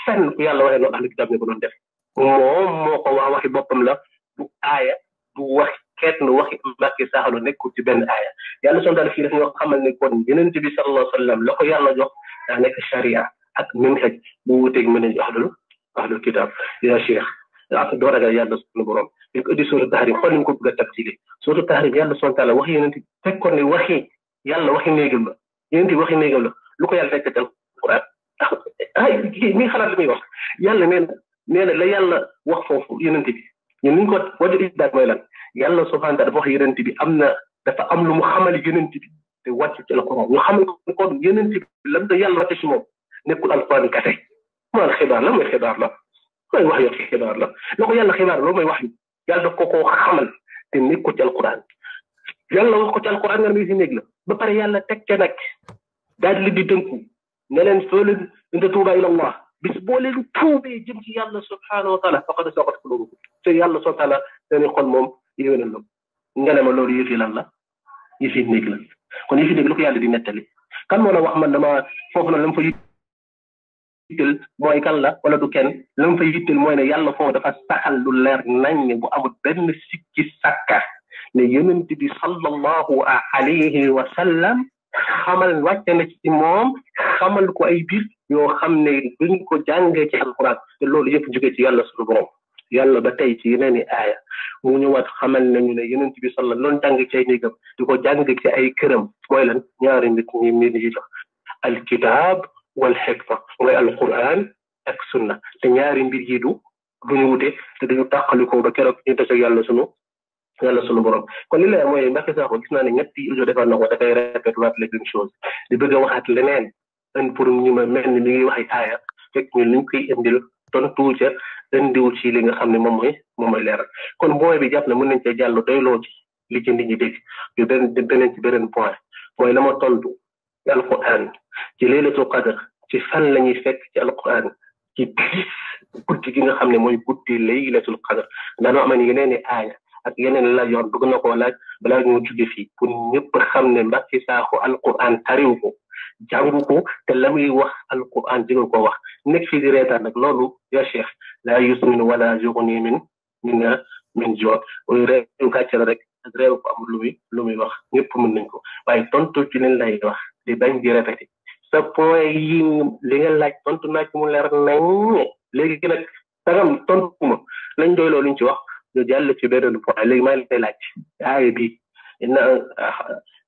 fenn ku yàlla waxee loo ahlu kitab ne ko doon def moom moo ko waa waxi boppam la du aaya du wax xeet nu waxi mbàkki saaxalu nekkul ci benn aaya yàlla sunu daal fii daf ñoo xamal ne kon yenent bi sallallahu sallam la ko yàlla jox daa nekk sharia ak minhaj bu wuteeg minhaj ahlul ahlul kitab yaa cheikh ak doo ragal yàlla sunu borom li ko indi sóotu tahrim xool ni ko bëgg a tabjile sóotu tahrim yàlla sunu taala waxi yenent fekkoon ne waxi yàlla waxi néegam la yenent waxi néegam la lu ko yàlla fekk tal quran ay mi xalaat li muy wax yàlla nee na nee na la yàlla wax foofu yenent bi ñun ko waju idda moy lan yàlla subhanahu wa dafa yeneen bi amna dafa am lu mu xamal yeneen bi te wàcc ci alquran ñu xamal ko kon yeneen bi lam da yàlla ci mom nekul alquran kase maanaam xibaar la mooy xibaar la mooy wax yo xibaar la lako yàlla xibaar lo moy wax yi yàlla da ko ko xamal te nekul ci alquran yàlla wax ko ci alquran nga ne si néeg la ba pare yàlla tek ci nak dal li di dënku ne leen le inda tuba ila allah bis boo leen tuubee jëm ci yàlla subhanahu wa taala faqad saqat qulubukum te yàlla subhanahu wa taala dañuy xol moom yéwénal la nga ne ma loolu yëfi lan la yëfi néeg la kon yëfi néeg lu ko yàlla di nettali kan moo la wax man dama foofu na lam fa yittel mooy kan la wala du kenn lam fa yittel mooy ne yàlla foofu dafa saxal lu leer nañ ne bu amul benn sikki sàkka ne yonent bi sallallahu alayhi wa sallam xamal wàcce na ci moom xamal ko ay biir yoo xam ne duñ ko jàngee ci alquran te loolu yëpp jóge ci yàlla suñu borom yàlla ba tey ci yeneen i aaya mu ñëwaat xamal nañu ne yeneen bi salla loon jàng ci ay néegam di ko jàng ci ay këram mooy lan ñaari nit ñi mbir yi la alkitab wal xikma mooy alquran ak sunna te ñaari mbir yi du duñu wute te duñu tàqalikoo ba keroog ñu tase yàlla sunu yàlla sunu borom kon li lay mooy Mbacke Sakho gis naa ne ñetti iljo defal na ko dafay répété waat la même chose di bëgg a waxaat leneen an pour ñu ma mel ni mi ngi wax ay aaya fekk ñun liñ koy indil ton tu tontu ca indiw ci li nga xam ne moom mooy moom mooy leeral kon booy bi jàpp na mën nañ cee jàll doyloo ci li ci nit ñi dégg ñu den deneen ci beneen point mooy la ma tontu ci alquran ci laylatul qadr ci fan la ñuy fekk ci alquran ci bis ki nga xam ne mooy guddi laylatul qadr daanoo aman yeneen i aaya ak yeneen la yoon dugg na koo laaj balaa ñu jóge fii pour ñëpp xam ne Mbàkke Saaxo alquran tariw ko jàngu ko te la muy wax alquran jigal ko wax nekk fii di reetaan nag loolu ya cheikh la yusmin wala yuxni min min min jo réew gàcce la rek ak réew ko am lu muy lu muy wax ñëpp mën nañ ko waaye tontu ci leen lay wax di bañ di répété sa yi li nga laaj tontu naa ci mu leer nañ léegi nag sagam tontu ma lañ doy loolu ñu ci wax ñu jàll ci beneen point léegi maa ngi lay laaj aaya bi na ah,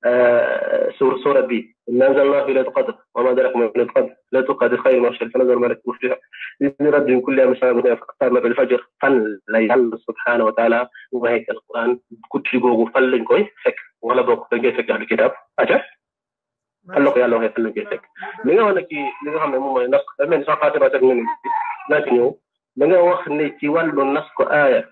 ah, suur suura bi إن أنزلنا في ليلة القدر وما ذلك من ليلة القدر لا تقعد خير مرشد فنزل الملك وفيها بإذن رد من كل أمسان من فقطار مبعد الفجر فل سبحانه وتعالى وهيك القرآن كتل بوغو فل نكوي فك ولا بوغو فل نكوي فك الكتاب أجل فلق يا الله فل نكوي فك لنا هو نكي لنا هم يموما ينق لما نسا قاتب أجل من لكن يو لنا هو خني تيوال النسك آية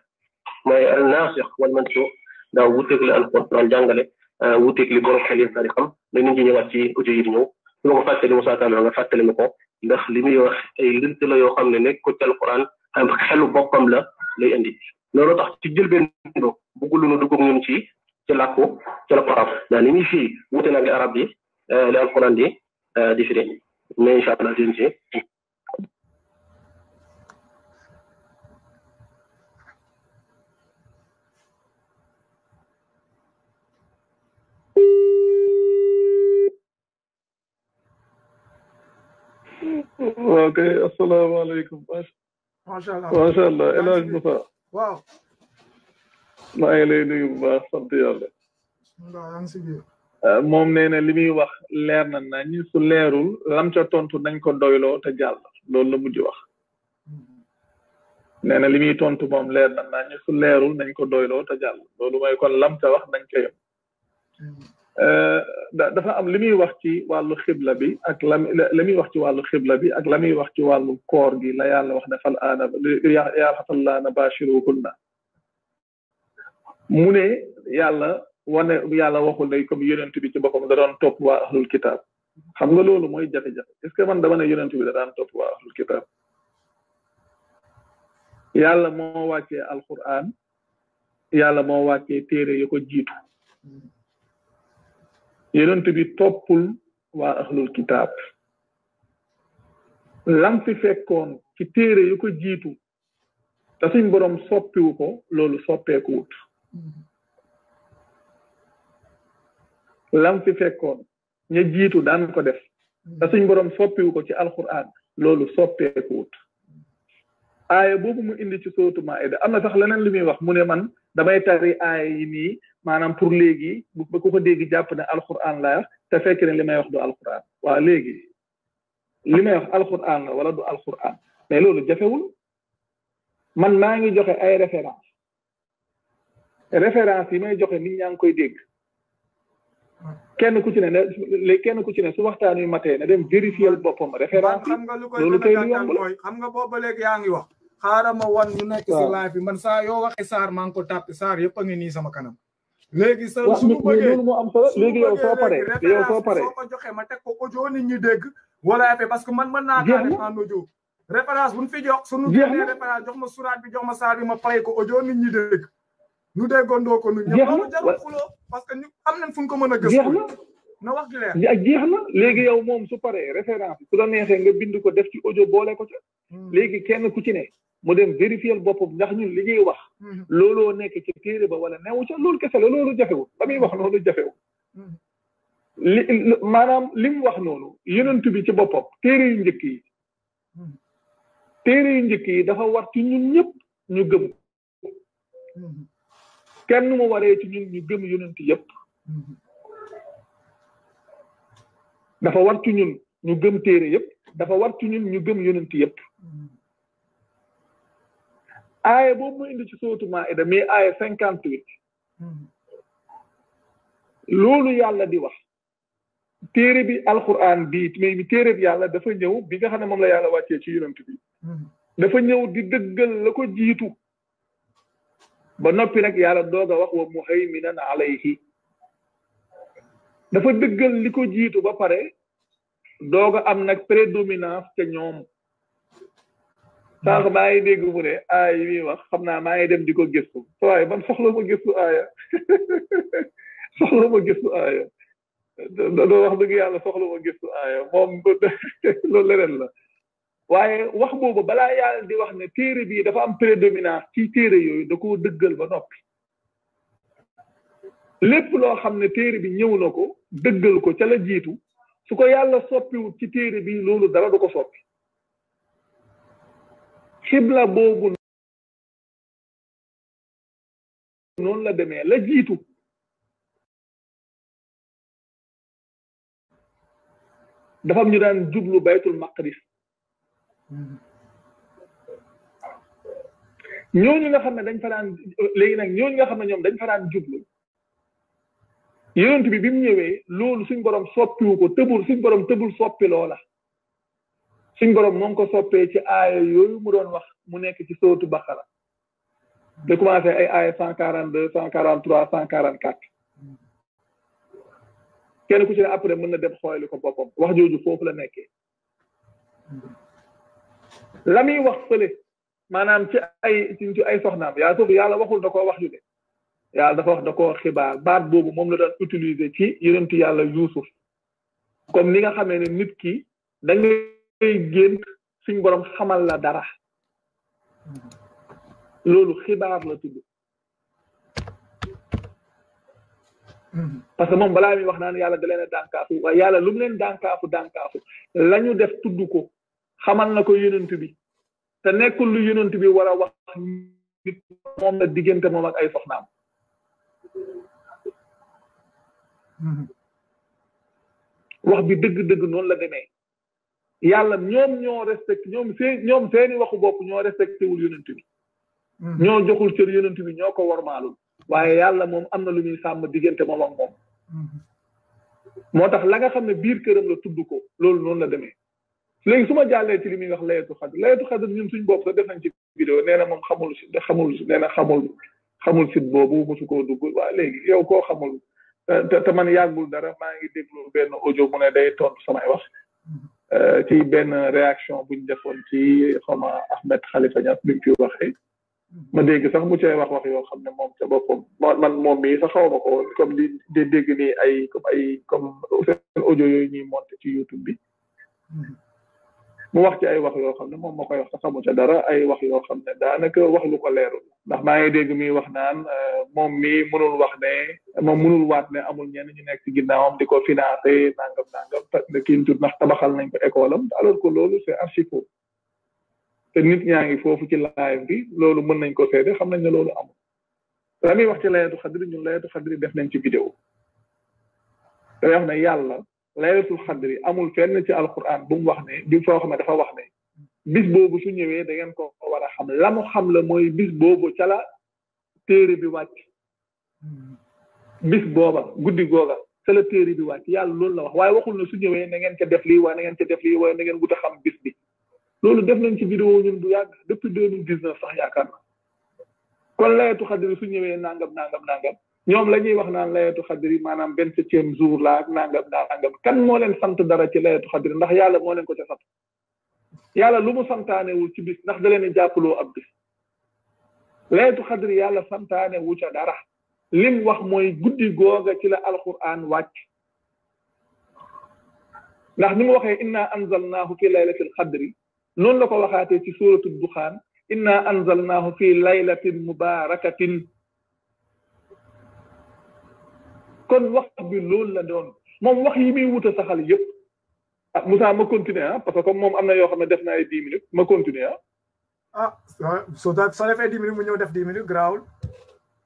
ما الناسخ والمنسوخ داوود تقول القرآن الجنجلي wutik li borom xel yi dari xam mais ñu ngi ñëwaat ci audio yi ñëw su ma ko fàttali Moussa Tall nga fàttali ma ko ndax li muy wax ay lënt la yoo xam ne nekk ko ci alquran xam xelu boppam la lay indi loolu tax ci jël jëlbeen do bëggulu nu dugg ñun ci ci làkku ci alquran daa ni muy fii wute na li arab yi li alquran di di firi mais incha allah dinañ ci ok asalaamaaleykum macha allah macha allah El Hadj Moussa waaw maa ngi lay nuyu bu baax sant yàlla euh, moom nee na li muy wax leer na nañ su leerul lam tontu nañ ko doyloo te jàll loolu la mujj wax nee na li muy tontu moom leer na nañ su leerul nañ ko doyloo te jàll loolu mooy kon lam wax nañ ko yem hmm. dafa am li muy wax ci wàllu xibla bi ak la li muy wax ci wàllu xibla bi ak la muy wax ci wàllu koor gi la yàlla wax ne fal aana yàlla fal laana bashiruhunna mu ne yàlla wane yàlla waxul ne comme yonent bi ci boppam da doon topp waa ahlul kitaab xam nga loolu mooy jafe-jafe est ce que man dama ne yonent bi da daan topp waa ahlul kitaab yàlla moo wàccee alquran yàlla moo wàccee téere yu ko jiitu yonent bi toppul waa ahlul kitaab lam fi fekkoon ci téere yu ko jiitu te suñ boroom soppiwu ko loolu soppeekuwut lam fi fekkoon ña jiitu daan ko def te suñ boroom soppiwu ko ci alquran loolu soppeekuwut aaye boobu mu indi ci sootu ma Maa'ida am na sax leneen li muy wax mu ne man damay tari aaya yi maanaam pour léegi bu ba ko dégg jàpp na alquran laa yor te fekk ne li may wax du alquran waaw léegi li may wax alquran la wala du alquran mais loolu jafewul man maa ngi joxe ay référence référence yi may joxe ni ñaa ngi koy dégg kenn ku ci ne ne kenn ku ci ne su waxtaan yu matee na dem vérifier boppam référence yi loolu tey lu yomb la a nga booba léegi yaa ngi wax xaaral ma wan ñu nekk si live bi man saa yoo waxee saar maa ngi ko tàpp saar yëpp a ngi sama kanam léegi sa suñu bëggee loolu moo am solo léegi yow soo paree yow soo paree soo ko joxee ma teg ko audio nit ñi dégg wala parce que man man naa kaa def en audio référence bu ñu fi jox suñu génnee référence jox ma suraat bi jox ma saar bi ma play ko audio nit ñi dégg ñu déggandoo ko nu ñëpp loolu jarul xuloo parce que ñu am nañ fu ñu ko mën a gëstu na wax gi leer ak jeex na léegi yow moom su paree référence su la neexee nga bind ko def ci ojo boole ko ca hmm. léegi kenn ku ci ne mu dem vérifier boppam ndax ñu li ñuy wax mm-hmm. looloo nekk ci téere ba wala newu ca loolu kese la loolu jafewul ba muy wax noonu mm-hmm. jafewul mm-hmm. li maanaam li wax noonu yonent bi ci boppam téere yu njëkk yi téere yu njëkk yi dafa war ci ñun ñëpp ñu gëm kenn mu waree ci ñun ñu gëm yonent yëpp dafa war ci ñun ñu gëm téere yëpp dafa war ci ñu gëm yonent yëpp aaya boobu mu indi ci sóotu Maa'ida mais aaya cinquante huit hmm. loolu yàlla di wax téere bi alquran bi mais bi téere bi yàlla dafa ñëw bi nga xam ne moom la yàlla wàccee ci yonent bi hmm. dafa ñëw di dëggal la ko jiitu ba noppi nag yàlla doog a wax wa muhayminan alayhi dafa dëggal li ko jiitu ba pare doog a am nag prédominance ca ñoom sànq maa ngi dégg mu ne aay yi wax xam naa maa ngi dem di ko gëstu waaye man soxla ma gëstu aaya soxla ma gëstu aaya doo wax dëgg yàlla soxla ma gëstu aaya moom loolu leneen la waaye wax boobu balaa yàlla di wax ne téere bii dafa am prédominance ci téere yooyu da koo dëggal ba noppi lépp loo xam ne téere bi ñëw na ko dëggal ko cala jiitu su ko yàlla soppiwut ci téere bi loolu dara du ko soppi xibla boobu noonu la demee la jiitu dafa am ñu daan jublu baytul maqdis ñooñu nga xam ne dañ fa daan léegi nag ñooñu nga xam ne ñoom dañ fanaan daan jublu yonent bi bi mu ñëwee loolu suñ borom soppiwu ko tëbul suñ borom tëbul soppi loola suñ borom moom ko soppee ci aaya yooyu mu doon wax mu nekk ci sootu baqara da commencé ay aaya cent quarante deux cent quarante trois cent quarante quatre kenn ku ci ne après mën na dem xooyali ko boppam wax jooju foofu la nekkee la muy wax fële maanaam ci ay ci ay soxnaam yaa suuf yàlla waxul da koo wax ju de yàlla dafa wax da koo xibaar baat boobu moom la doon utiliser ci yonentu yàlla yuusuf comme ni nga xamee ne nit ki da ngay gént suñ borom xamal la dara loolu xibaar la tudd parce que moom balaa muy wax naan yàlla da leen a dànkaafu waaye yàlla lu mu leen dànkaafu dànkaafu la ñu def tudd ko xamal na ko yonent bi te nekkul lu yonent bi war a wax nit moom la diggante moom ak ay soxnaam wax bi dëgg-dëgg noonu la demee yàlla ñoom ñoo respecté ñoom seen ñoom seeni waxu bopp ñoo respecté wul hmm. ñoo joxul cër yonent bi ñoo ko warmaalul waaye yàlla moom am na lu muy sàmm diggante moom ak moom hmm. moo tax la nga xam ne biir këram la tudd ko loolu noonu la demee léegi su ma jàllee ci li muy wax layatu xadr layatu xadr ñun suñ def nañ ci vidéo nee na moom xamul si xamul nee na xamul xamul sit boobu mosu koo dugg waa léegi yow koo xamul te man yàggul dara maa ngi déglu benn audio mu ne day tontu samay wax hmm. Euh, ci benn réaction buñ defoon ci xawma Ahmed Khalifa Niass bi mu fi waxee ma dégg sax mu cay wax wax yoo xam ne moom ca boppam man moom mii sax xaw ma ko comme di di dégg ni ay comme ay comme seen audio yooyu ñuy monté ci YouTube bi mm-hmm. mu wax ci ay wax yoo xam ne moom moo koy wax te xamu ca dara ay wax yoo xam ne daanaka wax lu ko leerul ndax maa ngi dégg muy wax naan euh, moom mi mënul wax ne moom mënul waat ne amul ñenn ñu nekk ci ginnaawam di ko financé nangam nangam te kii tut ndax tabaxal nañ ko école am alors que loolu c'est archi faux te nit ñaa ngi foofu ci live bi loolu mën nañ ko seede xam nañ ne loolu amul la muy wax ci layatu xadri ñun layatu xadri def nañ ci vidéo wax ne yàlla laylatul xadri amul fenn ci alquran bu mu wax ne di foo xam ne dafa wax ne bis boobu su ñëwee da ngeen ko war a xam la mu xam la mooy bis boobu ca la téere bi wàcc bis booba guddi googa ca la téere bi wàcc yàlla loolu la wax waaye waxul ne su ñëwee na ngeen ca def lii waaye na ngeen ca def lii waaye na ngeen wut a xam bis bi loolu def nañ ci vidéo ñun du yàgg depuis deux mille dix neuf sax yaakaar na kon layatu xadri su ñëwee nangam nangam nangam ñoom la ñuy wax naan layatu xadri maanaam benn septième jour la ak nangam nangam kan moo leen sant dara ci layatu xadri ndax yàlla moo leen ko ca sant yàlla lu mu wu ci bis ndax da leen jàppaloo ab bis layatu xadri yàlla wu ca dara lim wax mooy guddi googa ci la alquran wàcc ndax ni mu waxee inna anzalnahu fi laylati xadri noonu la ko waxaatee ci suratul duxaan inna anzalnahu fi laylatin mubarakatin kon wax bi loolu la doon moom wax yi muy wut a saxal yëpp ah Moussa ma continuer ah, parce que comme moom am na yoo xam ne def na ay dix minutes ma continuer ah. ah soo soo defee dix minutes mu ñëw def dix minutes garaawul.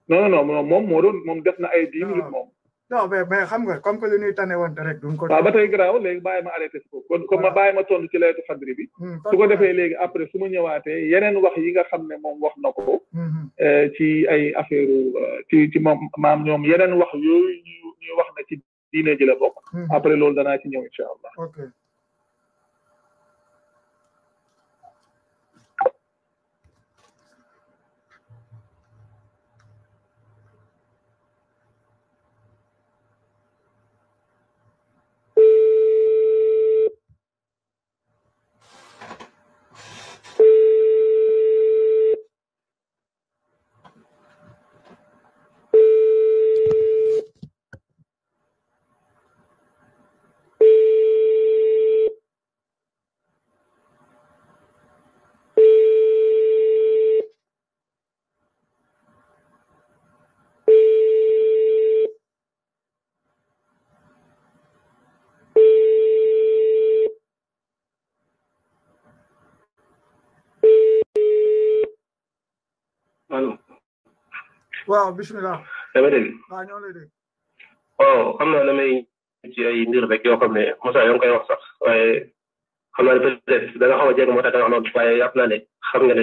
non non non moom moo doon moom def na ay dix ah. minutes non mais mais xam nga comme que lu ñuy tane woon rek duñ ko. waaw ba tey garaaw léegi bàyyi ma arrêté si ko kon ma bàyyi ci laytu xadri bi. Hmm, su ko defee léegi après su ma ñëwaatee yeneen wax yi nga xam ne moom wax na ko. Hmm, hmm. Eh, ci ay affaire eh, ci ci moom maam ñoom yeneen wax yooyu ñuy wax na ci diine ji la bokk. après loolu danaa ci ñëw incha allah. waaw bisimilah. dama dégg. waaw ñoo lay oh, naa damay ci ay mbir rek yoo xam ne Moussa yaa ngi koy wax sax waaye xam naa ne peut-être da nga a jege da nga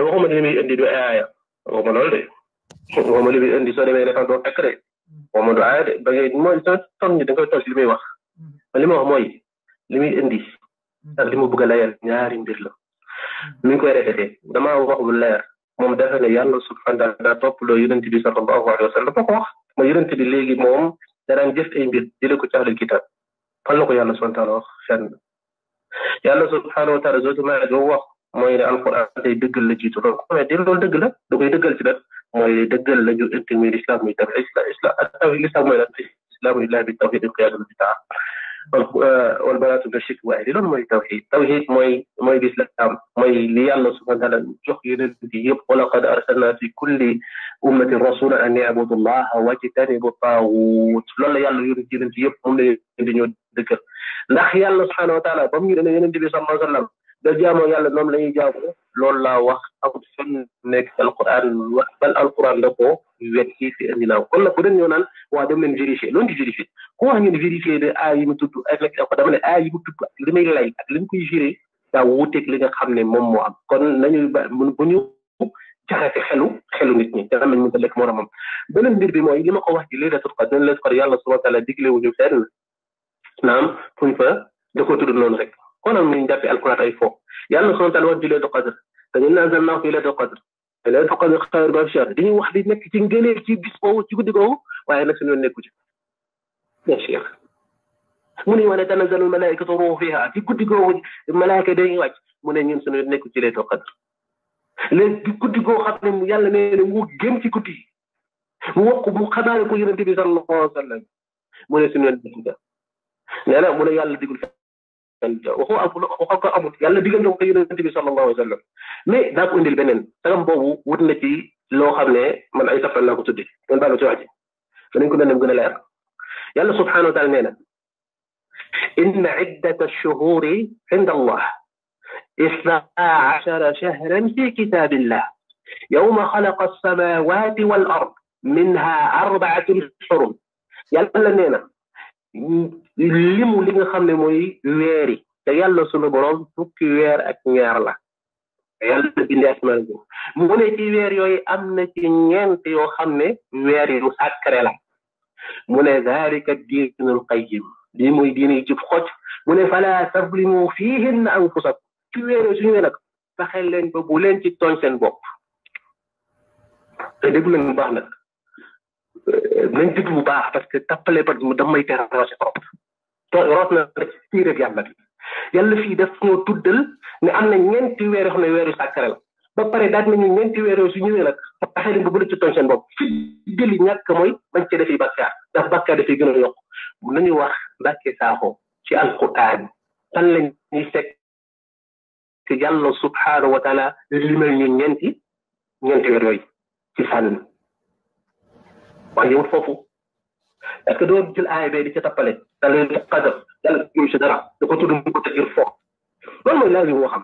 wax indi du aaya waxuma loolu de waxuma li muy indi de waxuma du aaya de da nga koy toll si li muy wax man mm-hmm. li ma mooy li muy indi ak li mu bëgg a layal ñaari mbir la mm-hmm. mi ngi koy répété damaa wax bu leer. moom defe ne yàlla subhanahu wa taala topploo yonent bi sallallahu alayhi wa sallam dafa ko wax ma yonent bi léegi moom danaan jëf ay mbir jële ko ci ahlul kitab fan la ko yàlla subhanahu wa taala wax fenn yàlla subhanahu wa taala zootu maaj boobu wax mooy ne alquran day dëggal la jiitu loolu ko di loolu dëgg la da koy dëggal ci lan mooy dëggal islam islam ak tawhid lislaam mooy lan islaamu lillahi bi tawhid qiyaadan bi taa والبنات بشك لون موي توحيد توحيد موي موي الاسلام موي لي الله سبحانه وتعالى جوخ يونتي ولقد ارسلنا في كل امه الرسول ان يعبدوا الله واجتنبوا الطاغوت لولا يالله يونتي يونتي ييب موم لا دي نيو دكر ndax yàlla subhanahu wa taala ba mu ñu ne yonente da jaamoo yàlla noonu la ñuy jaamoo loolu laa wax am fenn nekk alquran wax bal alquran da ko wet ci fi indi naa kon nag bu den ñoo naan waa dem leen vérifier loolu di vérifier ku wax ngeen vérifier de aay yi mu tudd ak nag ko dama ne aay yi mu tudd ak li may lay ak li mu koy géré daa wuuteeg li nga xam ne moom moo am kon nañu ba bu ñu jaxase xelu xelu nit ñi dana mel mu lekk moromam beneen mbir bi mooy li ma ko wax ci laylatul qadr laylatul qadr yàlla subhanahu wa taala digle wuñu fenn naam fuñ fa da ko tudd noonu rek كنا من دافع الكرة أي فوق يعني خلنا تلو في ليلة القدر فإن نزلنا في ليلة القدر ليلة القدر خير ما في دي واحد يدنا كتير جل كتير بيسبوه تيجو تيجو وهاي الناس من وين كوجا نشيخ مني وانا تنزل الملائكة تروح فيها تيجو تيجو الملائكة دين واج من ينسون سنو يدنا كتير ليلة القدر لين تيجو تيجو خاطر يلا نين مو جيم تيجو تي مو كم خدار كوجا نتبي صلى الله عليه وسلم من ينسون يدنا كتير لا لا من يلا تيجو waxu amul waxu ko amul yàlla digal na ko ko yonent bi sallallahu alayhi wa sallam mais daa ko indil beneen sagam boobu wut na ci loo xam ne man ay safran laa ko tudde kon baal ma ci wax ji fa nañ ko nandam gën a leer yàlla subhanahu wa taala nee na إن عدة الشهور عند الله إثنا عشر شهرا في كتاب الله يوم خلق السماوات والأرض منها أربعة حرم يلا نينا limu li nga xam ne mooy weer yi te yàlla sunu borom fukki weer ak ñaar la yàlla mu ne ci weer yooyu am na ci ñeent yoo xam ne weer yu sacré la mu ne zaalika diinul qayyim lii mooy diine yi ci xoj mu ne fala tazlimu fiihinna anfusakum ci weer yooyu suñu nag fexe leen ba bu leen ci tooñ seen bopp te déglu leen bu baax nag nañ déglu bu baax parce que tappalee ba dama may teel a roose trop to roos na rek téereb yàlla bi yàlla fii def ñoo tuddal ne am na ñeenti weer yoo xam ne la ba pare daal nañu ñeenti weer yooyu su ñëwee nag taxee leen ba bëri ci toñ seen bopp ñàkk mooy bañ ci defee bakkaar ndax bakkaar dafay gën a yokk nañu wax Mbàkke Saaxo ci alquran fan lañ ñuy fekk te yàlla subhaanahu wa taala limal ñu ñeenti ñeenti weer yooyu ci fànn waaye wut foofu est ce que doo jël aay bee di ca tappale da leen di xadam dal ñu si dara da ko tudd mu ko tëjir foofu loolu mooy laaj woo xam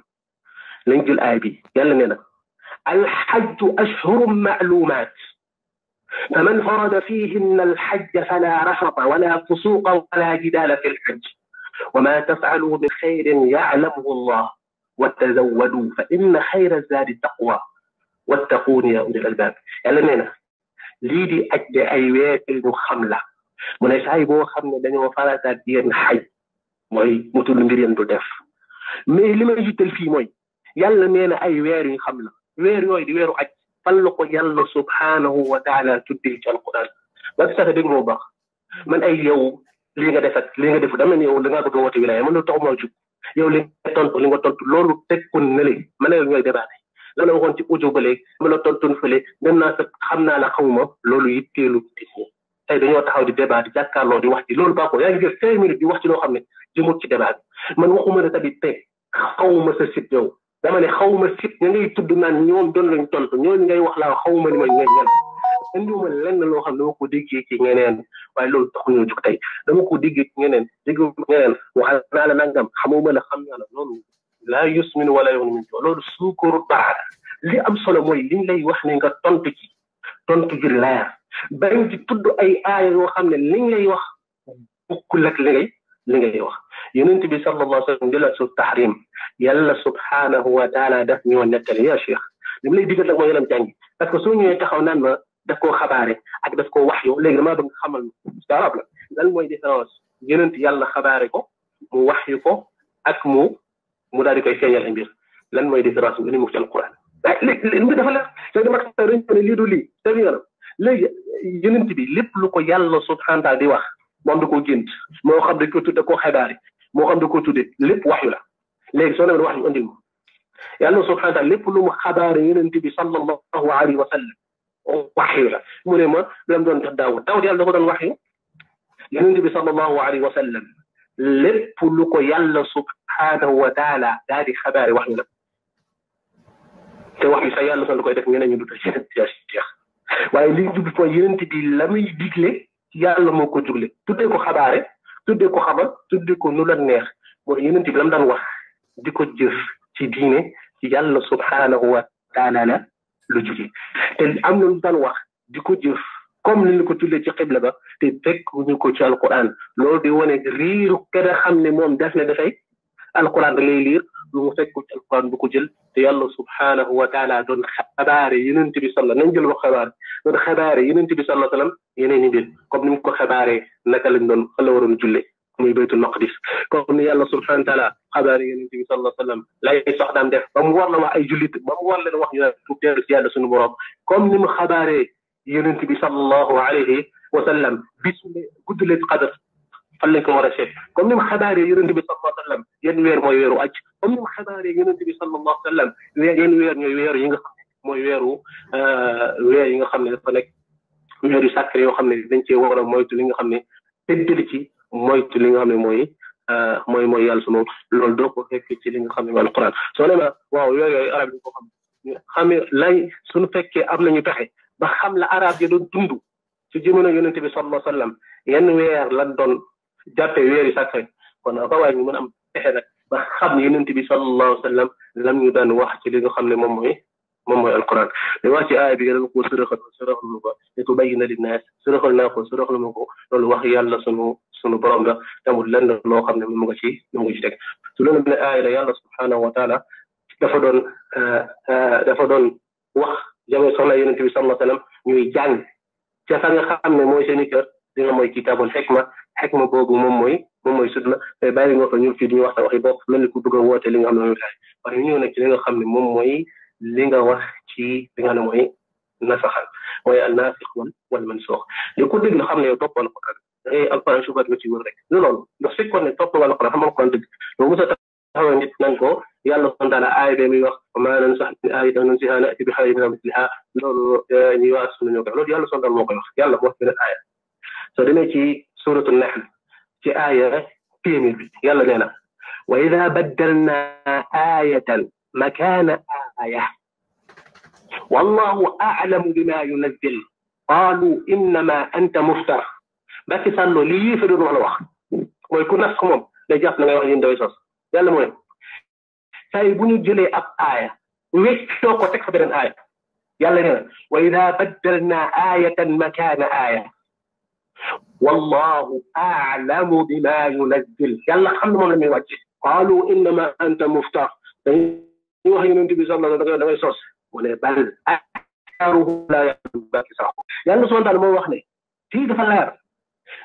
nañ jël aay bi yàlla nee na الحج أشهر معلومات فمن فرض فيهن الحج فلا رفض ولا فسوق ولا جدال في الحج وما تفعلوا من خير يعلمه الله وتزودوا فإن خير الزاد التقوى واتقون يا أولي الألباب يعني ليدي أجد أيوات إنه خملة من أشعي بو خملة دني وفارة تدير حي موي متو المريان دو دف مي لما يجتل في موي يالا نينا أي وير خملة وير يوي دي وير أجد فلق يالا سبحانه وتعالى تدير جان قرآن ما تسا تدير موباخ من أي يو لينا دفت لينا دفت دمني يو لنا قدواتي ولاية من نتعو موجود يو لينا تنطو لينا تنطو لولو تكون نلي من أي وير دباني la la waxoon ci audio bële ma la tontoon fële dem naa sa xam naa la xamuma loolu yitteelu nit ñi tey dañoo taxaw di débat di jàkkaarloo di wax ci loolu baaxoo yaa ngi jël cinq minutes di wax ci loo xam ne jëmut ci débat bi man waxuma ne tamit tey xawuma sa site yow dama ne xawuma site ña ngay tudd naan ñoom doon lañ tontu ñooñu ngay wax laa xawuma ni ma ngay ñan indiwuma lenn loo xam ne dama ko déggee ci ñeneen waaye loolu taxu ñoo jug tey dama ko déggee ci ñeneen déggee ñeneen waxal naa la nangam xamuma la xam naa la loolu لا يسمن ولا يغني من جوع لول سوكر دار لي امصل موي لي لاي واخ نيغا تونتي تونتي جي لير باين دي تود اي اي يو خامني لي لاي واخ بوكل لك لي لي واخ يونت بي صلى الله عليه وسلم جل التحريم يلا سبحانه وتعالى دفني ونتل يا شيخ لي لاي ديغال لك ما يلام جاني باسكو سو نيو تاخاو نان ما داكو خباري اك داكو وحيو لي ما بغ خمل استغرب لا موي ديفيرونس يونت يلا خباري كو اك مو mu daal di koy feeñal ay mbir lan mooy différence bi li mu ci alquran li mu dafa leer soo dem ak sa dañ ko ne lii du lii sa bi yoonam léegi yonent bi lépp lu ko yàlla subhanahu taala di wax moom da koo gént moo xam da ko tudde koo xabaari moo xam da koo tudde lépp waxyu la léegi soo demee wax yu andil ma yàlla subhanahu taala lépp lu mu xabaari yonent bi sallallahu alayhi wa sallam waxyu la mu ne ma lam doon jox daawud daawud yàlla da ko doon waxyu yonent bi sallallahu alayhi wa sallam لب لكو يلا سبحانه وتعالى داري خبري وحي لك تواحي سيال لسان لكو يدك مينا يدو تشيخ يا شيخ واي لي جوب فو يرنتي دي لامي ديكلي يلا موكو جوبلي تودي كو خباري تودي كو خبر تودي كو نولا نيخ مو يرنتي بلام دان وح دي كو جيف تي ديني يلا سبحانه وتعالى لجوجي تل أمن دان وح دي كو جيف كم لين كنتوا لتي قبل با تتك وني كوتشا القرآن لو دي وني غير كده خم نموم دفن دفعي القرآن اللي يلير لمفك كوتشا القرآن بكجل تيالله سبحانه وتعالى دون خباري ينتبه صلى الله ننجل بخبار دون خباري ينتبه صلى الله عليه وسلم ينين بيل كم نمك خباري نتل دون خلور نجلي من بيت المقدس كم يالله سبحانه وتعالى خباري ينتبه صلى الله عليه وسلم لا يصح دم ده بمور لوح أي جلد بمور لوح يالله سنبرم كم نمك خباري yonent bi sallallahu alayhi wa sallam bis gudd leen qadar fan lañ ko war a seet comme ni mu xabaaree yonent bi sallallahu alayhi wa sallam yan weer mooy weeru aj comme ni mu xabaaree yonent bi sallallahu alayhi wa sallam weer yan weer ñooy weer yi nga xam ne mooy weeru weer yi nga xam ne dafa nekk weer yu sàkkare yoo xam ne dañ cee war a moytu li nga xam ne tëddal ci moytu li nga xam ne mooy mooy mooy yàlla sunu loolu doo ko fekk ci li nga xam ne mooy alquran soo ne ma waaw yooyu yooyu arab yi ko xam xamee lay suñu fekkee am nañu pexe ba xam la arab ya doon dund ci jamono yonente bi sallallahu alayhi wasallam yan weer lan doon jàppe weeri sacré kon ba waay ñu mën am pexe nag ba xam yonente bi sallallahu alayhi wasallam lam ñu daan wax ci li nga xam ne moom mooy moom mooy alquran day wax ci aaya bi gënal ko sërëxal sërëxal nu ko ne ko bayyi na li naas sërëxal naa ko sërëxal ma ko loolu wax yàlla sunu sunu borom la tamul lenn loo xam ne mu nga ci mu nga ci teg su loolu ne aaya la yàlla subhanahu wa taala dafa doon dafa doon wax jamono soxna yonente bi sallallahu alayhi wa sallam ñuy jàng ca fa nga xam ne mooy seen i kër dina mooy kitaabul xikma xikma boobu moom mooy moom mooy sudna mais bàyyi nga ko ñun fii duñu waxtaan waxi bopp mel ni ku bëgg a woote li nga xam ne mooy laaj waaye ñu ñëw nag ci li nga xam ne moom mooy li nga wax ci li nga xam ne mooy nasaxal mooy al nafiq wal wal mansux yow ku dégg xam ne yow topp alquran da ngay alquran subat nga ci wër rek lu loolu ndax fekkoon ne topp alquran xam alquran dëgg loolu mos a taxawee nit nan ko يلا عندنا آية بين وقت وما ننسخ من آية أو ننسيها نأتي بخير من مثلها لول إن يواس من يوقع لول يلا صند الموقع يلا من الآية سودميتي سورة النحل في آية بيمي يلا لنا وإذا بدلنا آية مكان آية والله أعلم بما ينزل قالوا إنما أنت مفتر بس صلوا لي في الروح الوقت ويكون نفسكم لجاتنا ما يوحدين دويسوس يلا مهم say buñu jëlé jëlee aya aaya wéccoo ko tek fa benen aya yàlla nee na wa ida baddalna aayatan makaana aaya والله أعلم بما ينزل يلا خلنا ما لم يوجه قالوا إنما أنت مفتر يوحي من تبي صلى الله عليه وسلم ولا بل أكثره لا يعلم ما كسره يلا سبحانه وتعالى ما وحنا في دفع الهر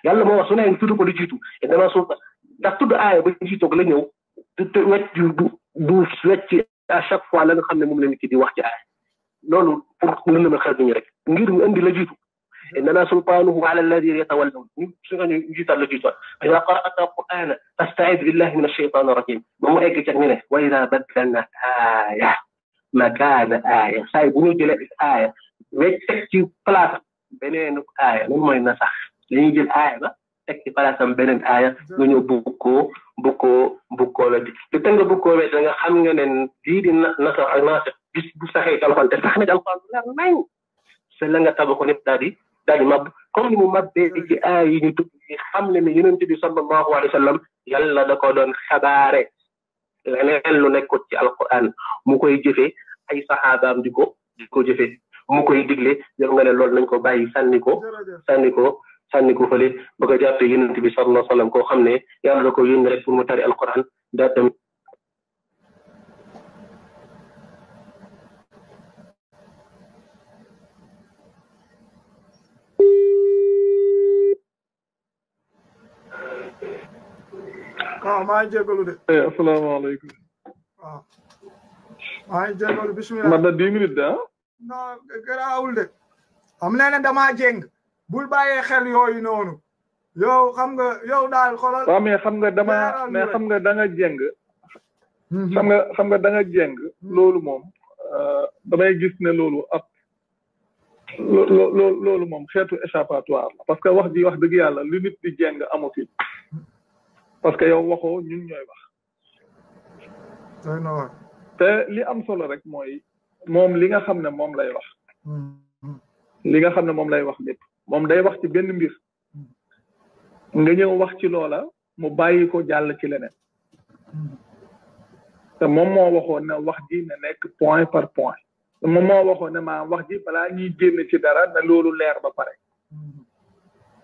يلا ما وصلنا إن تدو كل جيتو إنما سلطة تكتب آية بجيتو كل يوم تتوت جدو du wecc à chaque fois la nga xam ne moom la wax ci aay loolu pour lëndëmal xel ñu rek ngir ñu indi la jiitu إننا سلطانه على الذين يتولون إذا قرأت القرآن فاستعذ بالله من الشيطان الرجيم ومؤيك تأمينه وإذا بدلنا آية مكان آية سايب نجل آية ويتكتي بلاك بنين آية لما ينسخ لنجل آية teg ci palaasam beneen aaya nga ñëw bukkoo bukkoo bukkoo la ji lu tax nga bukkoo wet da nga xam nga ne lii di nasar ak naasix bis bu saxee ci alxuraan te sax na ci alxuraan la nañ se nga taba ko lépp daal di daal di mab comme ni mu mabbee ci aaya yi ñu tudd yi xam ne ne yonent bi sallallahu alayhi wa sallam yàlla da ko doon xabaare leneen lu nekkut ci alxuraan mu koy jëfe ay saxaabaam di ko di ko jëfee mu koy digle yow nga ne loolu nañ ko bàyyi sànni ko sànni ko sànni ko fële ba ko jàppee yonent bi koo xam ne yàlla da ko yónni rek pour mu tari alquran daa tamit waaw maa ngi jégalu de. Eh, asalaamaaleykum. waaw. maa ngi jégalu bisimilah. man na dix minutes de ah? am na ne damaa jéng. bul bàyyee xel yooyu noonu yow xam nga yow daal xoolal. waaw mais xam nga dama mais xam nga danga nga mhm. xam nga xam nga da nga mhm. loolu moom euh, damay gis ne loolu ab loolu loolu moom xeetu échappatoire parce que wax bi wax dëgg yàlla lu nit di jeng fi parce que yow waxoo ñun ñooy wax. te li am solo rek mooy moom li nga xam ne moom lay wax. Mhm. li nga xam ne moom lay wax lépp. moom day wax ci benn mbir nga ñëw wax ci loola mu bàyyi ko jàll ci leneen te moom moo waxoon ne wax ji na nekk point par point te moom moo waxoon ne maa wax ji balaa ñuy génn ci dara na loolu leer ba pare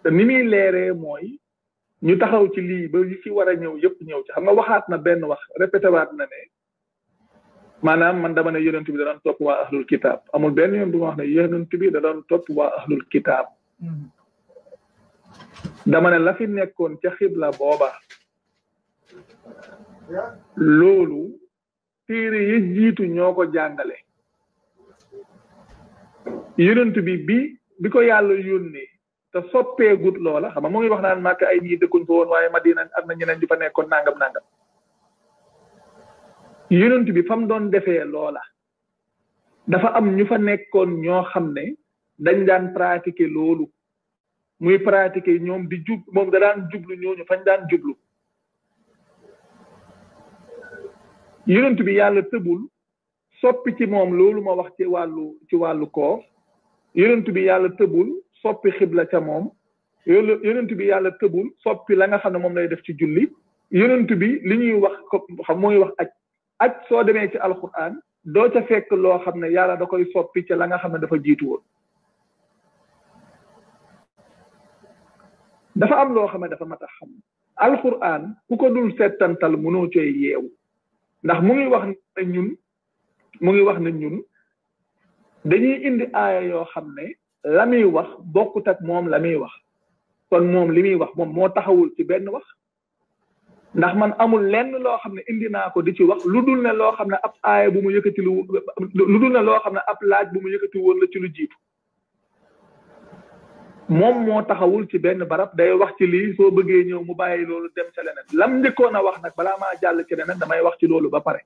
te ni muy leeree mooy ñu taxaw ci lii ba yi ci war a ñëw yëpp ñëw ci xam nga waxaat na benn wax répété waat na ne maanaam man dama ne yonent bi da doon topp waa ahlul kitaab amul benn yoon bu ma wax ne yonent bi da doon topp waa ahlul kitaab Mm-hmm. dama ne la fi nekkoon ca xibla booba loolu téere yi jiitu ñoo ko jàngale yonent bi bi bi ko yàlla ta te soppeegut loola xam nga mu ngi wax naan màkk ay ñii dëkkuñ fa woon waaye Madina am na ñeneen ñu fa nekkoon nangam nangam yonent bi fa mu doon defee loola dafa am ñu fa nekkoon ñoo xam ne dañ daan pratiquer loolu muy pratiquer ñoom di jub moom da daan jublu ñooñu fañ daan jublu yonent bi yàlla tëbul soppi ci moom loolu ma wax ci wàllu ci wàllu koor yonent bi yàlla tëbul soppi xibla ca moom yonent bi yàlla tëbul soppi la nga xam ne moom lay def ci julli yonent bi li ñuy wax xam mooy wax aj aj soo demee ci alquran doo ca fekk loo xam ne da koy soppi ca la nga xam ne dafa jiitu woon dafa am loo xam ne dafa mat a xam alquran ku ko dul settantal mënoo cooy yeewu ndax mu ngi wax na ñun mu ngi wax na ñun dañuy indi aaya yoo xam ne la muy wax bokkut ak moom la muy wax kon moom li muy wax moom moo taxawul ci benn wax ndax man amul lenn loo xam ne indi naa ko di ci wax lu dul ne loo xam ne ab bu mu yëkkati lu lu dul ne loo xam ne ab laaj bu mu yëkkati woon la ci lu jiitu mom mo taxawul ci ben barab day wax ci li so beugé ñëw mu bàyyi lolu dem ci leneen lam njëkkoon na wax nak bala ma jàll ci leneen damay wax ci lolu ba pare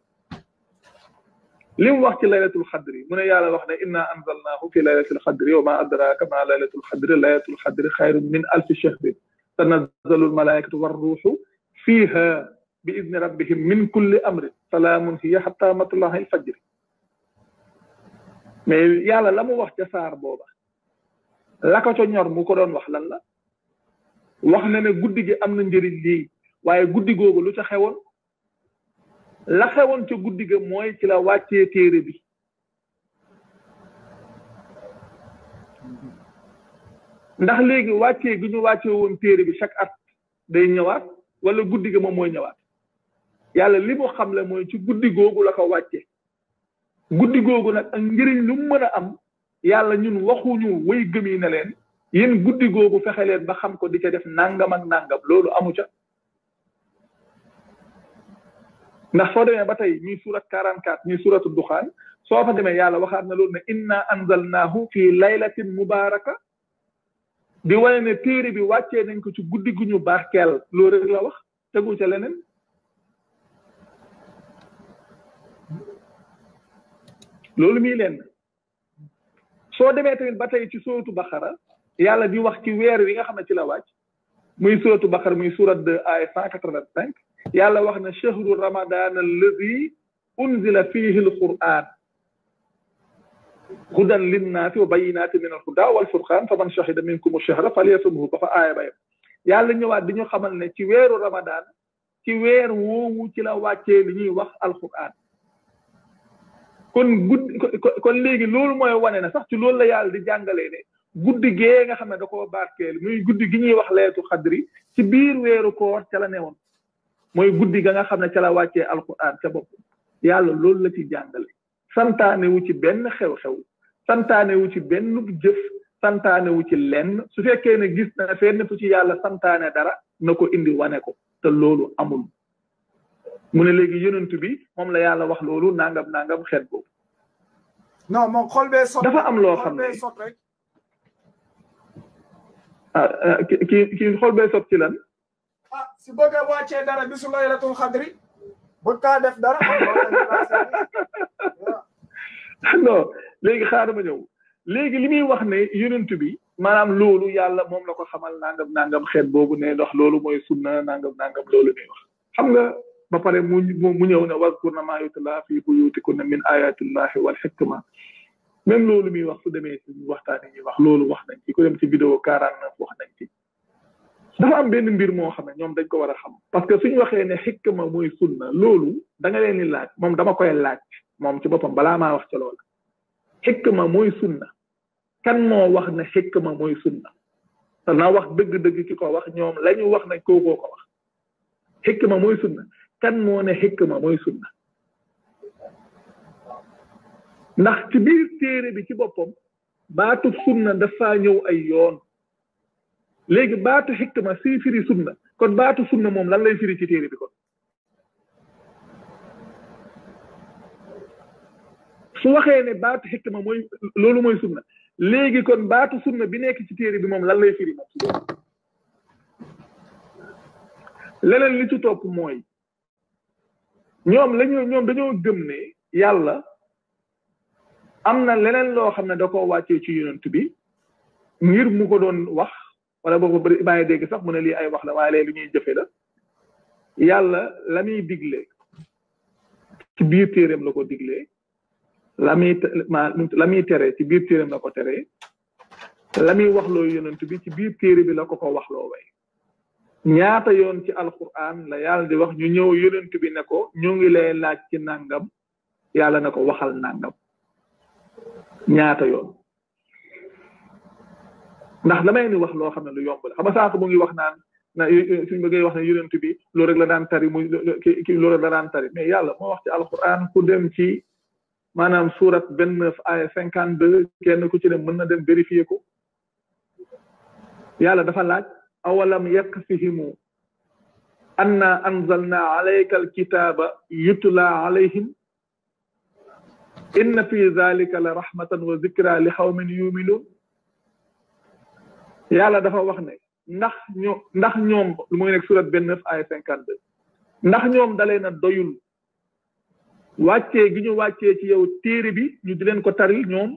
lim wax ci laylatul xadri mune yàlla wax na inna anzalnahu fi laylatul xadri wa ma adraka ma laylatul xadri laylatul xadri xayrun min alfi shahrin tanazzalu war ruhu fiha bi idni rabbihim min kulli amrin salamun hiya hatta matlahi alfajri mais yàlla lamu wax ci sar boba la ko ñor mu ko doon wax lan la wax na ne guddi gi am na njëriñ lii waaye guddi googu lu ca xewoon la xewoon ca guddi ga mooy ci la wàccee téere bi ndax léegi wàccee gi ñu wàccee woon téere bi chaque at day ñëwaat walla guddi ga moom mooy ñëwaat yàlla li mu xam la mooy ci guddi googu la ko wàcce guddi googu nag ak njëriñ lu mu mën a am yàlla ñun waxuñu way gëm yi ne leen yéen guddi googu fexe leen ba xam ko di ca def nangam ak nangam loolu amu ca ndax soo demee ba tey ñuy surat 44 ñuy suratu duxaan soo fa demee yàlla waxaat na loolu ne inna anzalnaahu fi laylatin mubaraka di wane ne téere bi wàcce nañ ko ci guddi gu ñu barkeel loolu rek la wax tegu ca leneen loolu mii leen soo demee tamit ba tey ci suratu baqara yàlla di wax ci weer wi nga xam ne ci la wàcc muy suratu baqara muy surat de ay 185 yàlla wax na shahru ramadan alladhi unzila fihi alquran hudan هدى للناس وبينات من الهدى والفرقان فمن شهد منكم الشهر falyasumhu ففا آية بايم yàlla نيوات دي نيو xamal ne ci ويرو ramadan ci وير ووو ci la واتي li ñuy wax alquran kon guddi léegi loolu mooy wane na sax ci loolu la yàlla di jàngalee ne guddi gee nga xam ne da koo barkeel muy guddi gi ñuy wax leetu xadri ci biir weeru koor ca la newoon mooy guddi ga nga xam ne ca la wàccee alquran ca bopp yàlla loolu la ci jàngale santaane wu ci benn xew-xew santaane wu ci benn jëf santaane wu ci lenn su fekkee ne gis na fenn fu ci yàlla santaane dara na ko indi wane ko te loolu amul mune legi léegi yonent bi mom la yàlla wax lolou nangam nangam xet boobu. non mon xol bee sot dafa am lo xamné ki ki xol bee sot ci lan. ah si bëgg wacce dara bisu laylatul xadri bëgg ka def dara. non legi xaaral ñëw legi limi wax ne yonent bi. manam lolou yàlla mom la ko xamal nangam nangam xet boobu ne dox lolou moy sunna nangam nangam lolou ne wax xam nga. ba pare mu mu ñëw ne waskurna maa yutla fi buyutikunna min ayatillahi wal hikma même loolu muy wax su demee ci waxtaan yi ñuy wax loolu wax nañ ci ku dem ci vidéo quarante neuf wax nañ ci dafa am benn mbir moo xam ne ñoom dañ ko war a xam parce que suñ waxee ne xikma mooy sunna loolu da nga leen di laaj moom dama koy laaj moom ci boppam balaa maa wax ci loolu xikma mooy sunna kan moo wax ne xikma mooy sunna te na wax dëgg-dëgg ki ko wax ñoom la ñu wax ne kookoo ko wax xikma mooy sunna tanmone hikma mooy sunna ndax ci biir téere bi ci boppam baatu sunna dafa ñëw ay yoon léegi baatu hikma si firi sunna kon baatu sunna moom lan lay firi ci téere bi kon su waxee ne baatu hikma mooy loolu mooy sunna léegi kon baatu sunna bi nekk ci téere bi moom lan lay firi moom leneen li ci topp mooy ñoom lañu ñu ñoom dañoo gëm ne yàlla am na leneen loo xam ne da koo wàccee ci yonent bi ngir mu ko doon wax wala boobu bari bàyyi dégg sax mu ne lii ay wax la waaye léegi lu ñuy jëfe la yàlla la muy digle ci biir téeréem la ko diglee la muy la muy tere ci biir téeréem la ko teree la muy wax loo yonent bi ci biir téere bi la ko ko wax loo way ñaata yoon ci alquran la yàlla di wax ñu ñëw yonent bi ne ko ñu ngi lay laaj ki nàngam yàlla na ko waxal nàngam ñaata yoon ndax damay ni wax loo xam ne lu yomb la xam nga wax naan na suñ bëggee wax ne yonent bi loolu rek daan tari muy ki loolu rek la daan tari mais moo wax ci alquran ku dem ci maanaam surat vingt neuf ay cinquante deux kenn ku ci ne mën na dem vérifier ko yàlla dafa laaj أولم يكفهم أنا أنزلنا عليك الكتاب يتلى عليهم إن في ذلك لرحمة وذكرى لقوم يؤمنون yàlla dafa wax ne ndax ñoo ndax ñoom lu muy nekk surat benn neuf ay cinquante deux ndax ñoom dalee na doyul wàccee gi ñu wàccee ci yow téere bi ñu di leen ko taril ñoom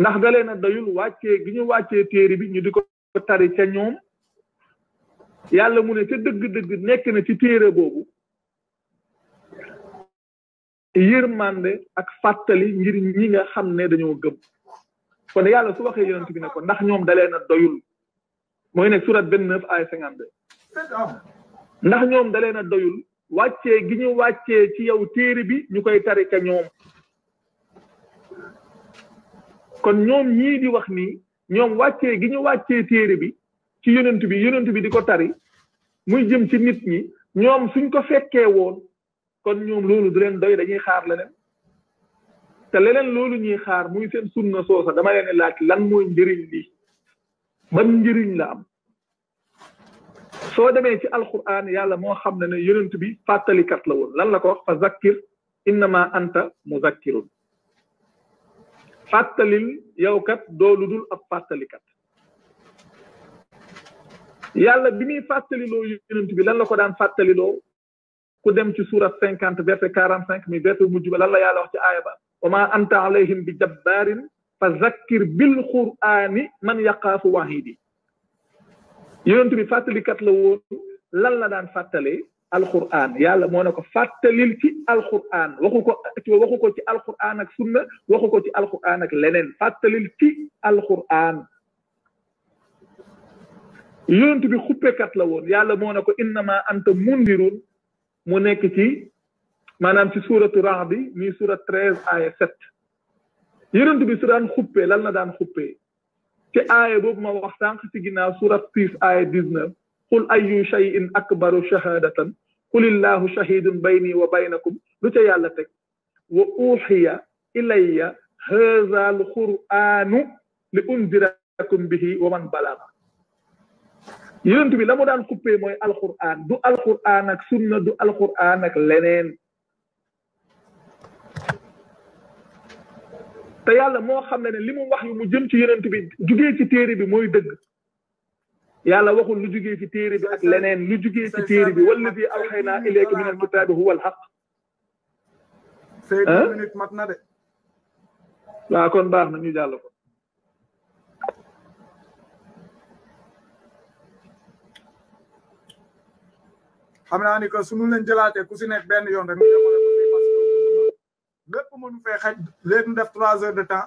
ndax dalee na doyul wàccee gi ñu wàccee téere bi ñu di ko ba tari ca ñoom yàlla mu ne ca dëgg-dëgg nekk na ci téere boobu yërmande ak fàttali ngir ñi nga xam ne dañoo gëm kon yàlla su waxee yonent bi ne ko ndax ñoom dalee na doyul mooy nekk surat vingt neuf ay cinquante deux ndax ñoom dalee na doyul wàccee gi ñu wàccee ci yow téere bi ñu koy tari ca ñoom kon ñoom ñii di wax nii ñoom wàccee gi ñu wàccee téere bi ci yonent bi yonent bi di ko tari muy jëm ci nit ñi ñoom suñ ko fekkee woon kon ñoom loolu du leen doy dañuy xaar leneen te leneen loolu ñuy xaar muy seen sunna soosa dama leen laaj lan mooy njëriñ li ban njëriñ la am soo demee ci alquran yàlla moo xam ne ne yonent bi fàttalikat la woon lan la ko wax fa zakkir innama anta muzakkirun fàttalil yow kat doo lu dul ab fàttalikat yàlla bi muy fàttaliloo yonent bi lan la ko daan fàttaliloo ku dem ci surat cinquante verset quarante cinq mi verset mujj ba lan la yàlla wax ci aaya ba wa ma anta alayhim bi jabbaarin fa zakkir bil qur'ani man yaqaafu wahidi yonent bi fàttalikat la woon lan la daan fàttalee alquran yàlla moo ne ko fàttalil ci alquran waxu ko waxu ko ci alquran ak sunna waxu ko ci alquran ak leneen fàttalil ci alquran yonent bi xuppekat la woon yàlla moo ne ko innama anta mundirun mu nekk ci maanaam ci suuratu rax bi muy surat treize aya sept yonent bi su daan xuppee lan la daan xuppee ci aaya boobu ma wax sànq ci ginnaaw surat six aya dix neuf قل أي شيء أكبر شهادة قل الله شهيد بيني وبينكم لتي يالتك وأوحي إلي هذا القرآن لأنذركم به ومن بلغ يلنت بي لما دان كوبي موي القرآن دو القرآن اك سنة دو القرآن اك لنين تيالا مو خمنا لما وحي مجمت يلنت بي جوجي تيري بي موي دق يالا وخو لو جوغي في تيري بي اك لنين لو جوغي في تيري بي ولا في اوحينا اليك من الكتاب هو الحق سيد مينيت ماتنا دي لا كون باخنا ني جالو xamna ni ko sunu len jelaté ku ci nek ben yon rek ñu xamal ko parce que lepp mënu fay xaj leen def 3 heures de temps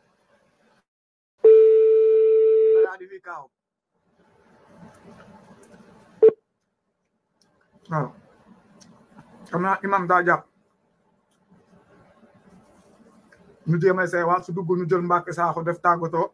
cervical. Nah, karena Imam Dajjal ñu jéem a seewaat su dugg ñu jël mbàkk saako def tàggatoo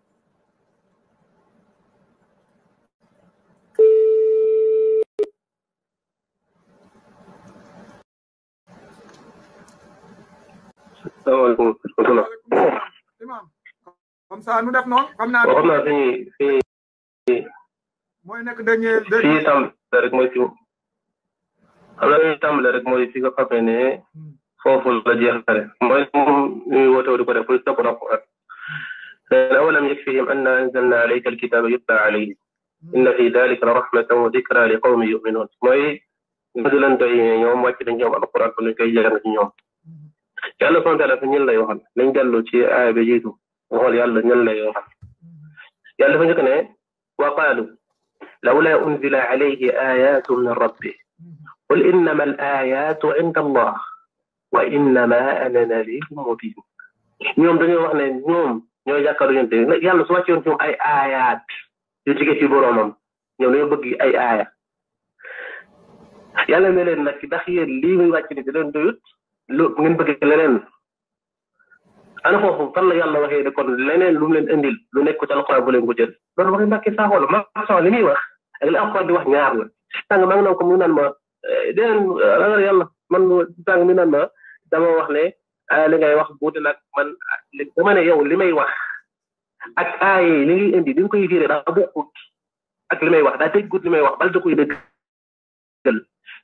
ça nous def noonu xam naa. waxoon naa suñuy suñuy. mooy nekk dernier dernier. fii tàmbale rek mooy fi xam naa dañuy tàmbale rek mooy fi nga xamee ne foofu la jeexale mooy moom li muy woote di ko def pour topp na ko أولم يكفهم أن أنزلنا عليك الكتاب يتلى عليه إن في ذلك لرحمة وذكرى لقوم يؤمنون mooy du leen doy ñoom wàcc na ñoom alquran ba ñu koy jàng ci ñoom yàlla subhanahu wa taala ñun lay waxal nañ dellu ci aaya bi jiitu وقالوا لولا أنزل عليه آيات من ربه قل إنما الآيات عند الله وإنما أنا نذير مبين نيوم دنيو وحنا نيوم نيوم جاك رجنت يا الله سواك ينتم أي آيات يجيك في برامم نيوم نيوم بقي أي آية يا الله ملنا كده خير لي ويا كده دلنا دوت لو نبقي كلنا انا فوفو فان لا يالا واخي ده كون لينين لوم لين انديل لو نيكو تا القران بولين كو جيل دون واخي باكي سا خول ما سا لي مي واخ اك الاخوان دي واخ نيار لا تان ما نكو مو نان ما دين لا يالا من تان مي نان ما دا ما واخ لي آه، لي غاي واخ بوتي ناك من لي دما ني يو لي مي واخ اك اي لي لي اندي دي نكو يفيري دا بوك اك لي مي واخ دا تي غوت لي مي واخ بال دكو يدك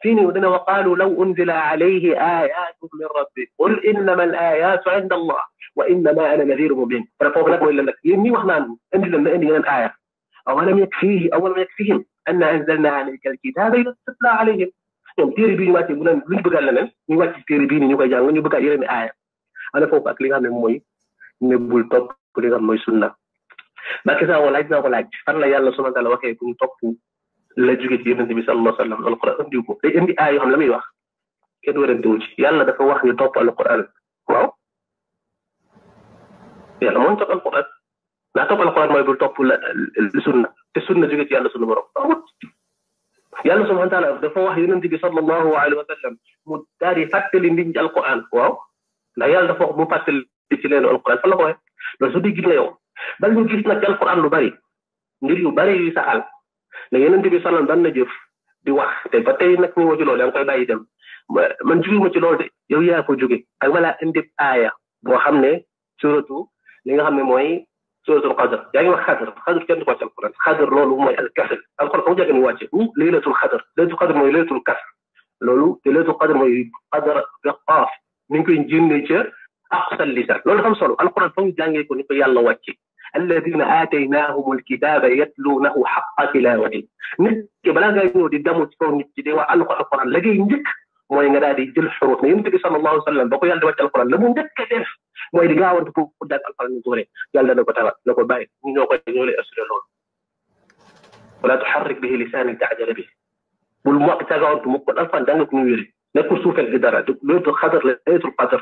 فيني ودنا وقالوا لو انزل عليه ايات من ربه قل انما الايات عند الله وانما انا نذير مبين انا فوق لك وان لم لك اني وحنا اني لم اني لم اعرف او لم يكفيه او لم يكفيهم ان انزلنا عليك الكتاب لتتلى عليهم يوم يعني تيري بيني واتي بولان بلين بقى لنا ني واتي تيري بيني ني واتي جانو ني بقى يرمي آية انا فوق اكلي غامي موي ني بول توب كلي غامي موي سنة ما كسا هو لاج ناو لاج فان لا يالله سبحانه وتعالى وكي يكون توب لا جوجي تيري نبي صلى الله عليه وسلم القرآن ديوكو اي اندي آية هم لمي واخ كدو رد دوجي يالله دفا واخ ني توب القرآن واو yàlla mooy topp alquran ndax topp alquran mooy bul topp la sunna te sunna jóge ci yàlla sunu borom amut yàlla subhanahu wa taala wax yonent bi sallallahu alayhi wa sallam mu daal di fàttali nit ñi alquran waaw ndax yàlla dafa wax mu fàttali ci leen alquran fa la ko waxee loolu su di gis nga yow bal ñu gis nag bari ngir yu bari yu saxal ne yonent bi sallam daan jëf di wax te ba tey nag ñu ci loolu da nga koy bàyyi dem man juguma ci loolu de yow yaa ko jóge ak balaa a aaya boo xam ne لان هم موي سوره القدر يعني خدر خدر كان في القران خدر لولو موي الكسر القران هو كان واجب ليله الخدر ليله القدر موي ليله الكسر لولو ليله القدر موي قدر القاف من كل جن نيتشر اقصى اللسان لولو صلوا القران فهو جانج يكون في يلا واجب الذين اتيناهم الكتاب يتلونه حق تلاوته نكي بلا غير نودي دمو تفون نكي ديوا القران لقي نكي moy nga daal jël xuruf ne yonte bi sallallahu alayhi wasallam bako yàlla wàccal alquran lamu ndek def moy di gaawante pour pour daal alquran ñu góore yàlla na ko tawal na ko bàyyi ñoo koy ñoo wala tuxarrik bihi lisaani taajala bi bul mu ak tagawantu mu kon alquran jàng ko ñu wéré nekkul suufel di dara leetul xadar la leetul xadar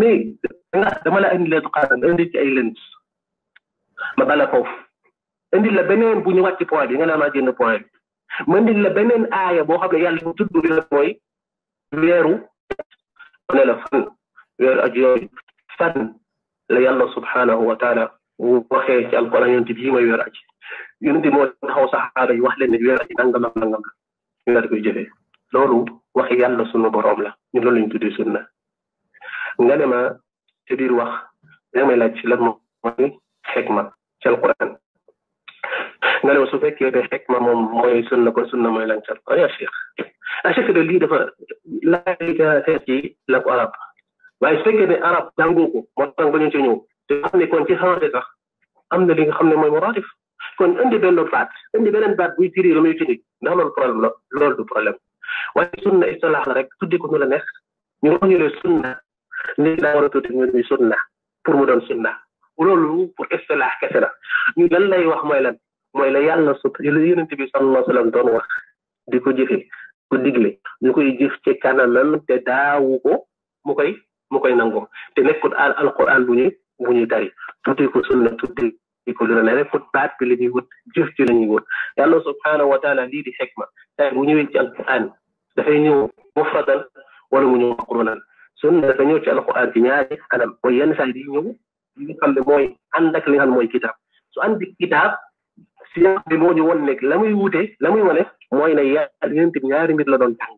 la nga dama la indi leetul xadar indi ci ay lënt ma bala foofu indi la beneen bu ñu wàcc point bi nga naa maa génn point bi man di la beneen aaya boo xam ne yàlla ñu tudd weer mooy weeru ne la fan weeru ak yooyu fan la yàlla subhaanahu wa taala waxee ci alquran yonent bi mooy weeru aji yonent bi moo taxaw saxaaba yi wax leen ne weeru aji nangam ak nangam di koy jëfee loolu waxi yàlla sunu boroom la ñu loolu lañu tuddee sunna nga ne ma ci biir wax damay laaj ci lan mooy xikma ci alquran نانوسوفيك بحكمة ميسن كنسن ميلان شرطة آه يا شيخ أشكر اللي دفع لا تأتي لك أراب وأشكر أن أراب دانغوكو مطان بني جنيو تقامني كون في هارقة أمن اللي خمني ما مرادف كون عندي بين بات عندي بين بات بيتيري لما يجري نعم البروبلم لول البروبلم والسنة إصلاح لك تدي كون ولا نخ نروح للسنة نلا ورتو تدي سنة pour mu doon sunna loolu pour istilah kese la ñu lan lay wax mooy lan mooy la yàlla su la yonente bi sallallahu alayhi wa sallam doon di ko digle ñu koy jëf ci kanamam te daawu ko mu koy mu koy nangu te nekkul al alquran bu ñuy bu ñuy tari tuuti ko sunna tuuti ko lu ne nekkul baat bi la ñuy wut jëf ci la ñuy wut yàlla subhaanahu wa taala lii di xekma tay bu ñëwee ci alquran dafay ñëw mufradal wala mu ñëw maqrunan sunna dafa ñëw ci alquran ci ñaari anam mooy yenn saa yi di ñëw li nga xam ne mooy ànd ak li nga xam kitaab su ànd kitaab siyaq bi moo ñu won nekk la muy wute la muy wane mooy ne yaar yonent bi ñaari mbir la doon jàng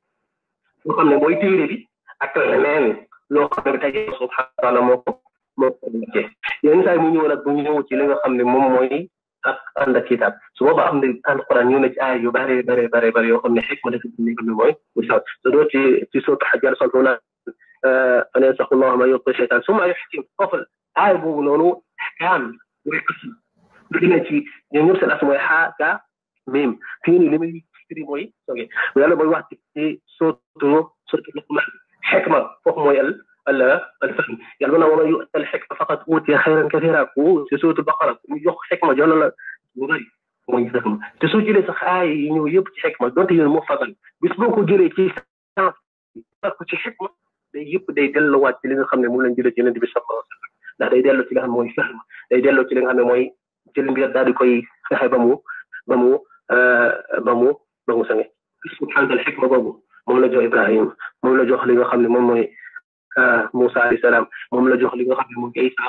loo xam ne mooy téere bi ak leneen loo xam ne tey subhanahu taala moo ko moo ko wute yenn saa mu ñëw nag bu ñëw ci li nga xam ne moom mooy ak ànd ak kitaab su boobaa am na alquran ñëw na ci aay yu bare bare bare bare yoo xam ne xikma la fi nekk mi mooy misaal su doo ci ci sootu xajar sol naa fa ne saxu allah ma yokk seytaan su ma yoxkim foofu aay boobu noonu xikaam muy asl dina ci ñoom ñëpp seen as mooy xaa ga mim fii nii li muy firi mooy soge yàlla mooy wax ci sootu sootu luqman xekma foofu mooy al al al fahim yàlla na wala yu'ta al xekma faqat uutiya xayran kathira ku ci sootu baqara ku jox xekma jox la la lu bari mooy xekma te soo jëlee sax aay yi ñëw yëpp ci xekma donte yéen moo fagal bis boo ko jëlee ci sens ko ci xekma day yëpp day delluwaat ci li nga xam ne moom lañ jëlee ci yeneen bi sallallahu alayhi wa sallam ndax day delloo ci li nga xam ne mooy fahim day delloo ci li nga xam ne mooy jëlin bi nag daal di koy fexe ba mu ba mu ba mu ba mu sange subhanal xikma boobu moom la jox ibrahim moom la jox li nga xam ne moom mooy Moussa alayhi salaam moom la jox li nga xam ne mooy Isa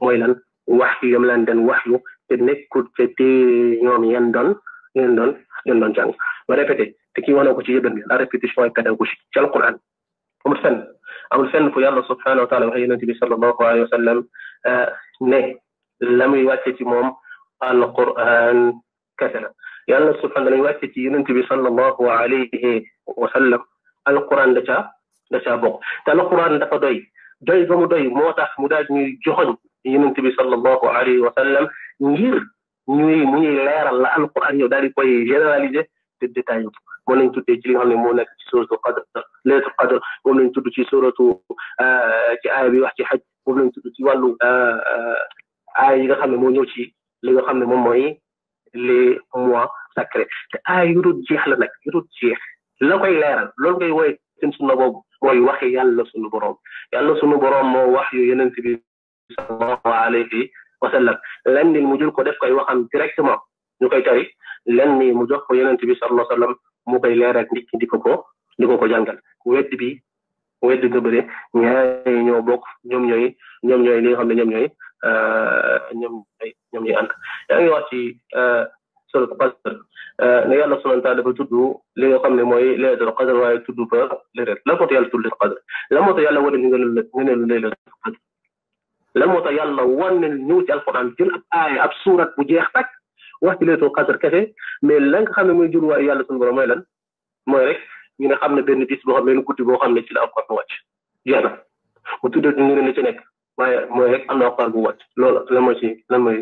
mooy lan wax yu yam lan den wax yu te nekkul te te ñoom yan doon yan doon yan doon jàng ba répété te kii wane ko ci yëbën bi la répétition est pédagogique ci alquran amul fenn amul fenn fu yàlla subhanahu wa taala waxee yonente bi sallallahu alayhi wa sallam ne لم يؤتي مهم القرآن كثلا يالله يعني سبحانه لم يؤتي ينتبه صلى الله عليه وسلم القرآن لتا لتا بغ تالا القرآن لتا دي دي بم دي موتاح مداج ني جهن ينتبه صلى الله عليه وسلم نير ني ني لير الله القرآن يو داري كوي جنرالي جي دي ديتاي مون نتو تي جي خامي مو نك سورة القدر ليلة القدر مون نتو تي سورة ااا آه آية واحد حج مون نتو تي aay yi nga xam ne moo ñëw ci li nga xam ne moom mooy les mois sacrés te aay yu dul jeex la nag yu dul jeex la koy leeral loolu ngay woy seen sunna boobu mooy waxi yàlla sunu boroom yàlla sunu boroom moo wax yu yeneen si bi sallallahu alayhi wa sallam lenn ni mu jël ko def koy waxam directement ñu koy tari lenn ni mu jox ko yeneen bi sallallahu sallam mu koy leeral nit di ko ko di ko ko jàngal wedd bi wedd nga bëre ñaari ñoo bokk ñoom ñooy ñoom ñooy li xam ne ñoom ñooy ñoom ñooy ñoom ñooy ànd yaa ngi wax ci euh, suratul qadr euh, ne yàlla subhanahu wa taala dafa tudd li nga xam ne mooy laylatul qadr waaye tudd fa leneen lan moo tax yàlla tudd laylatul qadr lan moo tax yàlla wane ñu ngeen laylatul qadr lan moo tax yàlla wane ñu ci alquran jël ab aaya suurat bu jeex tak wax ci laylatul qadr mais la xam ne mooy jurwaay yàlla sunu mooy lan mooy rek ñu ne xam ne benn bis boo xam ne benn guddi boo xam ne ci la alquran wàcc jeex na mu tuddee ñu ci nekk. waaye mooy rek am naa xaar bu wàcc loolu lan mooy ci lan mooy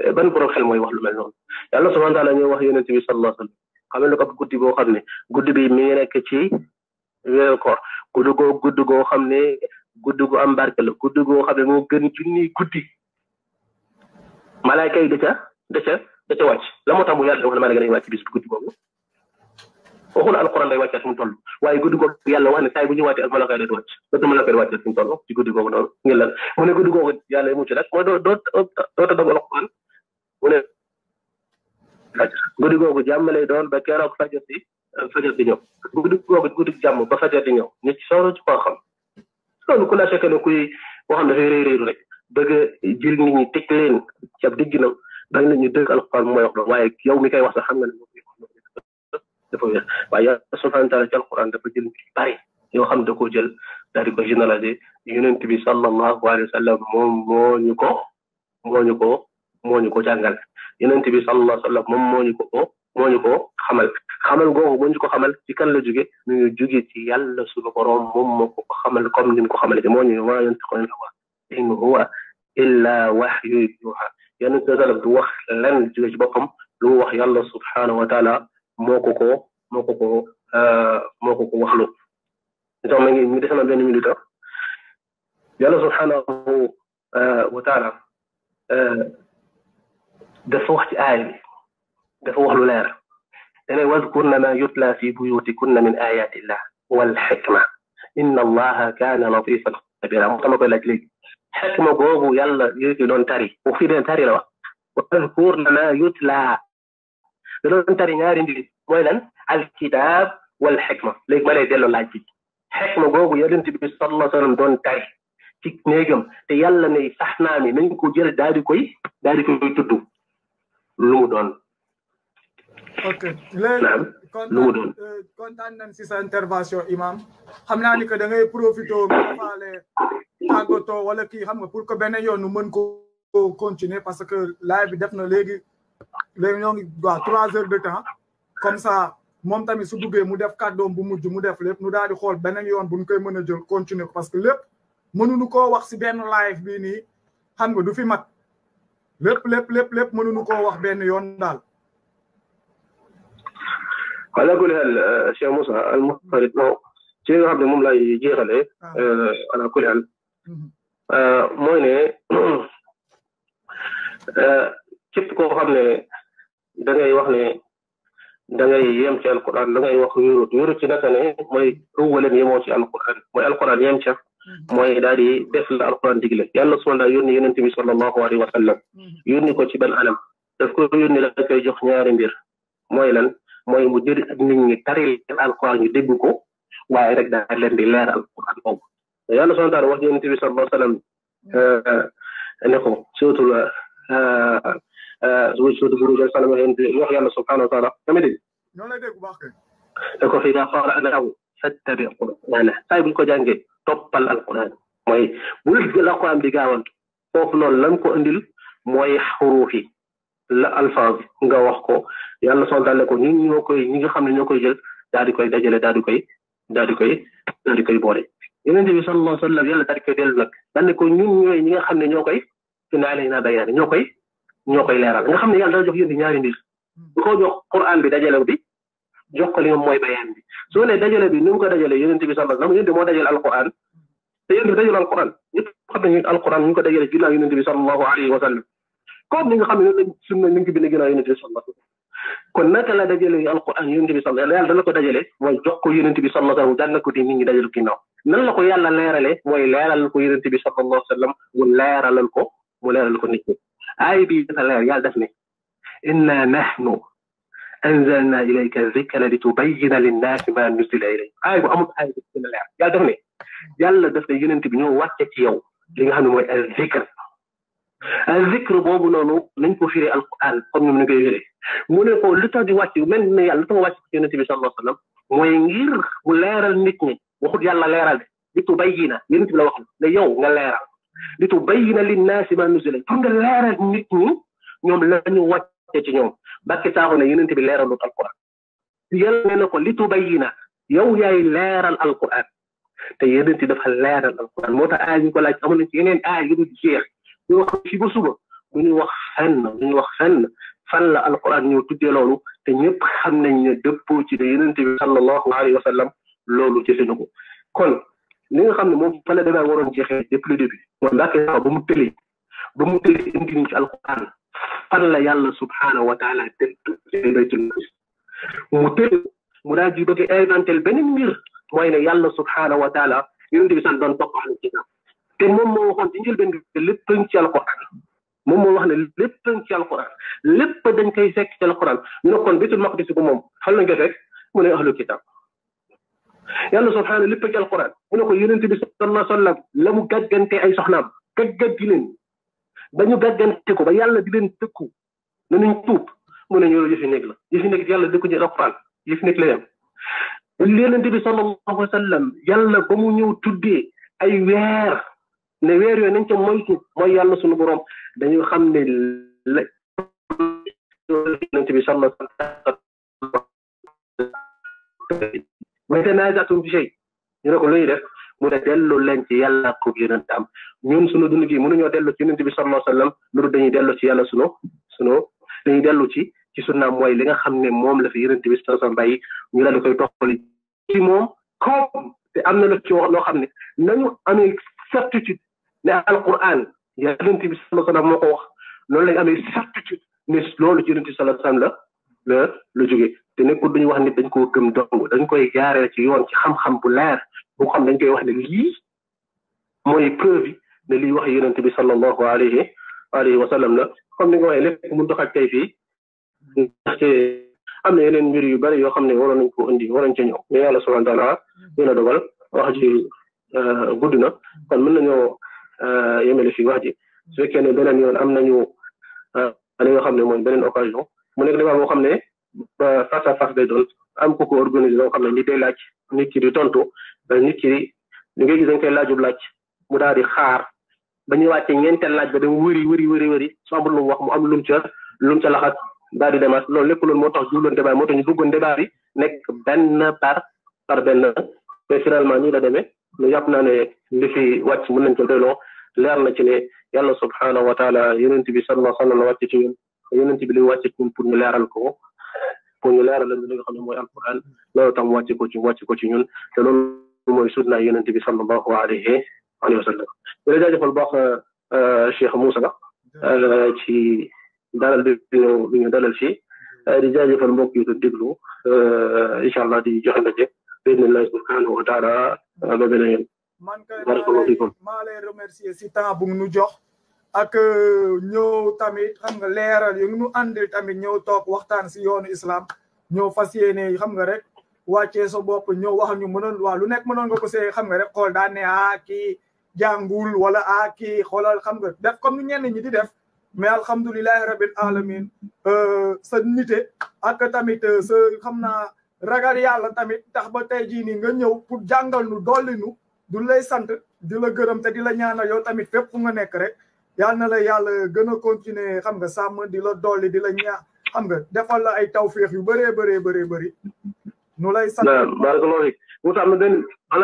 eh, ban borom xel mooy wax lu mel noonu yàlla subhanahu taala ñooy wax yeneen bi sallallahu alayhi wa sallam ne ko guddi boo xam ne guddi bi mi ngi nekk ci weeru koor guddi goo guddi goo xam ne guddi gu am barke la guddi goo xam ne moo gën junni guddi malaayka kay da ca da ca da ca wàcc la moo tax mu yàlla wax ne maa ngi wàcc bis bi guddi boobu waxuma alxuraan lay wàccaat fi mu toll waaye guddi googu yàlla wax ne saa yi bu ñëwaatee ak malaaka doon wàcc dootu malaaka di wàccaat fi mu toll ci guddi googu noonu ngir lan mu ne guddi googu yàlla mu ci rek mooy doo doo doota dog alxuraan ba keroog fajar di fajar ñëw guddi googu di ñëw ñu ci soxla ci ku la fekkee kuy wax ne dafay réeréeru rek bëgg jël nit ñi teg leen ci ab digg na dañ la ñu dëgg alxuraan mooy wax doon waaye yow mi koy wax sax xam dafa weex waaye yàlla subhanahu taala ci alquran dafa jël mbir yu bari yoo xam da koo jël daal di ko généraliser yonent bi sallallahu alayhi wa sallam moom moo ñu ko moo ñu ko moo ñu ko jàngal yonent bi sallallahu alayhi wa sallam moom moo ñu ko moo ñu ko xamal xamal googu moo ñu ko xamal ci kan la jóge ñu ñu jóge ci yàlla suñu borom moom moo ko xamal comme ni mu ko xamalee moo ñu maa yonent ko ne wax in huwa illa waxyu yuha yonent bi sallam du wax lan jóge ci boppam lu wax yàlla subhanahu wa taala moo ko ko moo ko ko moo ko ko waxlu itam ma ngi ñu desana benn minute yàlla subhanahu wa taala dafa wax ci aaya bi dafa wax lu leer dana wadkurna ma yutla fi buyutikunna min ayati llah wal xikma inna allaha kaana latifan xabira mu tama koy laaj léegi xikma googu yàlla yéegi doon tari waxi den tari la wax wadkurna ma yutla دولنترينارين ويلن الكتاب والحكمة ليك ما ليدلو لاجي حكمة جوجو يلن تبي صلى الله عليه وسلم دون تاي تيك نيجم تيلا ني سحنامي نينكو جيل دادي كوي دادي كوي تدو لو دون ok léegi kontaan kontaan nañ si sa intervention imam xam naa ni que da ngay profité nga faale tàggatoo wala kii xam nga pour que benn yoon nu mën ko continuer parce que live bi def na léegi léegi ñoo ngi waaw trois heures de temps comme ça moom tamit su duggee mu def kàddoom bu mujj mu def lépp nu daal di xool beneen yoon bu ñu koy mën a jël continuer parce que lépp mënuñu koo wax si benn live bii nii xam nga du fi mat lépp lépp lépp lépp mënuñu koo wax benn yoon daal. ala kulli haal euh, Cheikh al Moutarid moom ci li nga xam ne moom laay jeexalee. Ah. Euh, ala kulli képp koo xam ne da ngay wax ne da ngay yem ci alquran da ngay wax yurut yurut ci naka ne mooy ëwwaleen yemoo ci alquran mooy alquran yem ca mooy daal di def la alquran digle yàlla subhana taala yónni yonente bi sallallahu alayhi wa sallam yónni ko ci ban anam daf ko yónni la koy jox ñaari mbir mooy lan mooy mu jëri ak nit ñi tari leen alquran ñu dégg ko waaye rek daal leen di leer alquran boobu yàlla subhana taala wax yonente bi sallallahu alayhi wa sallam ne ko surtout زوجته بروجا سلام wax yàlla subhanahu wa taala dama dégg noonu lay dégg bu baax kay da ko fi daa qara'nahu fattabi qur'ana say bu ko jàngee toppal alquran mooy bul jël alquran di gaawantu foofu noonu lan ko indil mooy xuruuf yi la alphaz nga wax ko yàlla sol daal ko ñun ñoo koy ñi nga xam ne ñoo koy jël daal di koy dajale daal di koy daal di koy daal di koy boole yenente bi sallallahu alayhi wa sallam yàlla daal di koy dellu nag daal ne ko ñun ñooy ñi nga xam ne ñoo koy finaalé naa dayaane ñoo koy ñoo koy leeral nga xam ne yàlla dana jox yónni ñaari mbir bu ko jox quran bi dajale bi jox ko li moom mooy bayaan bi soo ne dajale bi ni mu ko dajale yonente bi sallallahu alayhi wa sallam moo dajale alquran te yonente bi dajale alquran ñëpp xam nañu alquran ñu ko dajale ginnaaw yonente bi sallallahu alayhi wa sallam comme ni nga xam ne noonu lañ sunna ñu ngi ko bind ginnaaw yonente bi sallallahu kon naka la dajale alquran yonente bi sallallahu yàlla dana ko dajale mooy jox ko yonente bi sallallahu alayhi wa sallam jàng ko di nit ñi dajalu ginnaaw nan la ko yàlla leerale mooy leeralal ko yonente bi sallallahu alayhi wa sallam mu leeralal ko mu leeralal ko nit ñi اي بي يا دفني انا نحن انزلنا اليك الذكر لتبين للناس ما نزل اليك اي بو امط اي يا دفني يلا دفني جن انت بنيو وقت يوم لين هانو الذكر الذكر بوب نونو لين كو فيري القران قوم من كاي فيري مو نيو كو لوتو دي واتي من ني يلا تو واتي جن انت بي صلى الله عليه وسلم موي غير ليرال نيت ني وخد يلا ليرال لتبين ينت بلا وخل لا يوم نغ ليرال li tubayyina linnaasi maa nuzila pour nga leeral nit ñi ñoom la ñu wàcce ci ñoom Mbàkke Saaxo ne yonent bi leeralut alquran yàlla nee na ko li tubayyina yow yaay leeral al alquran te yonent dafa leeral alquran moo tax aay yi ko laaj na ci yeneen aay yu jeex ñu wax fii ba suba du ñu wax fenn du ñu wax fenn fan la alquran ñëw tuddee loolu te ñëpp xam nañ ne dëppoo ci de ne yonent bi sallallahu alayhi wa sallam loolu jëfe na ko li nga xam ne moom fa la débat waroon jeexee depuis le début mooy mbàkke saw ba mu tëlee ba mu tëlee indi ñu ci alquran fan la yàlla subhanahu wa taala tëdd baytul maqdis mu tële mu daal di bëgg inventel beneen mbir mooy ne yàlla subhanahu wa taala yonente bi san doon topp ahlu kitab te moom moo waxoon ci njëlbeen bi lépp ci alquran moom moo wax ne lépp dañ ci alquran lépp dañ koy fekk ci alquran ñu ne kon bitul maqdis bu moom fan lañ koy fekk mu ne ahlu kitab yàlla subhaana lépp ak alquran mu ne ko yonent bi sallallahu alayhi la mu gàggante ay soxnaam gàgganti leen ba ñu gàggante ko ba yàlla di leen dëkku ne nañ tuub mu ne ñu loolu yëfi nekk la yëfi nekk yàlla dëkku ñu alquran yëfi la yam yonent bi sallallahu alayhi wa sallam yàlla mu ñëw tuddee ay ne weer yooyu nañ ca moytu mooy yàlla suñu borom dañu xam ne la yonent bi wa tanaazatum bi shay ñu ne ko luy def mu ne dellu leen ci yàlla ko yonent am ñun sunu dund gi mënuñoo dellu ci yonent bi sallallahu alayhi wasallam loolu dañuy dellu ci yàlla sunu sunu dañuy dellu ci ci sunnaam mooy li nga xam ne moom la fi yonent bi sallallahu alayhi wasallam bàyyi ñu la di koy toppali ci moom comme te am na lu ci wax loo xam ne nañu amee certitude ne alquran yonent bi sallallahu alayhi wasallam moo ko wax noonu lañu amee certitude ne loolu ci yonent bi sallallahu alayhi la la la jógee te nekkul duñu wax nit dañ koo gëm dañ koy jaaree ci yoon ci xam-xam bu leer bu xam dañ koy wax ne lii mooy preuve yi ne lii wax yonent bi sallallahu alayhi alayhi wa sallam la comme ni nga waxee lépp mu dox ak tey fii ndaxte am na yeneen mbir yu bari yoo xam ne waroon nañ ko indi waroon ca ñëw mais yàlla subhanahu wa taala dina dogal wax ji euh, gudd na kon mën nañoo euh, yemele fi wax ji su fekkee ne beneen yoon am nañu li euh, yoo xam ne mooy beneen occasion mu nekk débat boo xam ne face à face day doon am ku ko organisé nga xam ne li de laaj nit ki di tontu nit ki di li ngay gis dañ koy laajub laaj mu daal di xaar ba ñu wàccee ñeenteel laaj ba dem wëri wëri wëri wëri su amul lu mu wax mu am lu mu ca lu mu ca laxat daal di demaat loolu lépp loolu moo tax jubloon débat moo tax ñu bëggoon débat bi nekk benn par par benn mais finalement nii la demee ñu yàpp naa ne li fi wàcc mën nañ ko doyloo leer na ci ne yàlla subhanahu wa taala yonent bi sallallahu alayhi wa sallam wàcc ci ñun yonent bi li wàcc ci ñun pour ñu pour ñu leeralal li nga xam ne mooy alquran loolu tam wàcce ko ci wàcce ko ci ñun te loolu mooy sunna yonent bi sallallahu alayhi wa sallam di la jaajëfal baax euh, Cheikh Moussa euh, ci dalal bi bi ñu dalal fii euh, di jaajëfal mbokk yi doon déglu incha allah di joxe ndaje bismillahi subhanahu wa taala ba beneen yoon barakallahu fikum maa lay remercier si temps bu nu jox ak euh, ñëw tamit xam nga leeral yu nu àndil tamit ñëw took waxtaan si yoonu islam ñëw fas yéene xam nga rek wàccee sa bopp ñëw wax ñu mënoon waa lu nekk mënoon nga ko see xam nga rek xool daan ne ah kii jàngul wala ah kii xoolal xam nga def comme ñenn ñi di def mais alhamdulilahi rabbil alamin euh, sa nite ak tamit euh, sa xam na ragal yàlla tamit tax ba tey jii nii nga ñëw pour jàngal nu dolli nu du lay sant di la gërëm te di la ñaanal yow tamit fépp fu nga nekk rek yal na la yàlla gën a continuer xam nga sàmm di la dolli di la ñaax xam nga defal la ay tawféex yu bëree bëree bëree bëri. nu lay sant barakallahu fiik Moussa am na benn euh, am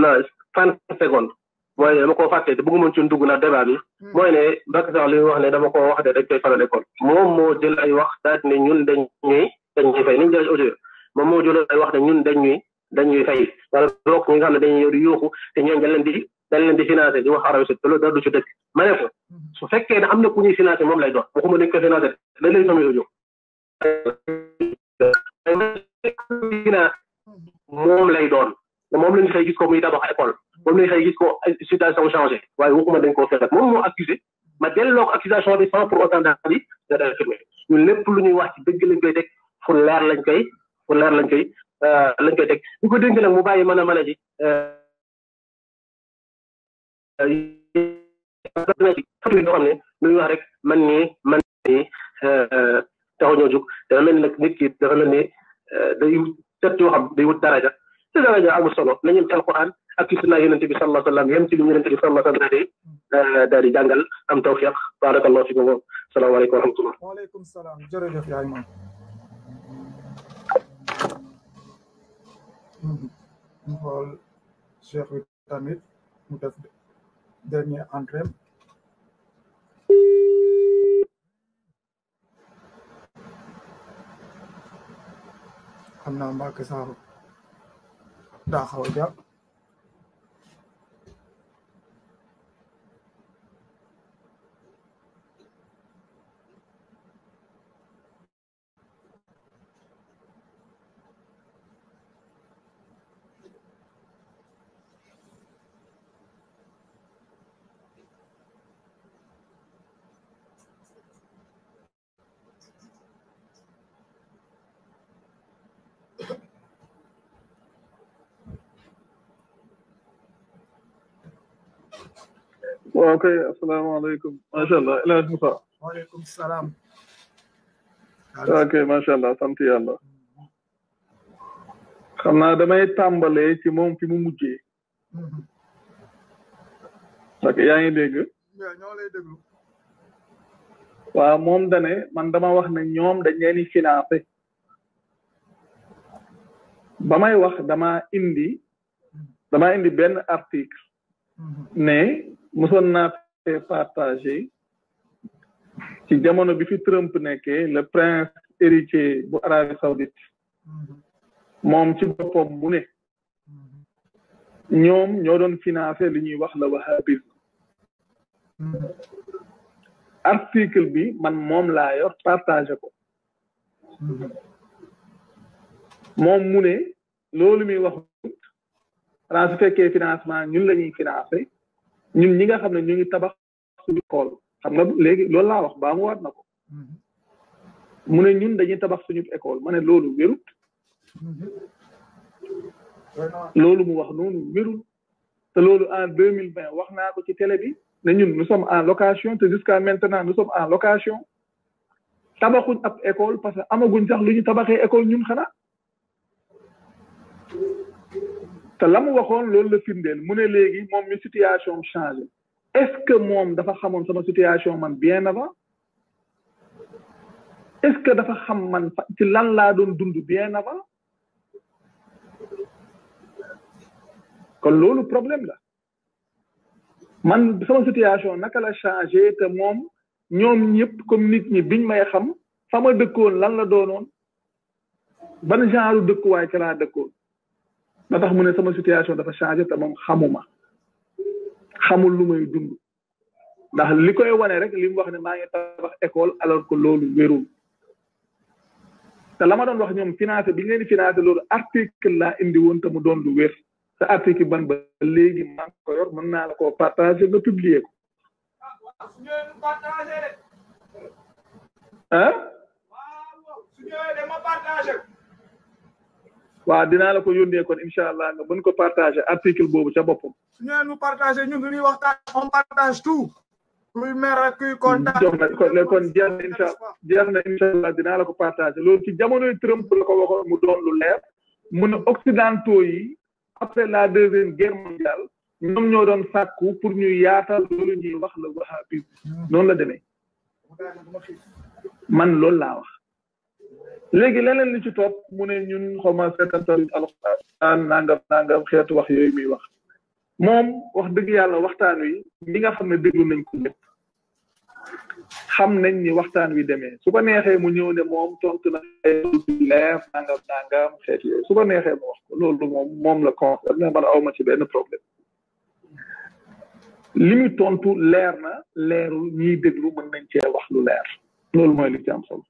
na naa cinq secondes mooy ne dama koo fàtte te bëgguma ci dugg na débat bi hmm. mooy ne Mbacke Sakho wax ne dama ko wax de dañ koy faral école moom moo jël ay wax daal ne ñun dañ ñuy dañ ñuy ni ñu jëlee moom moo jël ay wax ne ñun dañ ñuy dañ ñuy fay wala bokk ñi ne dañuy yow di yuuxu te ñoom dañ leen di dañ leen di financé di wax Arabie Saoudite loolu ma ne mhm. su fekkee ne am na ku ñuy financé moom lay doon waxuma dañ ko financé dañ lay famille la jóg moom lay doon moom lañu xëy gis ko muy tabax école moom lañu xëy gis ko situation changé waaye waxuma dañ koo fexe moom moo accusé ma delloo ko accusation bi sans pour autant daal di nga daal firmé ñun lépp lu ñuy wax ci dëgg lañ koy teg fu leer lañ koy fu leer lañ koy euh, lañ koy teg ko dénk nag mu bàyyi mën a mën a ji euh, surtout yi nga xam ne lu wax rek man nii man nii taxu ñoo jóg dana mel ni nit ki dafa mel ni day set yoo xam day wut daraja te daraja amul solo nañu yem ci alquran ak ci sunna yonente bi sallallahu alayhi wa sallam yem ci li yonente bi sallallahu alayhi jàngal am tawfiq barakallahu fikum wa salaamaaleykum wa rahmatullah waaleykum salaam jërëjëf yaay moom dernier entrée. xam naa Mbacke Sakho daa xaw a اوكي السلام عليكم ما شاء الله لا شو allah sant yàlla xam damay tàmbalee ci moom fi mu mujjee mhm. ok yaa ngi dégg ñoo lay waaw moom dane man dama wax ne ñoom dañ leen di financé ba wax dama indi mhm. dama indi benn article mhm. ne mosoon naa fee partagé ci jamono bi fi Trump nekkee la prince héritier bu Arabie Saoudite moom ci boppam mu ne ñoom ñoo doon financé li ñuy wax la wahhabisme article bi man moom laa yor partagé ko moom mu ne loolu muy wax ren financement ñun la ñuy financé ñun ñi nga xam ne ñu ngi tabax suñu école xam nga léegi loolu laa wax baa mu waat na ko mm-hmm. mu ne ñun dañuy tabax suñu école ma ne loolu wérut mm-hmm. loolu mu wax nu wérul te loolu en deux mille vingt wax naa ko ci télé bi ne ñun nous som en location te jusqu'à maintenant nous sommes en location tabaxuñ ab école parce que amaguñ sax lu ñu tabaxee école ñun xanaa te la mu waxoon loolu la firndeel mu ne léegi moom mi situation changé est-ce que moom dafa xamoon sama situation man bien avant est-ce que dafa xam man ci lan laa doon dund bien avant kon loolu problème la man sama situation naka la changé te moom ñoom ñëpp comme nit ñi biñ may xam fa ma dëkkoon lan la doonoon ban genre dëkkuwaay ca laa dëkkoon ba tax mu ne sama situation dafa changé te moom xamuma xamul lu may dund ndax li koy wane rek li mu wax ne maa ngi tabax école alors que loolu wérul te la ma doon wax ñoom financé bi ñu leen di financé loolu article laa indi woon te mu doon lu wér te article ban ba léegi maa ngi ko yor mën naa la koo partager nga publier ko ah waaw dinaa la ko yónnee kon incha allah nga mën ko partagé article boobu ca boppam. su ñu leen mu partagé ñun du ñuy waxtaan on partage tout. jox na kon kon jeex na incha jeex na incha dinaa la ko partagé loolu ci jamonoy Trump la ko waxoon mu doon lu leer. mu ne occidentaux yi après la deuxième guerre mondiale ñoom ñoo doon sàkku pour ñu yaatal loolu ñuy wax la wahabisme hmm. noonu la demee man loolu laa wax. léegi leneen li ci topp mu ne ñun xawma seetantal alxuraan nangam nangam xeetu wax yooyu muy wax moom wax dëgg yàlla waxtaan wi ñi nga xam ne déglu nañ ko lépp xam nañ ni waxtaan wi deme su ko neexee mu ñëw ne moom tontu na leer nangam su ko neexee wax ko loolu moom moom la kon ne man awma ci benn problème li mu tontu leer na leeru ñiy déglu mën nañ cee wax lu leer loolu mooy li ci am solo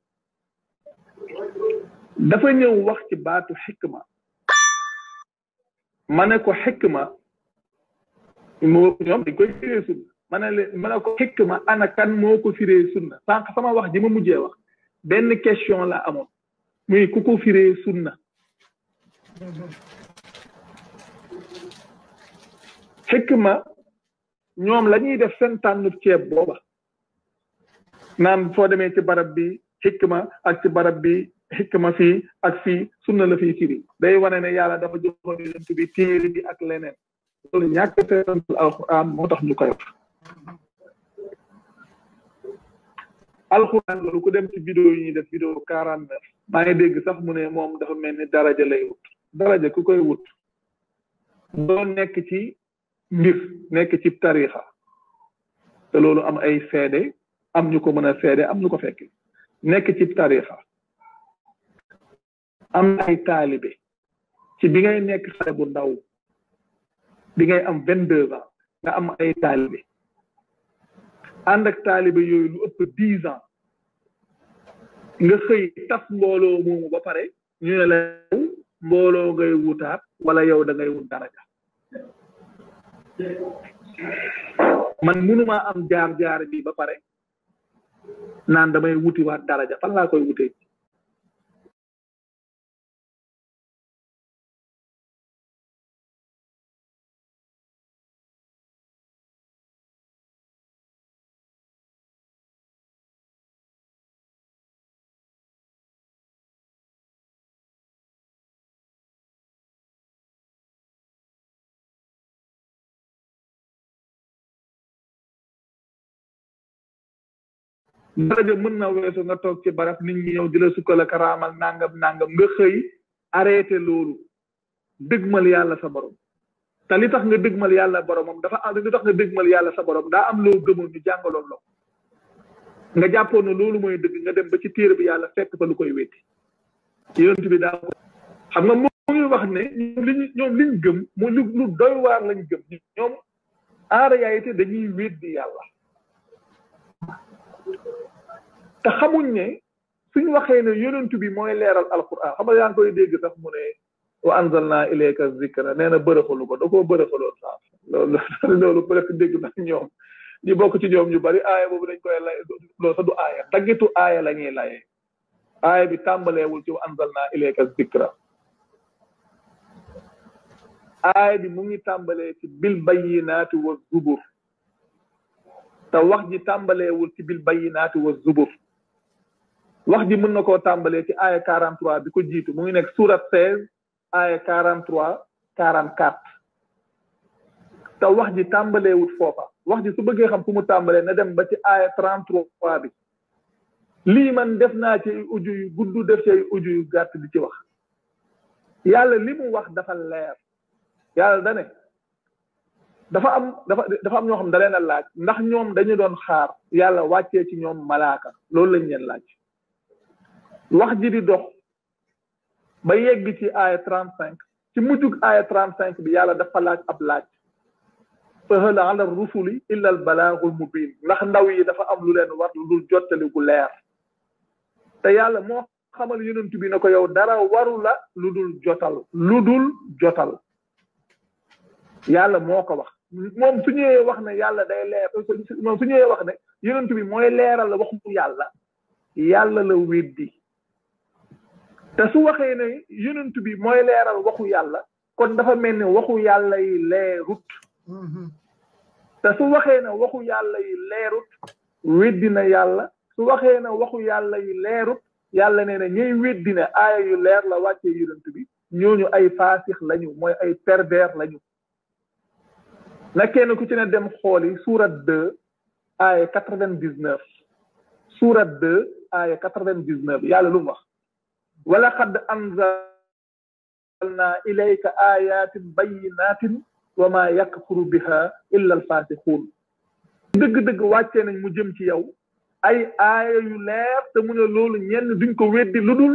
dafa ñëw wax ci baatu xikma ma ne ko xikma moo ñoom dañ koy firee sunna ma ne leen ma ne ko xikma ana kan moo ko firee sunna sànq sama wax ji ma mujjee wax benn question la amoon muy ku ko firee na xikma ñoom lañuy def seen tànnu ceeb booba naan foo demee ci barab bi xikma ak ci barab bi xikma fii ak fii sunna la fii firi day wane ne yàlla dafa joxoon yonent bi téere bi ak leneen ñàkk seetantal moo tax ñu koy wax alquran loolu ku dem ci vidéo yi ñuy def vidéo quarante neuf maa ngi dégg sax mu ne moom dafa mel ni daraja lay wut daraja ku koy wut doo nekk ci mbir nekk ci tariixa te loolu am ay seede am ñu ko mën a seede am ñu ko fekke nekk ci tarixa am ay taalibe ci bi ngay nekk xale bu ndaw bi ngay am vingt deux ans nga am ay taalibe ànd ak taalibe yooyu lu ëpp dix ans nga xëy tas mbooloo moomu ba pare ñu ne la yow mbooloo ngay wutaat wala yow da ngay wut daraja man mënuma am jaar-jaar bi ba pare naan damay wutiwaat ja fan laa koy wutee daraja mën na weesu nga toog ci barab nit ñi ñëw dina la sukkal a raamal nangam nàngam nga xëy arrêté loolu dëgmal yàlla sa borom te li tax nga dëgmal yàlla boromam dafa am li tax nga dëgmal yàlla sa borom daa am loo gëmoon ñu jàngaloon la jàppoon ne loolu mooy dëgg nga dem ba ci téere bi yàlla fekk fa lu koy wetti yonent bi daa ko xam nga moo ngi wax ne ñoom liñ ñoom liñ gëm mu lu doy waar lañ gëm ñoom en réalité dañuy weddi yàlla te xamuñ ne ñu waxee ne yonentu bi mooy leeral alquran xam nga yaa koy dégg sax mu ne wa anzalna ilayka zikra nee na bërëxalu ko da koo bërëxaloon loolu dégg na bokk ci ñoom ñu bari aaya boobu dañ koy lay loolu sax du aaya daggitu aaya la ñuy layee aaya bi tàmbalewul ci wa anzalna ilayka zikra aaya bi mu ngi tàmbalee ci bil bayyinaati wa zubur te wax ji tàmbaleewul ci bil bayinaati wa zubur wax ji mën na koo tàmbalee ci aaya 43 bi ko jiitu mu ngi nekk surat 16 aaya 43 44 te wax ji tàmbaleewul foofa wax ji su bëggee xam fu mu tàmbalee na dem ba ci aaya 33 bi lii man def naa ci uju yu gudd def ci uju yu gàtt di ci wax yàlla li mu wax dafa leer yàlla da ne dafa am dafa dafa am ñoo xam da leen a laaj ndax ñoom dañu doon xaar yàlla wàccee ci ñoom malaaka loolu lañ leen laaj wax ji di dox ba yegg ci aaya trente ci mujjug aaya trente bi yàlla dafa laaj ab laaj fahal ala rusuli illa al balaagul mubin ndax ndaw yi dafa am lu leen war lu jottali gu leer te yàlla moo xamal yonent bi ne ko yow dara waru la lu dul jotal lu dul jotal yàlla moo ko wax moom su ñëwee wax na yàlla day leer moom su wax ne yonent bi mooy leeral la waxu yàlla yàlla la weddi te su waxee ne yonent bi mooy leeral waxu yàlla kon dafa mel ni waxu yàlla yi leerut mm-hmm. te su waxee ne waxu yàlla yi leerut weddi na yàlla su waxee ne waxu yàlla yi leerut yàlla nee na ñuy weddi ne aaya yu leer la wàcce yonent bi ñooñu ay faasix lañu mooy ay pervers lañu na kenn ku ci ne dem xooli surat 2 aaya 99 surat 2 aaya 99 yàlla lu mu wax wala xad anzalna ilayka ayatin bayinatin wa ma yakfuru biha illa alfasixuun dëgg-dëgg wàccee nañ mu jëm ci yow ay aaya yu leer te mu ne loolu ñenn duñ ko weddi lu dul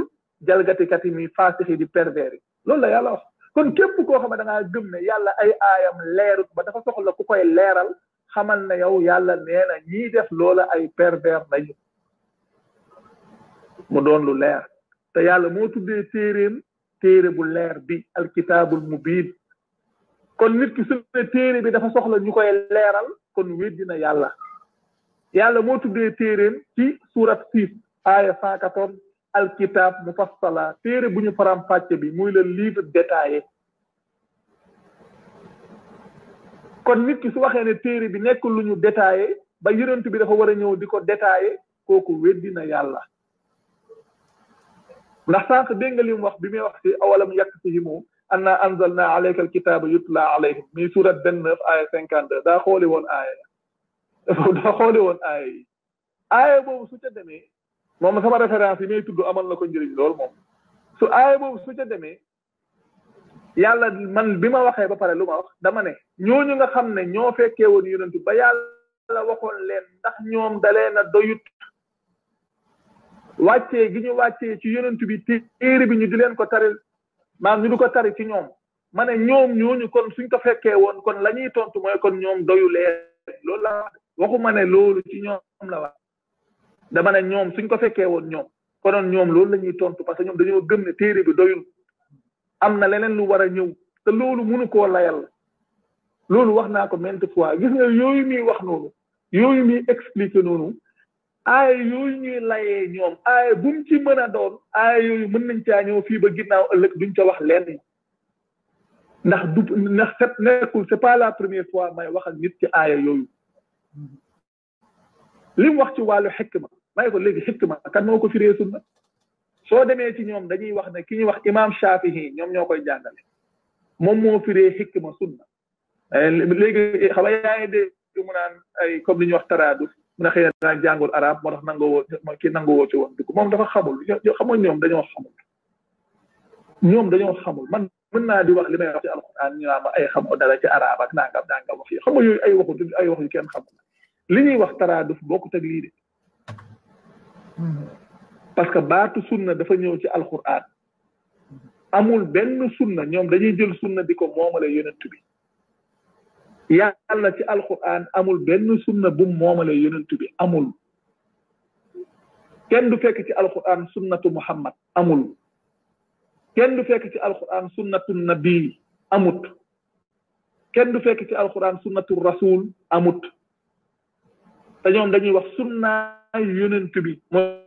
jalgatikati mi faasixi di pervers yi loolu la yàlla wax kon képp koo xam ne da ngaa gëm ne yàlla ay aayam leerut ba dafa soxla ku koy leeral xamal na yow yàlla nee na ñiy def loola ay pervers lañu mu doon lu leer te yàlla moo tuddee téeréem téere bu leer bi alkitaabul mubiin kon nit ki su ne téere bi dafa soxla ñu koy leeral kon weddi yàlla yàlla moo tuddee téeréem ci surat 6 aaya 114 alkitab mufassala téere bu ñu faram fàcce bi muy le livre détaillé kon nit ki su waxee ne téere bi nekk lu ñu détaillé ba yonent bi dafa war a ñëw di ko détaillé kooku weddi na yàlla ndax sànq dégg nga li wax bi muy wax ci awalam yakfihim anna anzalna alayka alkitaba yutla alayhim mi surat vingt neuf aya cinquante deux daa xooli woon aaya daa xooli woon aaya yi aaya boobu su ca demee moom sama référence yi may tudd amal na ko njëriñ loolu moom su aaya boobu su ca demee yàlla man bi ma waxee ba pare lu ma wax dama ne ñooñu nga xam ne ñoo fekkee woon yonent ba yàlla waxoon leen ndax ñoom dalee na doyut wàccee gi ñu wàccee ci yonent bi téere bi ñu di leen ko taril maanaam ñu di ko tari ci ñoom ma ne ñoom ñooñu kon suñ ko fekkee woon kon la ñuy tontu mooy kon ñoom doyu leen loolu la waxuma ne loolu ci ñoom la wax dama ne ñoom suñ ko fekkee woon ñoom konoon ñoom loolu lañuy tontu parce que ñoom dañoo gëm ne téere bi doyul am na leneen lu war a ñëw te loolu mënu koo layal loolu wax naa ko maintes fois gis nga yooyu muy wax noonu yooyu muy expliqué noonu aaya yooyu ñuy layee ñoom aaya bu ci mën a doon aaya yooyu mën nañ caa ñëw fii ba ginnaaw ëllëg duñ ca wax lenn ndax du ndax set nekkul c'est pas la première fois may wax ak nit ci aaya yooyu li wax ci wàllu xikma may ko léegi xikma kan moo ko firee sunna soo demee ci ñoom dañuy wax ne ki ñuy wax imam shafihi ñoom ñoo koy jàngale moom moo firee xikma sunna léegi xam nga yaa ngi dégg mu naan ay comme li ñuy wax taraaduf mu ne xëy na daan jàngul arab moo tax nangoo ki nangoo ci woon dugg moom dafa xamul xamoo ñoom dañoo xamul ñoom dañoo xamul man mën naa di wax li may wax ci alquran ñu naan ma ay xam dara ci arab ak nangam nangam wax yi xam nga yooyu ay waxu ay wax yu kenn xamul li ñuy wax taraaduf bokkut ak lii de parce que baatu sunna dafa ñëw ci alquran amul benn sunna ñoom dañuy jël sunna di ko moomale yonent bi yàlla ci alquran amul benn sunna bu moomale yonent bi amul kenn du fekk ci alquran sunnatu muhammad amul kenn du fekk ci alquran sunnatu nabi amut kenn du fekk ci alquran sunnatu rasul amut te ñoom dañuy wax sunna yonent bi mooy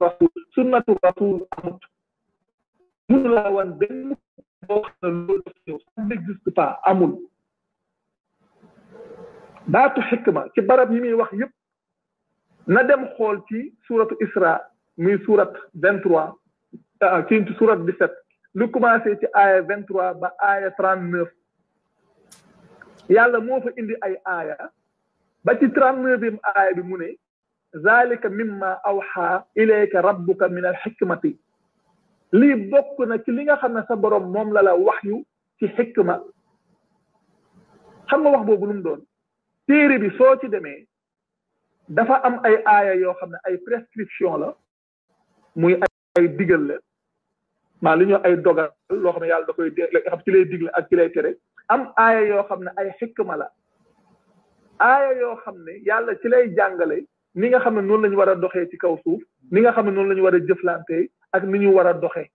rasul sunnatu rasul amut mënu laa wan benn boo xam ne loolu daf ñëw ça n'existe pas amul baatu xikma ci barab yi muy wax yépp na dem xool ci suratu isra muy surat 23 ci surat 17 lu commencé ci aaya 23 ba aaya 39 yàlla moo fa indi ay aaya ba ci 39e aaya bi mu ne ذلك مما اوحى اليك ربك من الحكمه لي بوك نك ليغا خامن سا بروم موم لا لا وحيو في حكمه خامن واخ بوبو نوم دون تيري بي سو تي ديمي دا فا ام اي ايا يو خامن اي بريسكريبسيون لا موي اي ديغل لا ما لي نيو اي دوغال لو خامن يال داكاي ديغ خامن تي لي ديغل اك لي تيري ام ايا يو خامن اي حكمه لا ايا يو خامن يالا تي لي جانغالاي ni nga xam ne noonu la ñu war a doxee ci kaw suuf ni nga xam ne noonu lañu ñu war a jëflante ak ni ñu war a doxee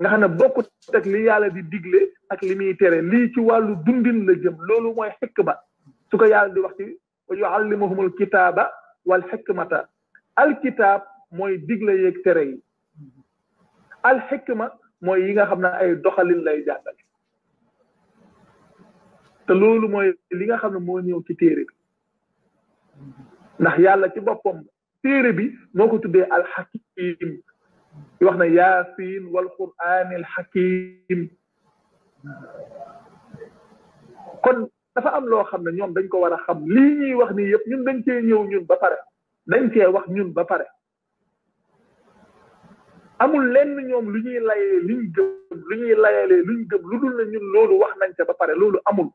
nga xam ne bokkut ak li yàlla di digle ak li muy tere lii ci wàllu dundin la jëm loolu mooy xekk su ko yàlla di wax ci wa yuallimuhumul kitaaba wal xikmata al kitaab mooy digle yeeg tere yi al xikma mooy yi nga xam ne ay doxalin lay jàngale te loolu mooy li nga xam ne moo ñëw ci téere ndax yàlla ci boppam téere bi moo ko tuddee alxakim wax na yaasin wal quraanil xakim kon dafa am loo xam ne ñoom dañ ko war a xam lii ñuy wax nii yëpp ñun dañ cee ñëw ñun ba pare dañ cee wax ñun ba pare amul lenn ñoom lu ñuy layee luñ gëm lu ñuy layelee luñ gëm lu dul na ñun loolu wax nañ se ba pare loolu amul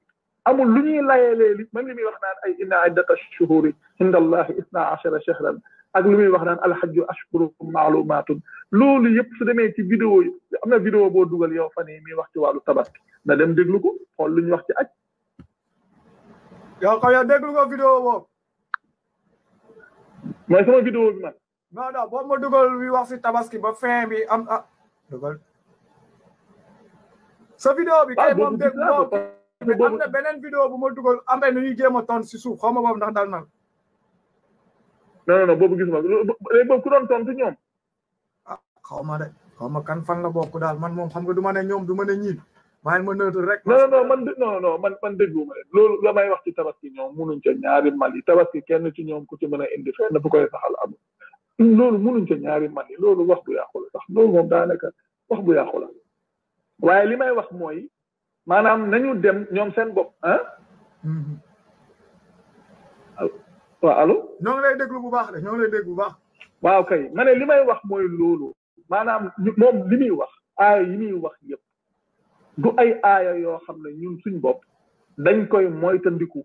amul lu ñuy layelee li même li muy wax naan ay inna iddata shuhuri inda allahi isna achara shahran ak lu muy wax naan alhajju ashhuru maalumatun loolu yëpp su demee ci vidéo yi am na vidéo boo dugal yow fan yi muy wax ci wàllu tabaski na dem déglu ko xool lu ñu wax ci aj yow ko ya déglu ko vidéo boobu mooy sama vidéo bi man non non boobu ma dugal wi wax si tabaski ba fin bi am ah dugal sa vidéo bi kay moom déglu am na beneen vidéo bu ma dugal am na ñuy jéem a si suuf xaw ma boobu ndax daal na. non non boobu gis ma léegi boobu ku doon tontu ñoom. ah xaw ma de xaw ma kan fan la bokk daal man moom xam nga du ma ne ñoom du ma ne ñii maa ngi ma rek. non non man non non man man déggu ma loolu la may wax ci tabaski ñoom munuñ ca ñaari Mali tabaski kenn ci ñoom ku ci mën a indi fenn bu koy saxal amul. loolu munuñ ca wax bu yàqu la sax loolu moom daanaka waaye li may wax mooy. maanaam nañu dem ñoom seen bopp ah. waaw allo. ñoo ngi lay déglu bu baax de ñoo ngi lay déglu bu baax. waaw kay ma ne may wax mooy loolu maanaam moom li muy wax aaya yi muy wax yëpp du ay aaya yoo xam ne ñun suñ bopp dañ koy moytandiku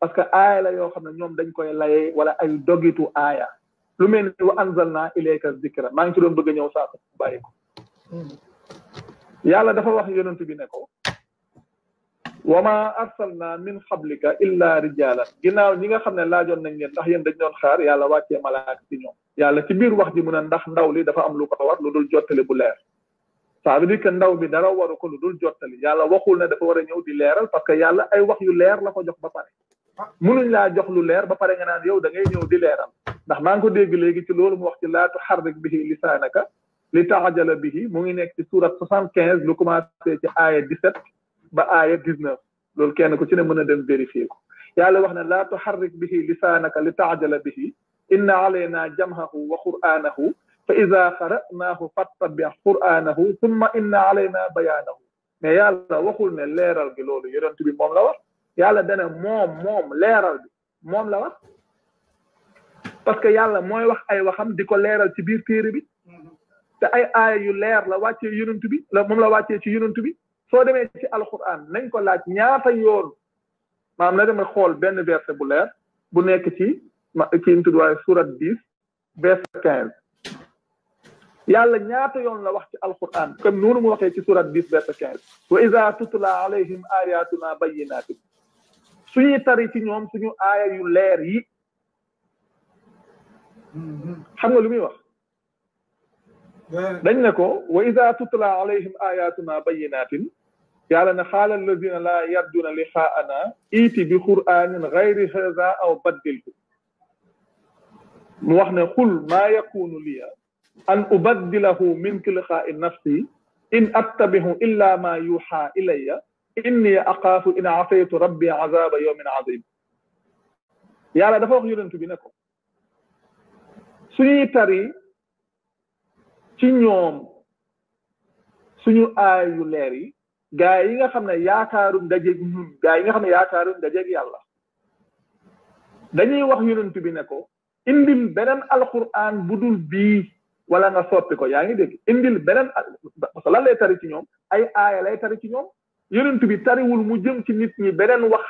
parce que aaya la yoo xam ne ñoom dañ koy layee wala ay dogitu aya lu mel ni wa anzalna ilayka zikra maa ngi ci doon bëgg a ñëw saako bàyyi ko. Mm-hmm. yàlla dafa wax yonent bi nekkoo وما ارسلنا من قبلك الا رجالا غيناو نيغا خامني لا جون نك نين تاخ يين دنج دون خار يالا واتي ملائكه تي نيوم يالا تي بير واخ دي مون ندخ نداو لي دا فا ام لو كو وات لودول جوتلي بو لير سا ودي كان نداو بي دارا وارو كو لودول جوتلي يالا واخول نا دا فا ورا نيو دي ليرال باسكو يالا اي واخ يو لير لا كو جوخ با بار مونو لا جوخ لو لير با بار نغا نان يو دا غاي نيو دي ليرال ندخ مان كو ديغ ليغي تي لولو مو واخ تي لا تحرك به لسانك لتعجل به موغي نيك تي سوره 75 لو كوماسي تي ايه 17 ba aaya 19 loolu kenn ku ci ne mën a dem vérifier ko yàlla wax na laa tuharrik bihi lisaanaka li bihi inna alayna jamhahu wa qur'anahu fa ida qara'nahu fattabi' qur'anahu thumma inna alayna bayanahu mais yàlla waxul ne leeral gi loolu yonent bi mom la wax yàlla dana moom moom leeral bi moom la wax parce que yàlla mooy wax ay waxam di ko leeral ci biir téere bi te ay aaya yu leer la wàccee yonent bi la moom la wàccee ci yonent bi soo demee ci alquran nañ ko laaj ñaata yoon maam na demee xool benn verset bu leer bu nekk ci ma kii tudd waaye quinze yàlla ñaata yoon la wax ci alquran comme noonu mu waxee ci surat dix verset quinze wa ida tutla alayhim ayatuna bayyinatin suñuy tari ci ñoom suñu aaya yu leer yi xam nga lu muy wax dañ ne ko wa ida tutla alayhim ayatuna bayinatin yàlla ne xaala alladina laa yarduna lixaana iiti bi quranin gayri hada aw baddilhu mu wax ne xul yakunu liya an ubaddilahu min kilxaai nafsi in attabihu illa ma yuxa ilaya inni aqaafu in asaytu rabbi azaba yawmin azim yàlla dafa wax yonent bi ne ko tari ci ñoom suñu aay yu leer yi gaa yi nga xam ne yaakaaru dajeeg yi nga xam ne yaakaaruñ dajeeg yàlla dañuy wax yonent bi ne ko indil beneen alquran bu dul bii wala nga soppi ko yaa ngi dégg indil beneen parce que lay tari ci ñoom ay aaya lay tari ci ñoom yonent bi tariwul mu jëm ci nit ñi beneen wax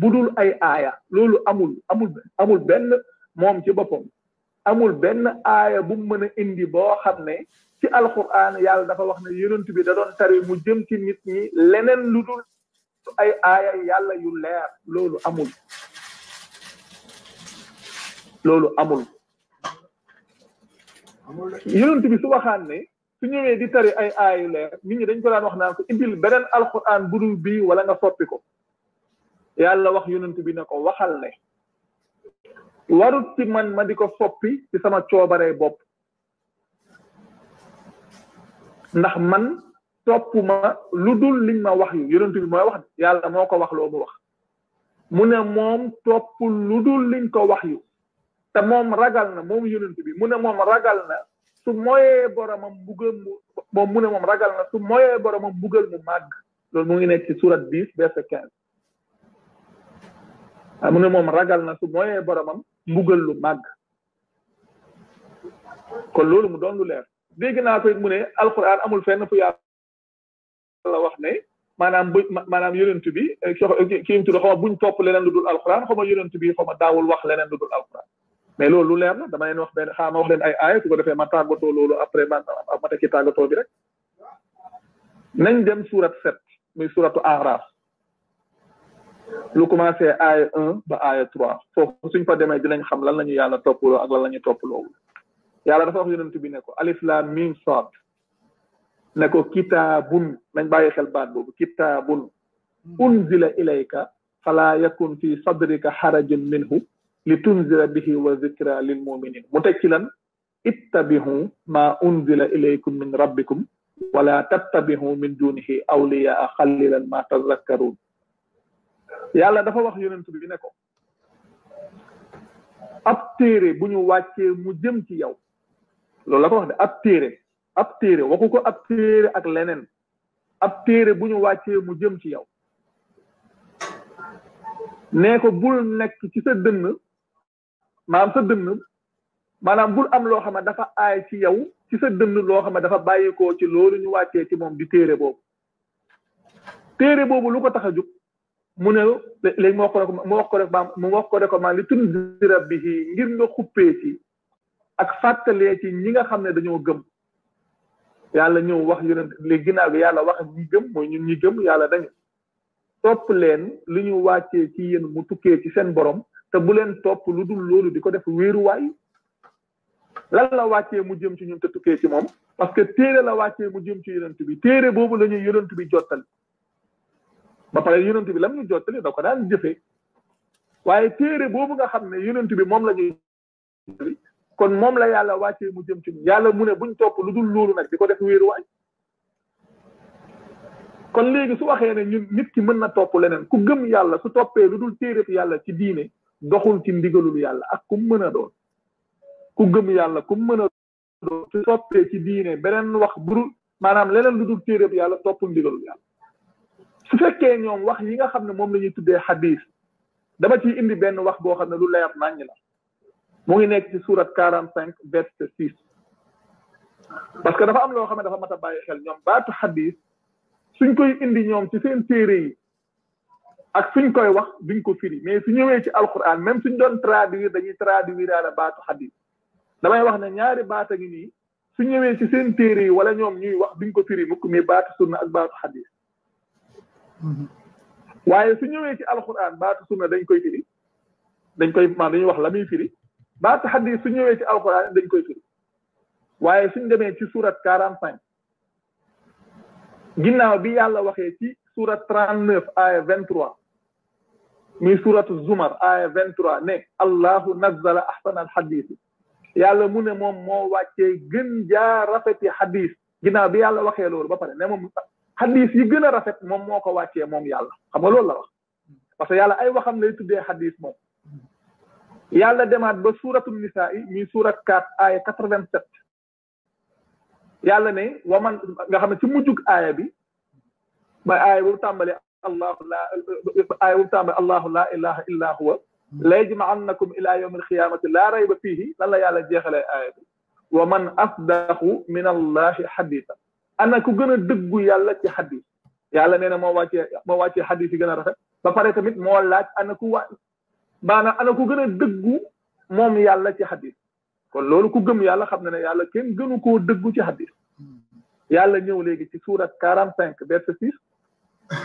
bu dul ay aaya loolu amul amul amul benn moom ci boppam amul benn aaya bu mu mën indi boo xam ne ci alquran yàlla dafa wax ne yonent bi da doon tari mu jëm ci nit ñi leneen lu dul ay aaya yàlla yu leer loolu amul loolu amul yonent bi su waxaan ne su ñëwee di tari ay aaya yu leer nit ñi dañ ko daan wax naan ko indil beneen alquran budul bi wala nga soppi ko yàlla wax yonent bi ne ko waxal ne warut ci man ma di ko soppi ci sama coobaree bopp ndax man topp ma lu dul liñ ma wax yu yonent bi mooy wax yàlla moo ko wax loo mu wax mu ne moom topp lu dul liñ ko wax yu te moom ragal na moom yonent bi mu ne moom ragal na su moyee boromam mbugal mu moom ne moom ragal na su moyee boromam mbugal mu màgg loolu mu ngi nekk ci surat 10 verset 15 ah, mu ne moom ragal na su moyee boromam mbugal lu màgg kon loolu mu doon lu leer dégg naa ko mu ne alquran amul fenn fu yàlla wax ne maanaam bu maanaam yonent bi eh, kii mu tudd xaw buñ topp leneen lu dul alquran xaw ma yonent bi xaw ma daawul wax leneen lu dul alquran mais loolu lu leer la dama leen wax benn xaa ma wax leen ay aaya su ko defee ma tàggatoo loolu après ma ma tekki tàggatoo bi rek nañ dem surat set muy suratu Araf lu commencé aaya un ba aaya trois foofu suñ fa demee dinañ xam lan la ñu yàlla toppaloo ak lan la ñu toppaloowul yàlla dafa wax yonent bi ne ko alif laam miim saad ne ko kitaabun nañ bàyyi xel baat boobu kitaabun unzila ilayka fala yakun fi sadrika xarajun minhu li tunzira bihi wa zikra lil muminin mu teg ci lan ittabihu ma unzila ilaykum min rabbikum wala tattabihu min dunihi awliyaa xalilan ma tazakkarun yàlla dafa wax yonent bi ne ko ab téere bu ñu wàccee mu jëm ci yow loolu la ko wax de ab téere ab téere waxu ko ab téere ak leneen ab téere bu ñu wàccee mu jëm ci yow nee ko bul nekk ci sa dënn maanaam sa dënn maanaam bul am loo xam ne dafa aay ci yow ci sa dënn loo xam ne dafa bàyyikoo ci loolu ñu wàccee ci moom di téere boobu téere boobu lu ko tax a jóg mu ne léegi mu wax ko rek mu wax ko rek mu wax ko rek ma li bi bihi ngir nga xuppee ci ak fàttalee ci ñi nga xam ne dañoo gëm yàlla ñëw wax yonent léegi ginnaaw gi yàlla wax ñi gëm mooy ñun ñi gëm yàlla dañu topp leen li ñu wàccee ci yéen mu tukkee ci seen borom te bu leen topp lu dul loolu di ko def wéeruwaay lan la wàccee mu jëm ci ñun te tukkee ci moom parce que téere la wàccee mu jëm ci yonent bi téere boobu la ñuy yonent bi jottali ba pare yonent bi lam ñu jottali da ko daan jëfee waaye téere boobu nga xam ne yonent bi moom la ñuy kon moom la yàlla wàccee mu jëm ci yàlla mu ne buñ topp lu dul loolu nag di ko def wéeruwaay kon léegi su waxee ne ñun nit ki mën na topp leneen ku gëm yàlla su toppee lu dul téereb yàlla ci diine doxul ci ndigalul yàlla ak ku mën a doon ku gëm yàlla ku mën a doon su toppee ci diine beneen wax bu dul maanaam leneen lu dul téereb yàlla toppul ndigalul yàlla su fekkee ñoom wax yi nga xam ne moom la ñuy tuddee xadis dama ciy indi benn wax boo xam ne lu leer naññ mu ngi nekk ci surat quarante cinq verset six parce que dafa am loo xam ne dafa mat a bàyyi xel ñoom baatu xadis suñ koy indi ñoom ci seen téere yi ak suñ koy wax duñ ko firi mais su ñëwee ci alquran même suñ doon traduire dañuy traduire daal baatu xadis damay wax ne ñaari baata ngi nii su ñëwee ci seen téere yi wala ñoom ñuy wax buñ ko firi mukk mais baatu sunna ak baatu xadis Mm-hmm. waaye su ñëwee ci alxuraan baatu sunna dañ koy firi dañ koy maanaam dañuy wax la mi firi baatu xadis su ñëwee ci alxuraan dañ koy firi waaye suñ demee ci suurat quarante cinq ginnaaw bi yàlla waxee ci surat trente neuf aya vingt trois muy suratu zumar aya vingt trois ne allahu nazzala ahsana al xadisi yàlla mu ne moom moo wàccee gën jaa rafeti xadis ginnaaw bi yàlla waxee loolu ba pare ne moom hadith yi gëna rafet mom moko wacce mom yàlla xam nga loolu la wax parce que yàlla ay waxam lay tuddé hadith mom yàlla demat ba suratul nisaa'i mi surat 4 aya 87 yàlla ne wa man nga xamne ci mujjuk aya bi ba aya boobu tambalé allahu la aaya boobu tàmbalee allahu la ilaha illa huwa la yajmaannakum ila yawmi alqiyamati la rayba fihi lan la yàlla jeexalee aaya bi wa man asdaqu min allahi ana ku gën a dëggu yàlla ci xadis yàlla nee na moo wàccee moo wàccee xadis yi gën a rafet ba pare tamit moo laaj ana ku wa maanaam ana ku gën a dëggu moom yàlla ci xadis kon loolu ku gëm yàlla xam na ne yàlla kenn gënu koo dëggu ci xadis yàlla ñëw léegi ci suurat quarante cinq verset six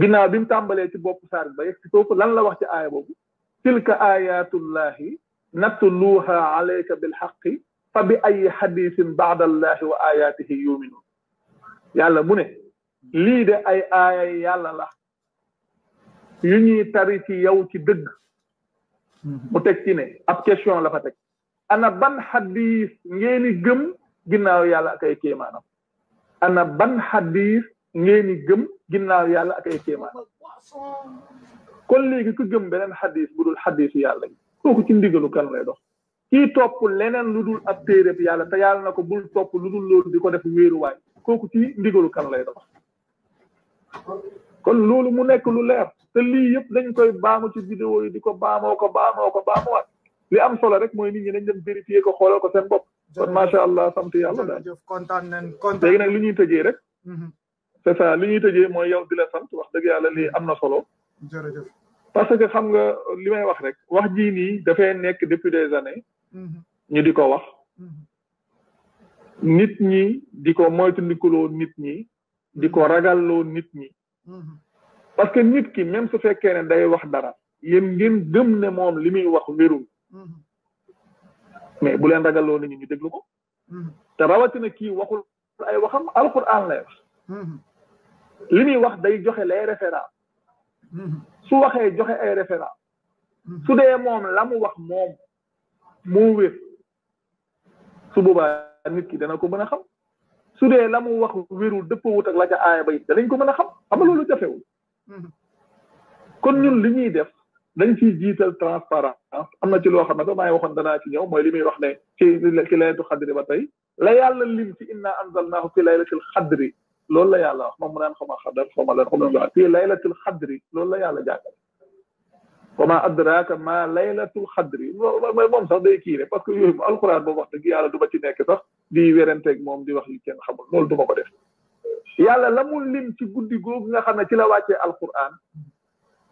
ginnaaw bi mu tàmbalee ci bopp saar ba yegg si foofu lan la wax ci aaya boobu tilka ayatullahi nattuluha alayka bilxaqi fa bi ay xadisin baada allahi wa ayaatihi yuminun yàlla mu ne lii de ay aaya yàlla la yu ñuy tari ci yow ci dëgg mu teg ci ne ab question la fa teg ana ban xadis ngeeni gëm ginnaaw yàlla akay ay kéemaanam ana ban xadis ngeeni gëm ginnaaw yàlla ak ay kéemaanam kon léegi ku gëm beneen xadis bu dul xadisu yàlla yi kooku ci ndigalu kan lay kii topp leneen lu dul ab téereb yàlla te yàlla na ko bul topp lu dul loolu di ko def wéeruwaay kooku ci ndigalu kan lay dox kon loolu mu nekk lu leer te lii yëpp dañ koy baamu ci vidéo yi di ko baamoo ko baamoo ko baamuwaat li am solo rek mooy nit ñi dañ dem vérifier ko xoolal ko seen bopp kon macha allah sant yàlla daal léegi nag li ñuy tëjee rek mm-hmm. c'est ça li ñuy tëjee mooy yow di la sant wax dëgg yàlla lii am na solo jërëjëf parce que xam nga li may wax rek wax jii nii dafay nekk depuis des années ñu di ko wax nit ñi di ko moytandikuloo nit ñi di ko ragalloo nit ñi parce que nit ki même su fekkee ne day wax dara yéen ngeen dëm ne moom li muy wax wérul mais bu leen ragalloo nit ñi ñu déglu ko te rawatina kii waxul ay waxam alquran lay wax li muy wax day joxe lay référence su waxee joxe ay référence su dee moom la mu wax moom mo wér su boobaa nit ki dana ko mën a xam su dee la mu wax wérul dëppoowut ak la ca aaya ba it danañ ko mën a xam xam nga loolu jafewul kon ñun li ñuy def dañ ciy jiital transparence am na ci loo xam ne sax maa ngi waxoon danaa ci ñëw mooy li muy wax ne ci ci laylatul xadri ba tey la yàlla lim ci inna anzalnahu fi laylatil xadri loolu la yàlla wax moom mu naan xama xadar xama lan xama lan ci laylatil xadri loolu la yàlla jàngale وما ادراك ما ليله القدر ما صاح داي كيري باسكو يوم القران بو واخ دغ يالا دوما تي نيك صاح دي ويرنتك موم دي واخ لي كين خم لول دوما كو ديف يالا لامول لين تي غودي غوغ nga xamne ci القران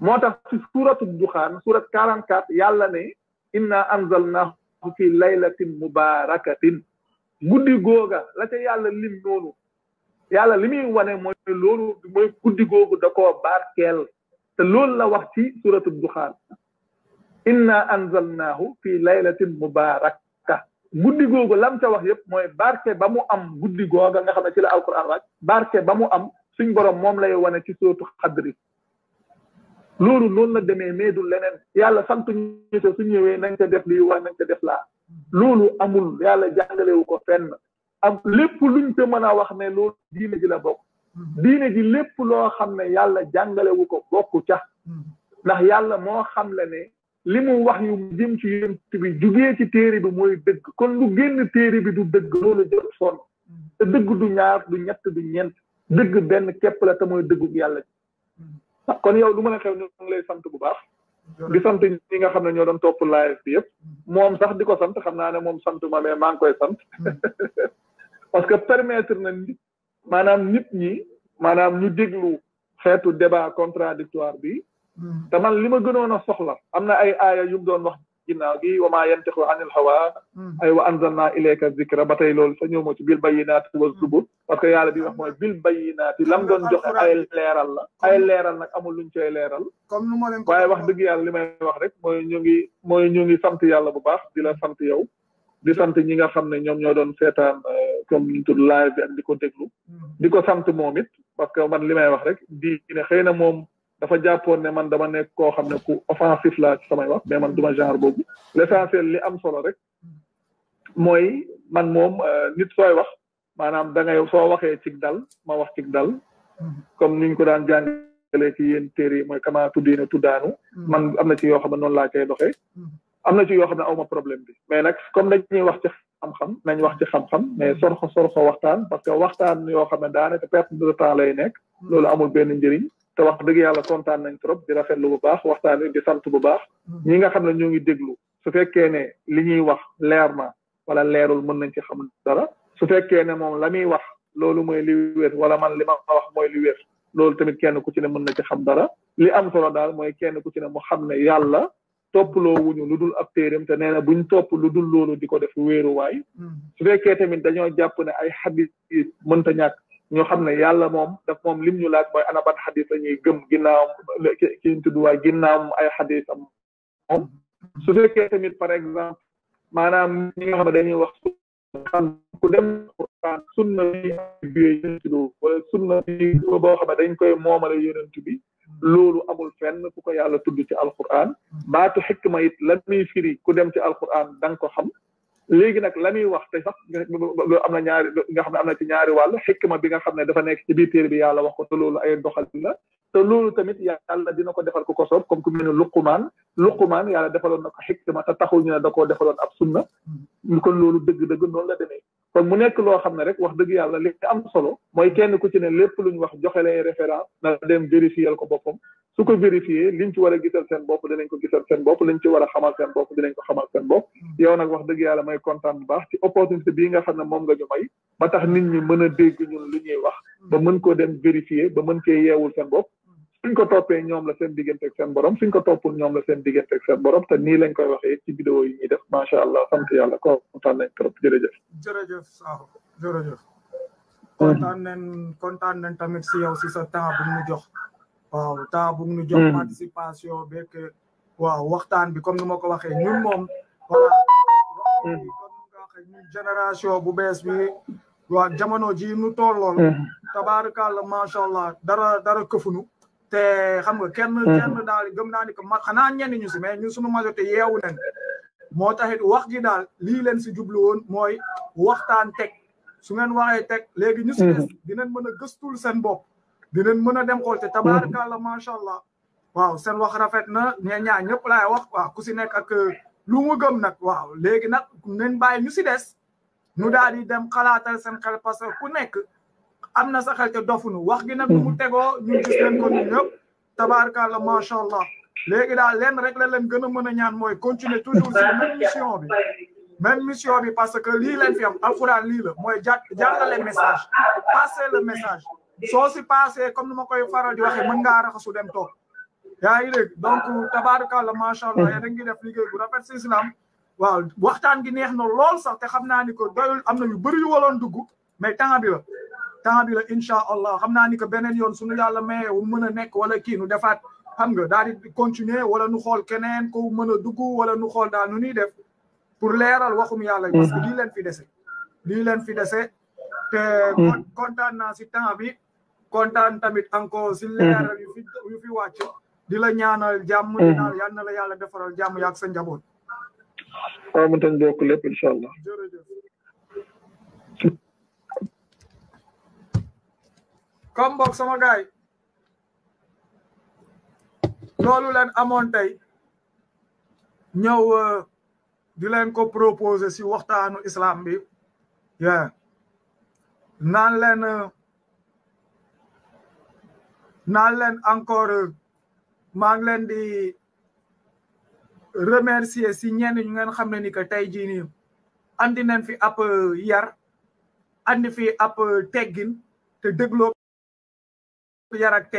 motax ci سوره الدخان سوره 44 يالا ني inna anzalnahu fi laylatin mubarakatin gudi goga la ca yalla lim nonu yalla limi woné moy lolu moy gudi gogu dako barkel te loolu la wax ci suratu duxaan inna anzalnaahu fi laylatin mubaraka guddi googu lam ca wax yépp mooy barke ba mu am guddi googa nga xam ne ci la alquran waaj barke ba mu am suñ borom moom lay wane ci suratu xadri loolu noonu la demee mais du leneen yàlla sant ñu te su ñëwee nañ ca def lii wax nañ ca def laa loolu amul yàlla jàngalewu ko fenn am lépp luñ ca mën a wax ne loolu diine ji la bokk Mm-hmm. diine ji lépp loo xam ne yàlla jàngalewu ko bokk ca mm-hmm. ndax yàlla moo xam le ne li mu wax ñu jëm ci yonent bi ci téere bi mooy dëgg kon lu génn téere bi du dëgg loolu jëm sonn mm-hmm. te dëgg du ñaar du ñett du ñeent dëgg benn képp la te mooy dëggug yàlla ji ah, kon yow lu mën a xew ñu ngi lay sant bu baax di sant ñi nga xam ne ñoo doon topp live bi yëpp moom sax di ko sant xam naa ne moom sant ma mais maa ngi koy sant parce que permettre na nit maanaam nit ñi maanaam ñu déglu xeetu débat contradictoire bi hmm. te man li ma gënoon a soxla am na ay aaya yu doon wax ginnaaw gi wa maa yantiqu anil wa hmm. ay wa anzalna ilayka zikra ba tey loolu sa ñëw moo ci bil bayyinaati wa zubur parce que yàlla bi wax mooy bil bayyinaati lam doon joxe ay leeral la ay leeral nag amul luñ koy leeral comme nu ma leen waaye wax dëgg yàlla li may wax rek mooy ñu ngi mooy ñu ngi sant yàlla bu baax di la sant yow di sant ñi nga xam ne ñoom ñoo doon seetaan euh, comme ñu tudd live bi ak di ko déglu mm-hmm. di ko sant moom it parce que man li may wax rek di ne xëy na moom dafa jàppoon ne man dama nekk koo xam ne ku offensif laa ci samay wax mais man duma genre boobu l'essentiel li am solo rek mooy man moom euh, nit sooy wax maanaam da ngay soo waxee cig dal ma wax cig dal mm-hmm. comme niñ ko daan jàngalee ci yéen téere yi mooy kama tuddiina tuddaanu mm-hmm. man am na ci yoo xam ne noonu laa koy doxee am na ci yoo xam ne aw ma problème bi mais nag comme dañuy wax ci xam-xam nañ wax ci xam-xam mais hmm. sorxo sorxo waxtaan parce que waxtaan yoo xam ne daanaka perte de temps lay nekk hmm. loolu amul benn njëriñ te wax dëgg yàlla kontaan nañ trop di rafetlu bu baax waxtaan wi di sant bu baax hmm. ñi nga xam ne ñoo ngi déglu su fekkee ne li ñuy wax leer na wala leerul mën nañ ci xam dara su fekkee ne moom la muy wax loolu mooy li wér wala man li ma wax mooy li wér loolu tamit kenn ku ci ne mën na ci xam dara li am solo daal mooy kenn ku ci ne mu xam ne yàlla topploo wuñu lu dul ab téeram te nee na buñ topp lu dul loolu di ko def wéeruwaay hmm. su fekkee tamit dañoo jàpp ne ay xadis mënta ñàkk ñoo xam ne yàlla moom daf moom lim ñu laaj mooy ana ban xadis la ñuy gëm ginnaaw kiñ tudd waay ginnaaw ay xadis am moom su fekkee tamit par exemple maanaam ñi nga xam ne dañuy wax xam ku dem quran sunna bi biyee yonent bi wala boo xam ne dañ koy moomale yonent bi loolu amul fenn ku ko yàlla tudd ci alquran baatu xikma it la muy firi ku dem ci alquran da dang ko xam léegi nag la muy wax te sax am na ñaari nga xam ne am na ci ñaari wàll xikma bi nga xam ne dafa nekk ci biir téere bi yàlla wax ko te loolu ay doxalin la te loolu tamit yàlla dina ko defal ku ko soob comme ku mel ne luqumaan luqumaan yàlla defaloon na ko xikma te taxul ñu ne da koo defaloon ab sunna kon loolu dëgg-dëgg noonu la demee kon mu nekk loo xam ne rek wax dëgg yàlla li am solo mooy kenn ku ci ne lépp lu ñu wax joxele lay référence na dem vérifier ko boppam su ko vérifier liñ ci war a gisal seen bopp dinañ ko gisal seen bopp liñ ci war a xamal seen bopp dinañ ko xamal seen bopp yow nag wax dëgg yàlla may kontaan bu baax ci opportunité bii nga xam ne moom nga ñu may ba tax nit ñi mën a dégg ñun lu ñuy wax ba mën koo dem vérifier ba mën cee yeewul seen bopp suñ ko toppee ñoom la seen diggante ak seen borom suñ ko toppul ñoom la seen diggante ak seen borom te nii lañ koy waxee ci vidéo yi ñuy def macha allah sant yàlla ko kontaan nañ trop jërëjëf. jërëjëf Sakho jërëjëf. kontaan nañ kontaan nañ tamit si yow si sa temps bu ñu jox waaw temps bu ñu jox. Hmm. participation beeg waaw waxtaan bi comme ni ma ko waxee ñun moom voilà. Hmm. comme nga waxee ñun génération bu bees bi. waaw jamono ji nu toll lool. Hmm. tabaarkàlla macha allah dara dara këfunu. te xam nga kenn hmm. kenn daal gëm naa ni ko ma xanaa ñenn ñu si mais ñun suñu majorité yeewu nañ moo taxit wax gi daal lii leen si jublu woon mooy waxtaan teg su ngeen waxee teg léegi ñu si hmm. des dinañ mën a gëstul seen bopp dinañ mën a dem xool te tabaarkàlla hmm. macha allah waaw seen wax rafet na ñe ñëpp laay wax waaw ku si nekk ak euh, lu mu gëm nag waaw léegi nag nañ bàyyi ñu si des ñu daal di dem xalaatal seen xel parce ku nekk am na sa xel te dofunu wax gi nag nu mu tegoo ñun gis leen ko ñun ñëpp allah léegi daal leen rek la leen gën a mën a ñaan mooy continuer toujours si même mission bi même mission bi parce que lii leen fi am alxuraan lii la mooy jà jàllale message passer le message soo si passé comme ni ma koy faral di waxee mën ngaa raxasu dem toog yaa ngi dégg donc tabaarkàlla macha allah yéen a ngi def liggéey bu rafet si islam waaw waxtaan gi neex na lool sax te xam naa ni ko doyul am na yu bëri yu waloon mais temps bi la temps bi la allah xam na ni que beneen yoon suñu yàlla maye wu mën nekk wala kii u defaat xam nga daal di continuer wala nu xool keneen ko mën a dugg wala nu xool daal nu ñuy def pour leeral waxum yàlla parce que leen fi dese lii leen fi dese te mm. kontaan naa si temps bi kontaan tamit encore si leeral yu fi yu di la ñaanal jàmm di naan mm. na la yàlla defaral jàmm yaag sa njaboot waaw mu tan bokk lépp incha allah comme bok sama gay lolou len amone tay ñew euh, di len ko proposer si waxtanu islam bi ya, nan len euh, nan len encore euh, ma ngi len di remercier si ñen ñu ngeen xam ni ka tay ji ni andi nañ fi app yar andi fi app teggin te ak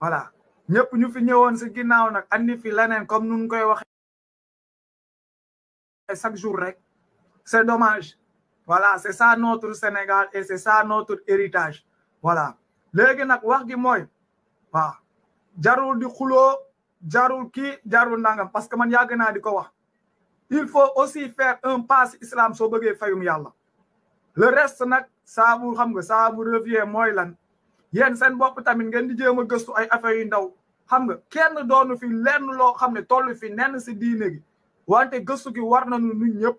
voilà ñëpp ñu fi ñëwoon si ginnaaw nak andi fi leneen comme nun koy waxe chaque jour rek c'est dommage voilà c'est ça notre Sénégal et c'est ça notre héritage voilà léegi nak wax gi moy wa jarul di xuloo jarul ki jarul nangam parce que man yàgg n'a di ko wax il faut aussi faire un pas islam so beugé fayum yalla le reste nak sa bu xam nga sa bu revient moy lan yeen seen bopp tamit ngeen di jéem a gëstu ay affaire yu ndaw xam nga kenn doonu fi lenn loo xam ne fi nenn si diine gi wante gëstu gi war nañu nyep, ñëpp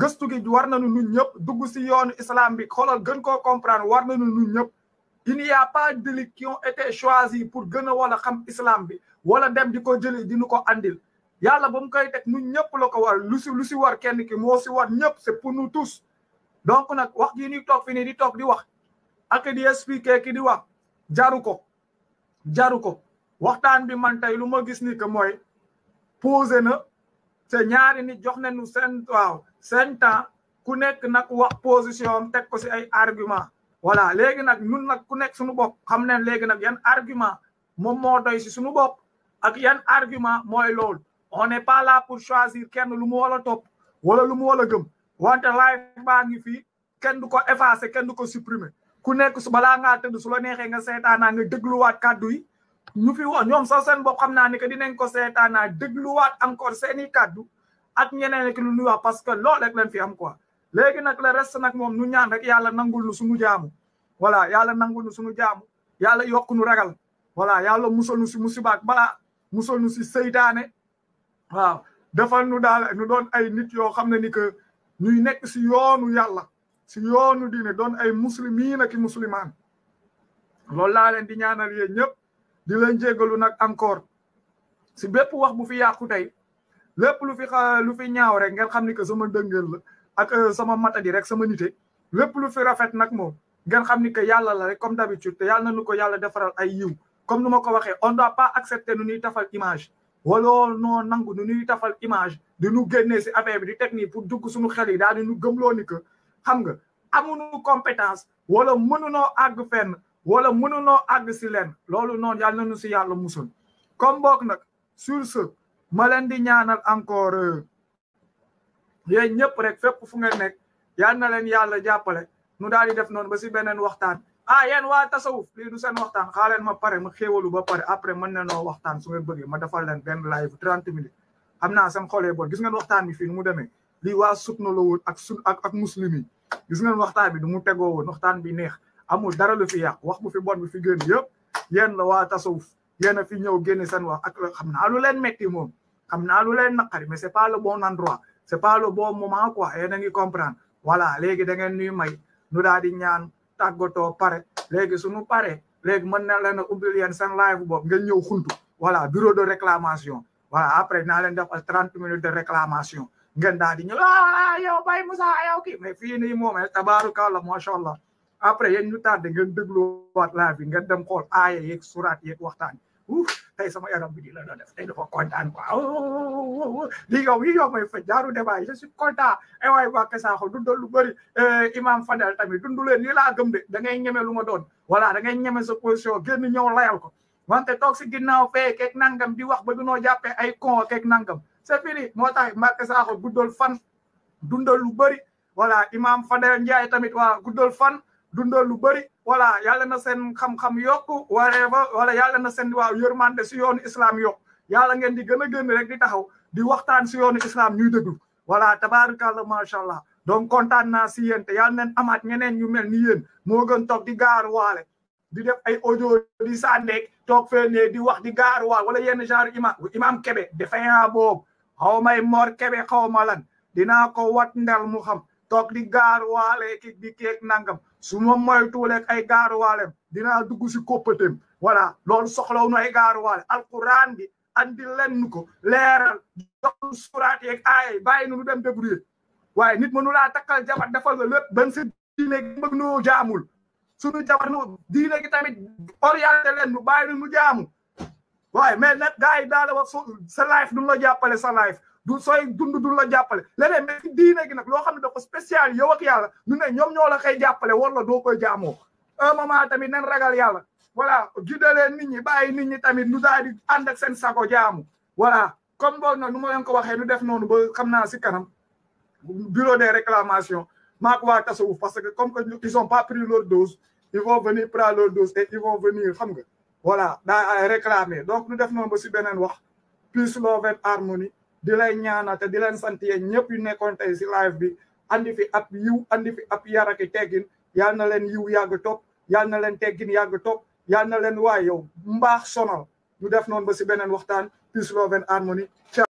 gëstu gi war nañu nun ñëpp dugg si yoonu islam bi xolal gën koo comprendre war nañu nun ñëpp il n'y a pas qui ont été choisis pour gën wala xam islam bi wala dem di ko jëli di nu ko andil yàlla ba mu koy teg nun ñëpp la ko war lu si lu si war kenn ki moo si war ñëpp c'est pour nous tous donc nag wax gi ñuy toog fi di toog di wax akidi expliqué ki di wax jaruko jaruko waxtan bi man tay luma gis ni ke moy poser na te ñaari ni jox nañu sen waw sen temps ku nek nak wax position tek ko ci ay argument voilà léegi nak ñun nak ku nek suñu bop xam yan argument mom mo doy si suñu bop ak yan argument moy lool on n'est pas là pour choisir kenn lu mu wala top wala lu mu wala gëm wante live baa ngi fii kenn du effacer kenn du supprimer ku nekk balaa ngaa tëdd su la neexee nga seetaanaa nga dégluwaat kàddu yi ñu fi wax ñoom sax seen bopp xam naa ni que dinañ ko seetaanaa dégluwaat encore seeni kàddu ak ñeneen ak lu ñuy wax parce que loolu rek lañ fi am quoi léegi nag le reste nag moom nu ñaan rek yàlla nangul nu suñu jaamu voilà yàlla nangul nu suñu jaamu yàlla yokk nu ragal voilà yàlla musal nu si musibaak balaa musal nu si seytaane waaw defal nu daal nu doon ay nit yoo xam ne ni que ñuy nekk si yoonu yàlla ci yoonu diine doon ay muslimina ki musliman lola la laa leen di ñaanal yéen ñep di leen jéggalu nak encore si bép wax bu fi yàqu tay lepp lu fi lu fi ñaaw rek ngeen xamni que sama dëngër la ak euh, sama di rek sama nite lepp lu fi rafet nak moom ngeen xamni que la rek comme d'habitude te yalla nañu ko yalla défaral ay yiw comme numa ko waxé on doit pas accepter nu ñuy tafal image wala no nangu nu ñuy tafal image di nu génnee si affaire bi di technique pour dugg suñu xel yi daal di nu gëmlo ni que xam nga amuñu compétence wala mënunoo àgg fenn wala mënunoo àgg si leen loolu noonu yàlla nañu si yàlla musul comme boog nag sur ce ma leen di ñaanal encore yéen ñëpp rek fépp fu ngeen nekk yal na leen yàlla jàppale nu daal def noonu ba si beneen waxtaan a yéen waa tasawuf lii du seen waxtaan xaaleen ma pare ma xewalu ba pare après mën na noo waxtaan su ngeen bëggee ma defal leen benn live 30 minutes xam naa seen xoolee bon gis ngeen waxtaan bi fii nu mu demee li wa sukna lo woon ak sun ak ak muslimi gis ngeen waxtan bi du mu tegoo woon bi neex amul dara lu fi yaq wax bu fi bon bi fi génn yeb yen la wa tasawuf yen fi ñew geene sen wax ak xamna lu len metti mom xamna lu len nakari mais c'est pas le bon endroit c'est pas le bon moment quoi yen ngi comprendre voilà léegi da ngeen nuy may nu daal ñaan tagoto pare legi suñu pare legi mën na la na ubbil yéen sen live bob nga ñew xuntu voilà bureau de réclamation voilà après na leen def 30 minutes de réclamation ngeen daal di ñëw ah yow Baye Moussa yow kii mais fii nii moom tabaarukallah macha allah après yéen ñu tardé ngeen dégluwaat laa bi ngeen dem xool aaya yeeg suraat yeeg waxtaan wi tey sama yaram bi di la doon def tey dafa kontaan quoi lii yow yi yow may fa jaaru débat yi je suis content ay waay Mbacké Sakho dundal lu bëri imam Fadel tamit dundu leen nii laa gëm de da ngay lu ma doon voilà da ngay ñeme sa position génn ñëw layal ko wante toog si ginnaaw fee keeg nangam di wax ba dunoo jàppee ay kon keeg nangam c'est fini moo tax Mbacké Sakho guddal fan dundal lu bëri voilà imam Fadel Ndiaye tamit waa guddal fan dundal lu bëri voilà yàlla na seen xam-xam yokku wala yàlla na seen waaw yërmande si yoonu islam yokku yàlla ngeen di gën a gën rek di taxaw di waxtaan si yoonu islam ñuy wala voilà tabaarkalla macha allah don kontaan naa si yéen te yàlla nañ amaat ñeneen ñu mel ni yéen moo gën toog di gaar waale di def ay audio di sànneeg toog fee ne di wax di gaar waal wala yenn genre imam imam Kebe defe naa boobu. xaw may Mor Kébé xaw ma lan dinaa ko wat ndel mu xam toog di gaaruwaale ki di keeg nangam su ma moytuwuleeg ay gaaruwaaleem dinaa dugg si koppateem voilà loolu soxlaw nu ay gaaruwaale alquran bi andi lenn ko leeral jox suraat yeeg aayay bàyyi nu nu dem débrouiller waaye nit mënu laa takkal jabar defal la lépp ban si diine gi bëgg noo jaamul suñu jabar nu diine gi tamit orienté leen nu bàyyi nu nu jaamu waaye mais nag gars yi daa la wax sa life duñu la jàppale sa life du sooy dund la jàppale leneen mais ci diine gi nag loo xam ne dafa spécial yow ak yàlla ne ñoom ñoo la koy jàppale war la doo koy jaamoo un moment tamit nen ragal yàlla voilà giddaleen nit ñi bàyyi nit ñi tamit nu daal di ànd seen sago jaamu wala comme boog nag nu ma leen ko waxee nu def noonu ba xam naa si kanam bureau des réclamations maa ko waa tasawuf parce que comme que ils ont pas pris leur dose ils vont venir prendre leur xam nga voilà daa réclamer donc nu def noonu ba si beneen wax peace love and harmony di lay ñaanal te di leen sant yéen ñëpp yu nekkoon tey si live bi andi fi ab yiw andi fi ab yaraki teggin yal na leen yiw yàgg topp yal na leen teggin yàgg topp yal na leen waay yow mbaax sonal ñu def noonu ba si beneen waxtaan peace love and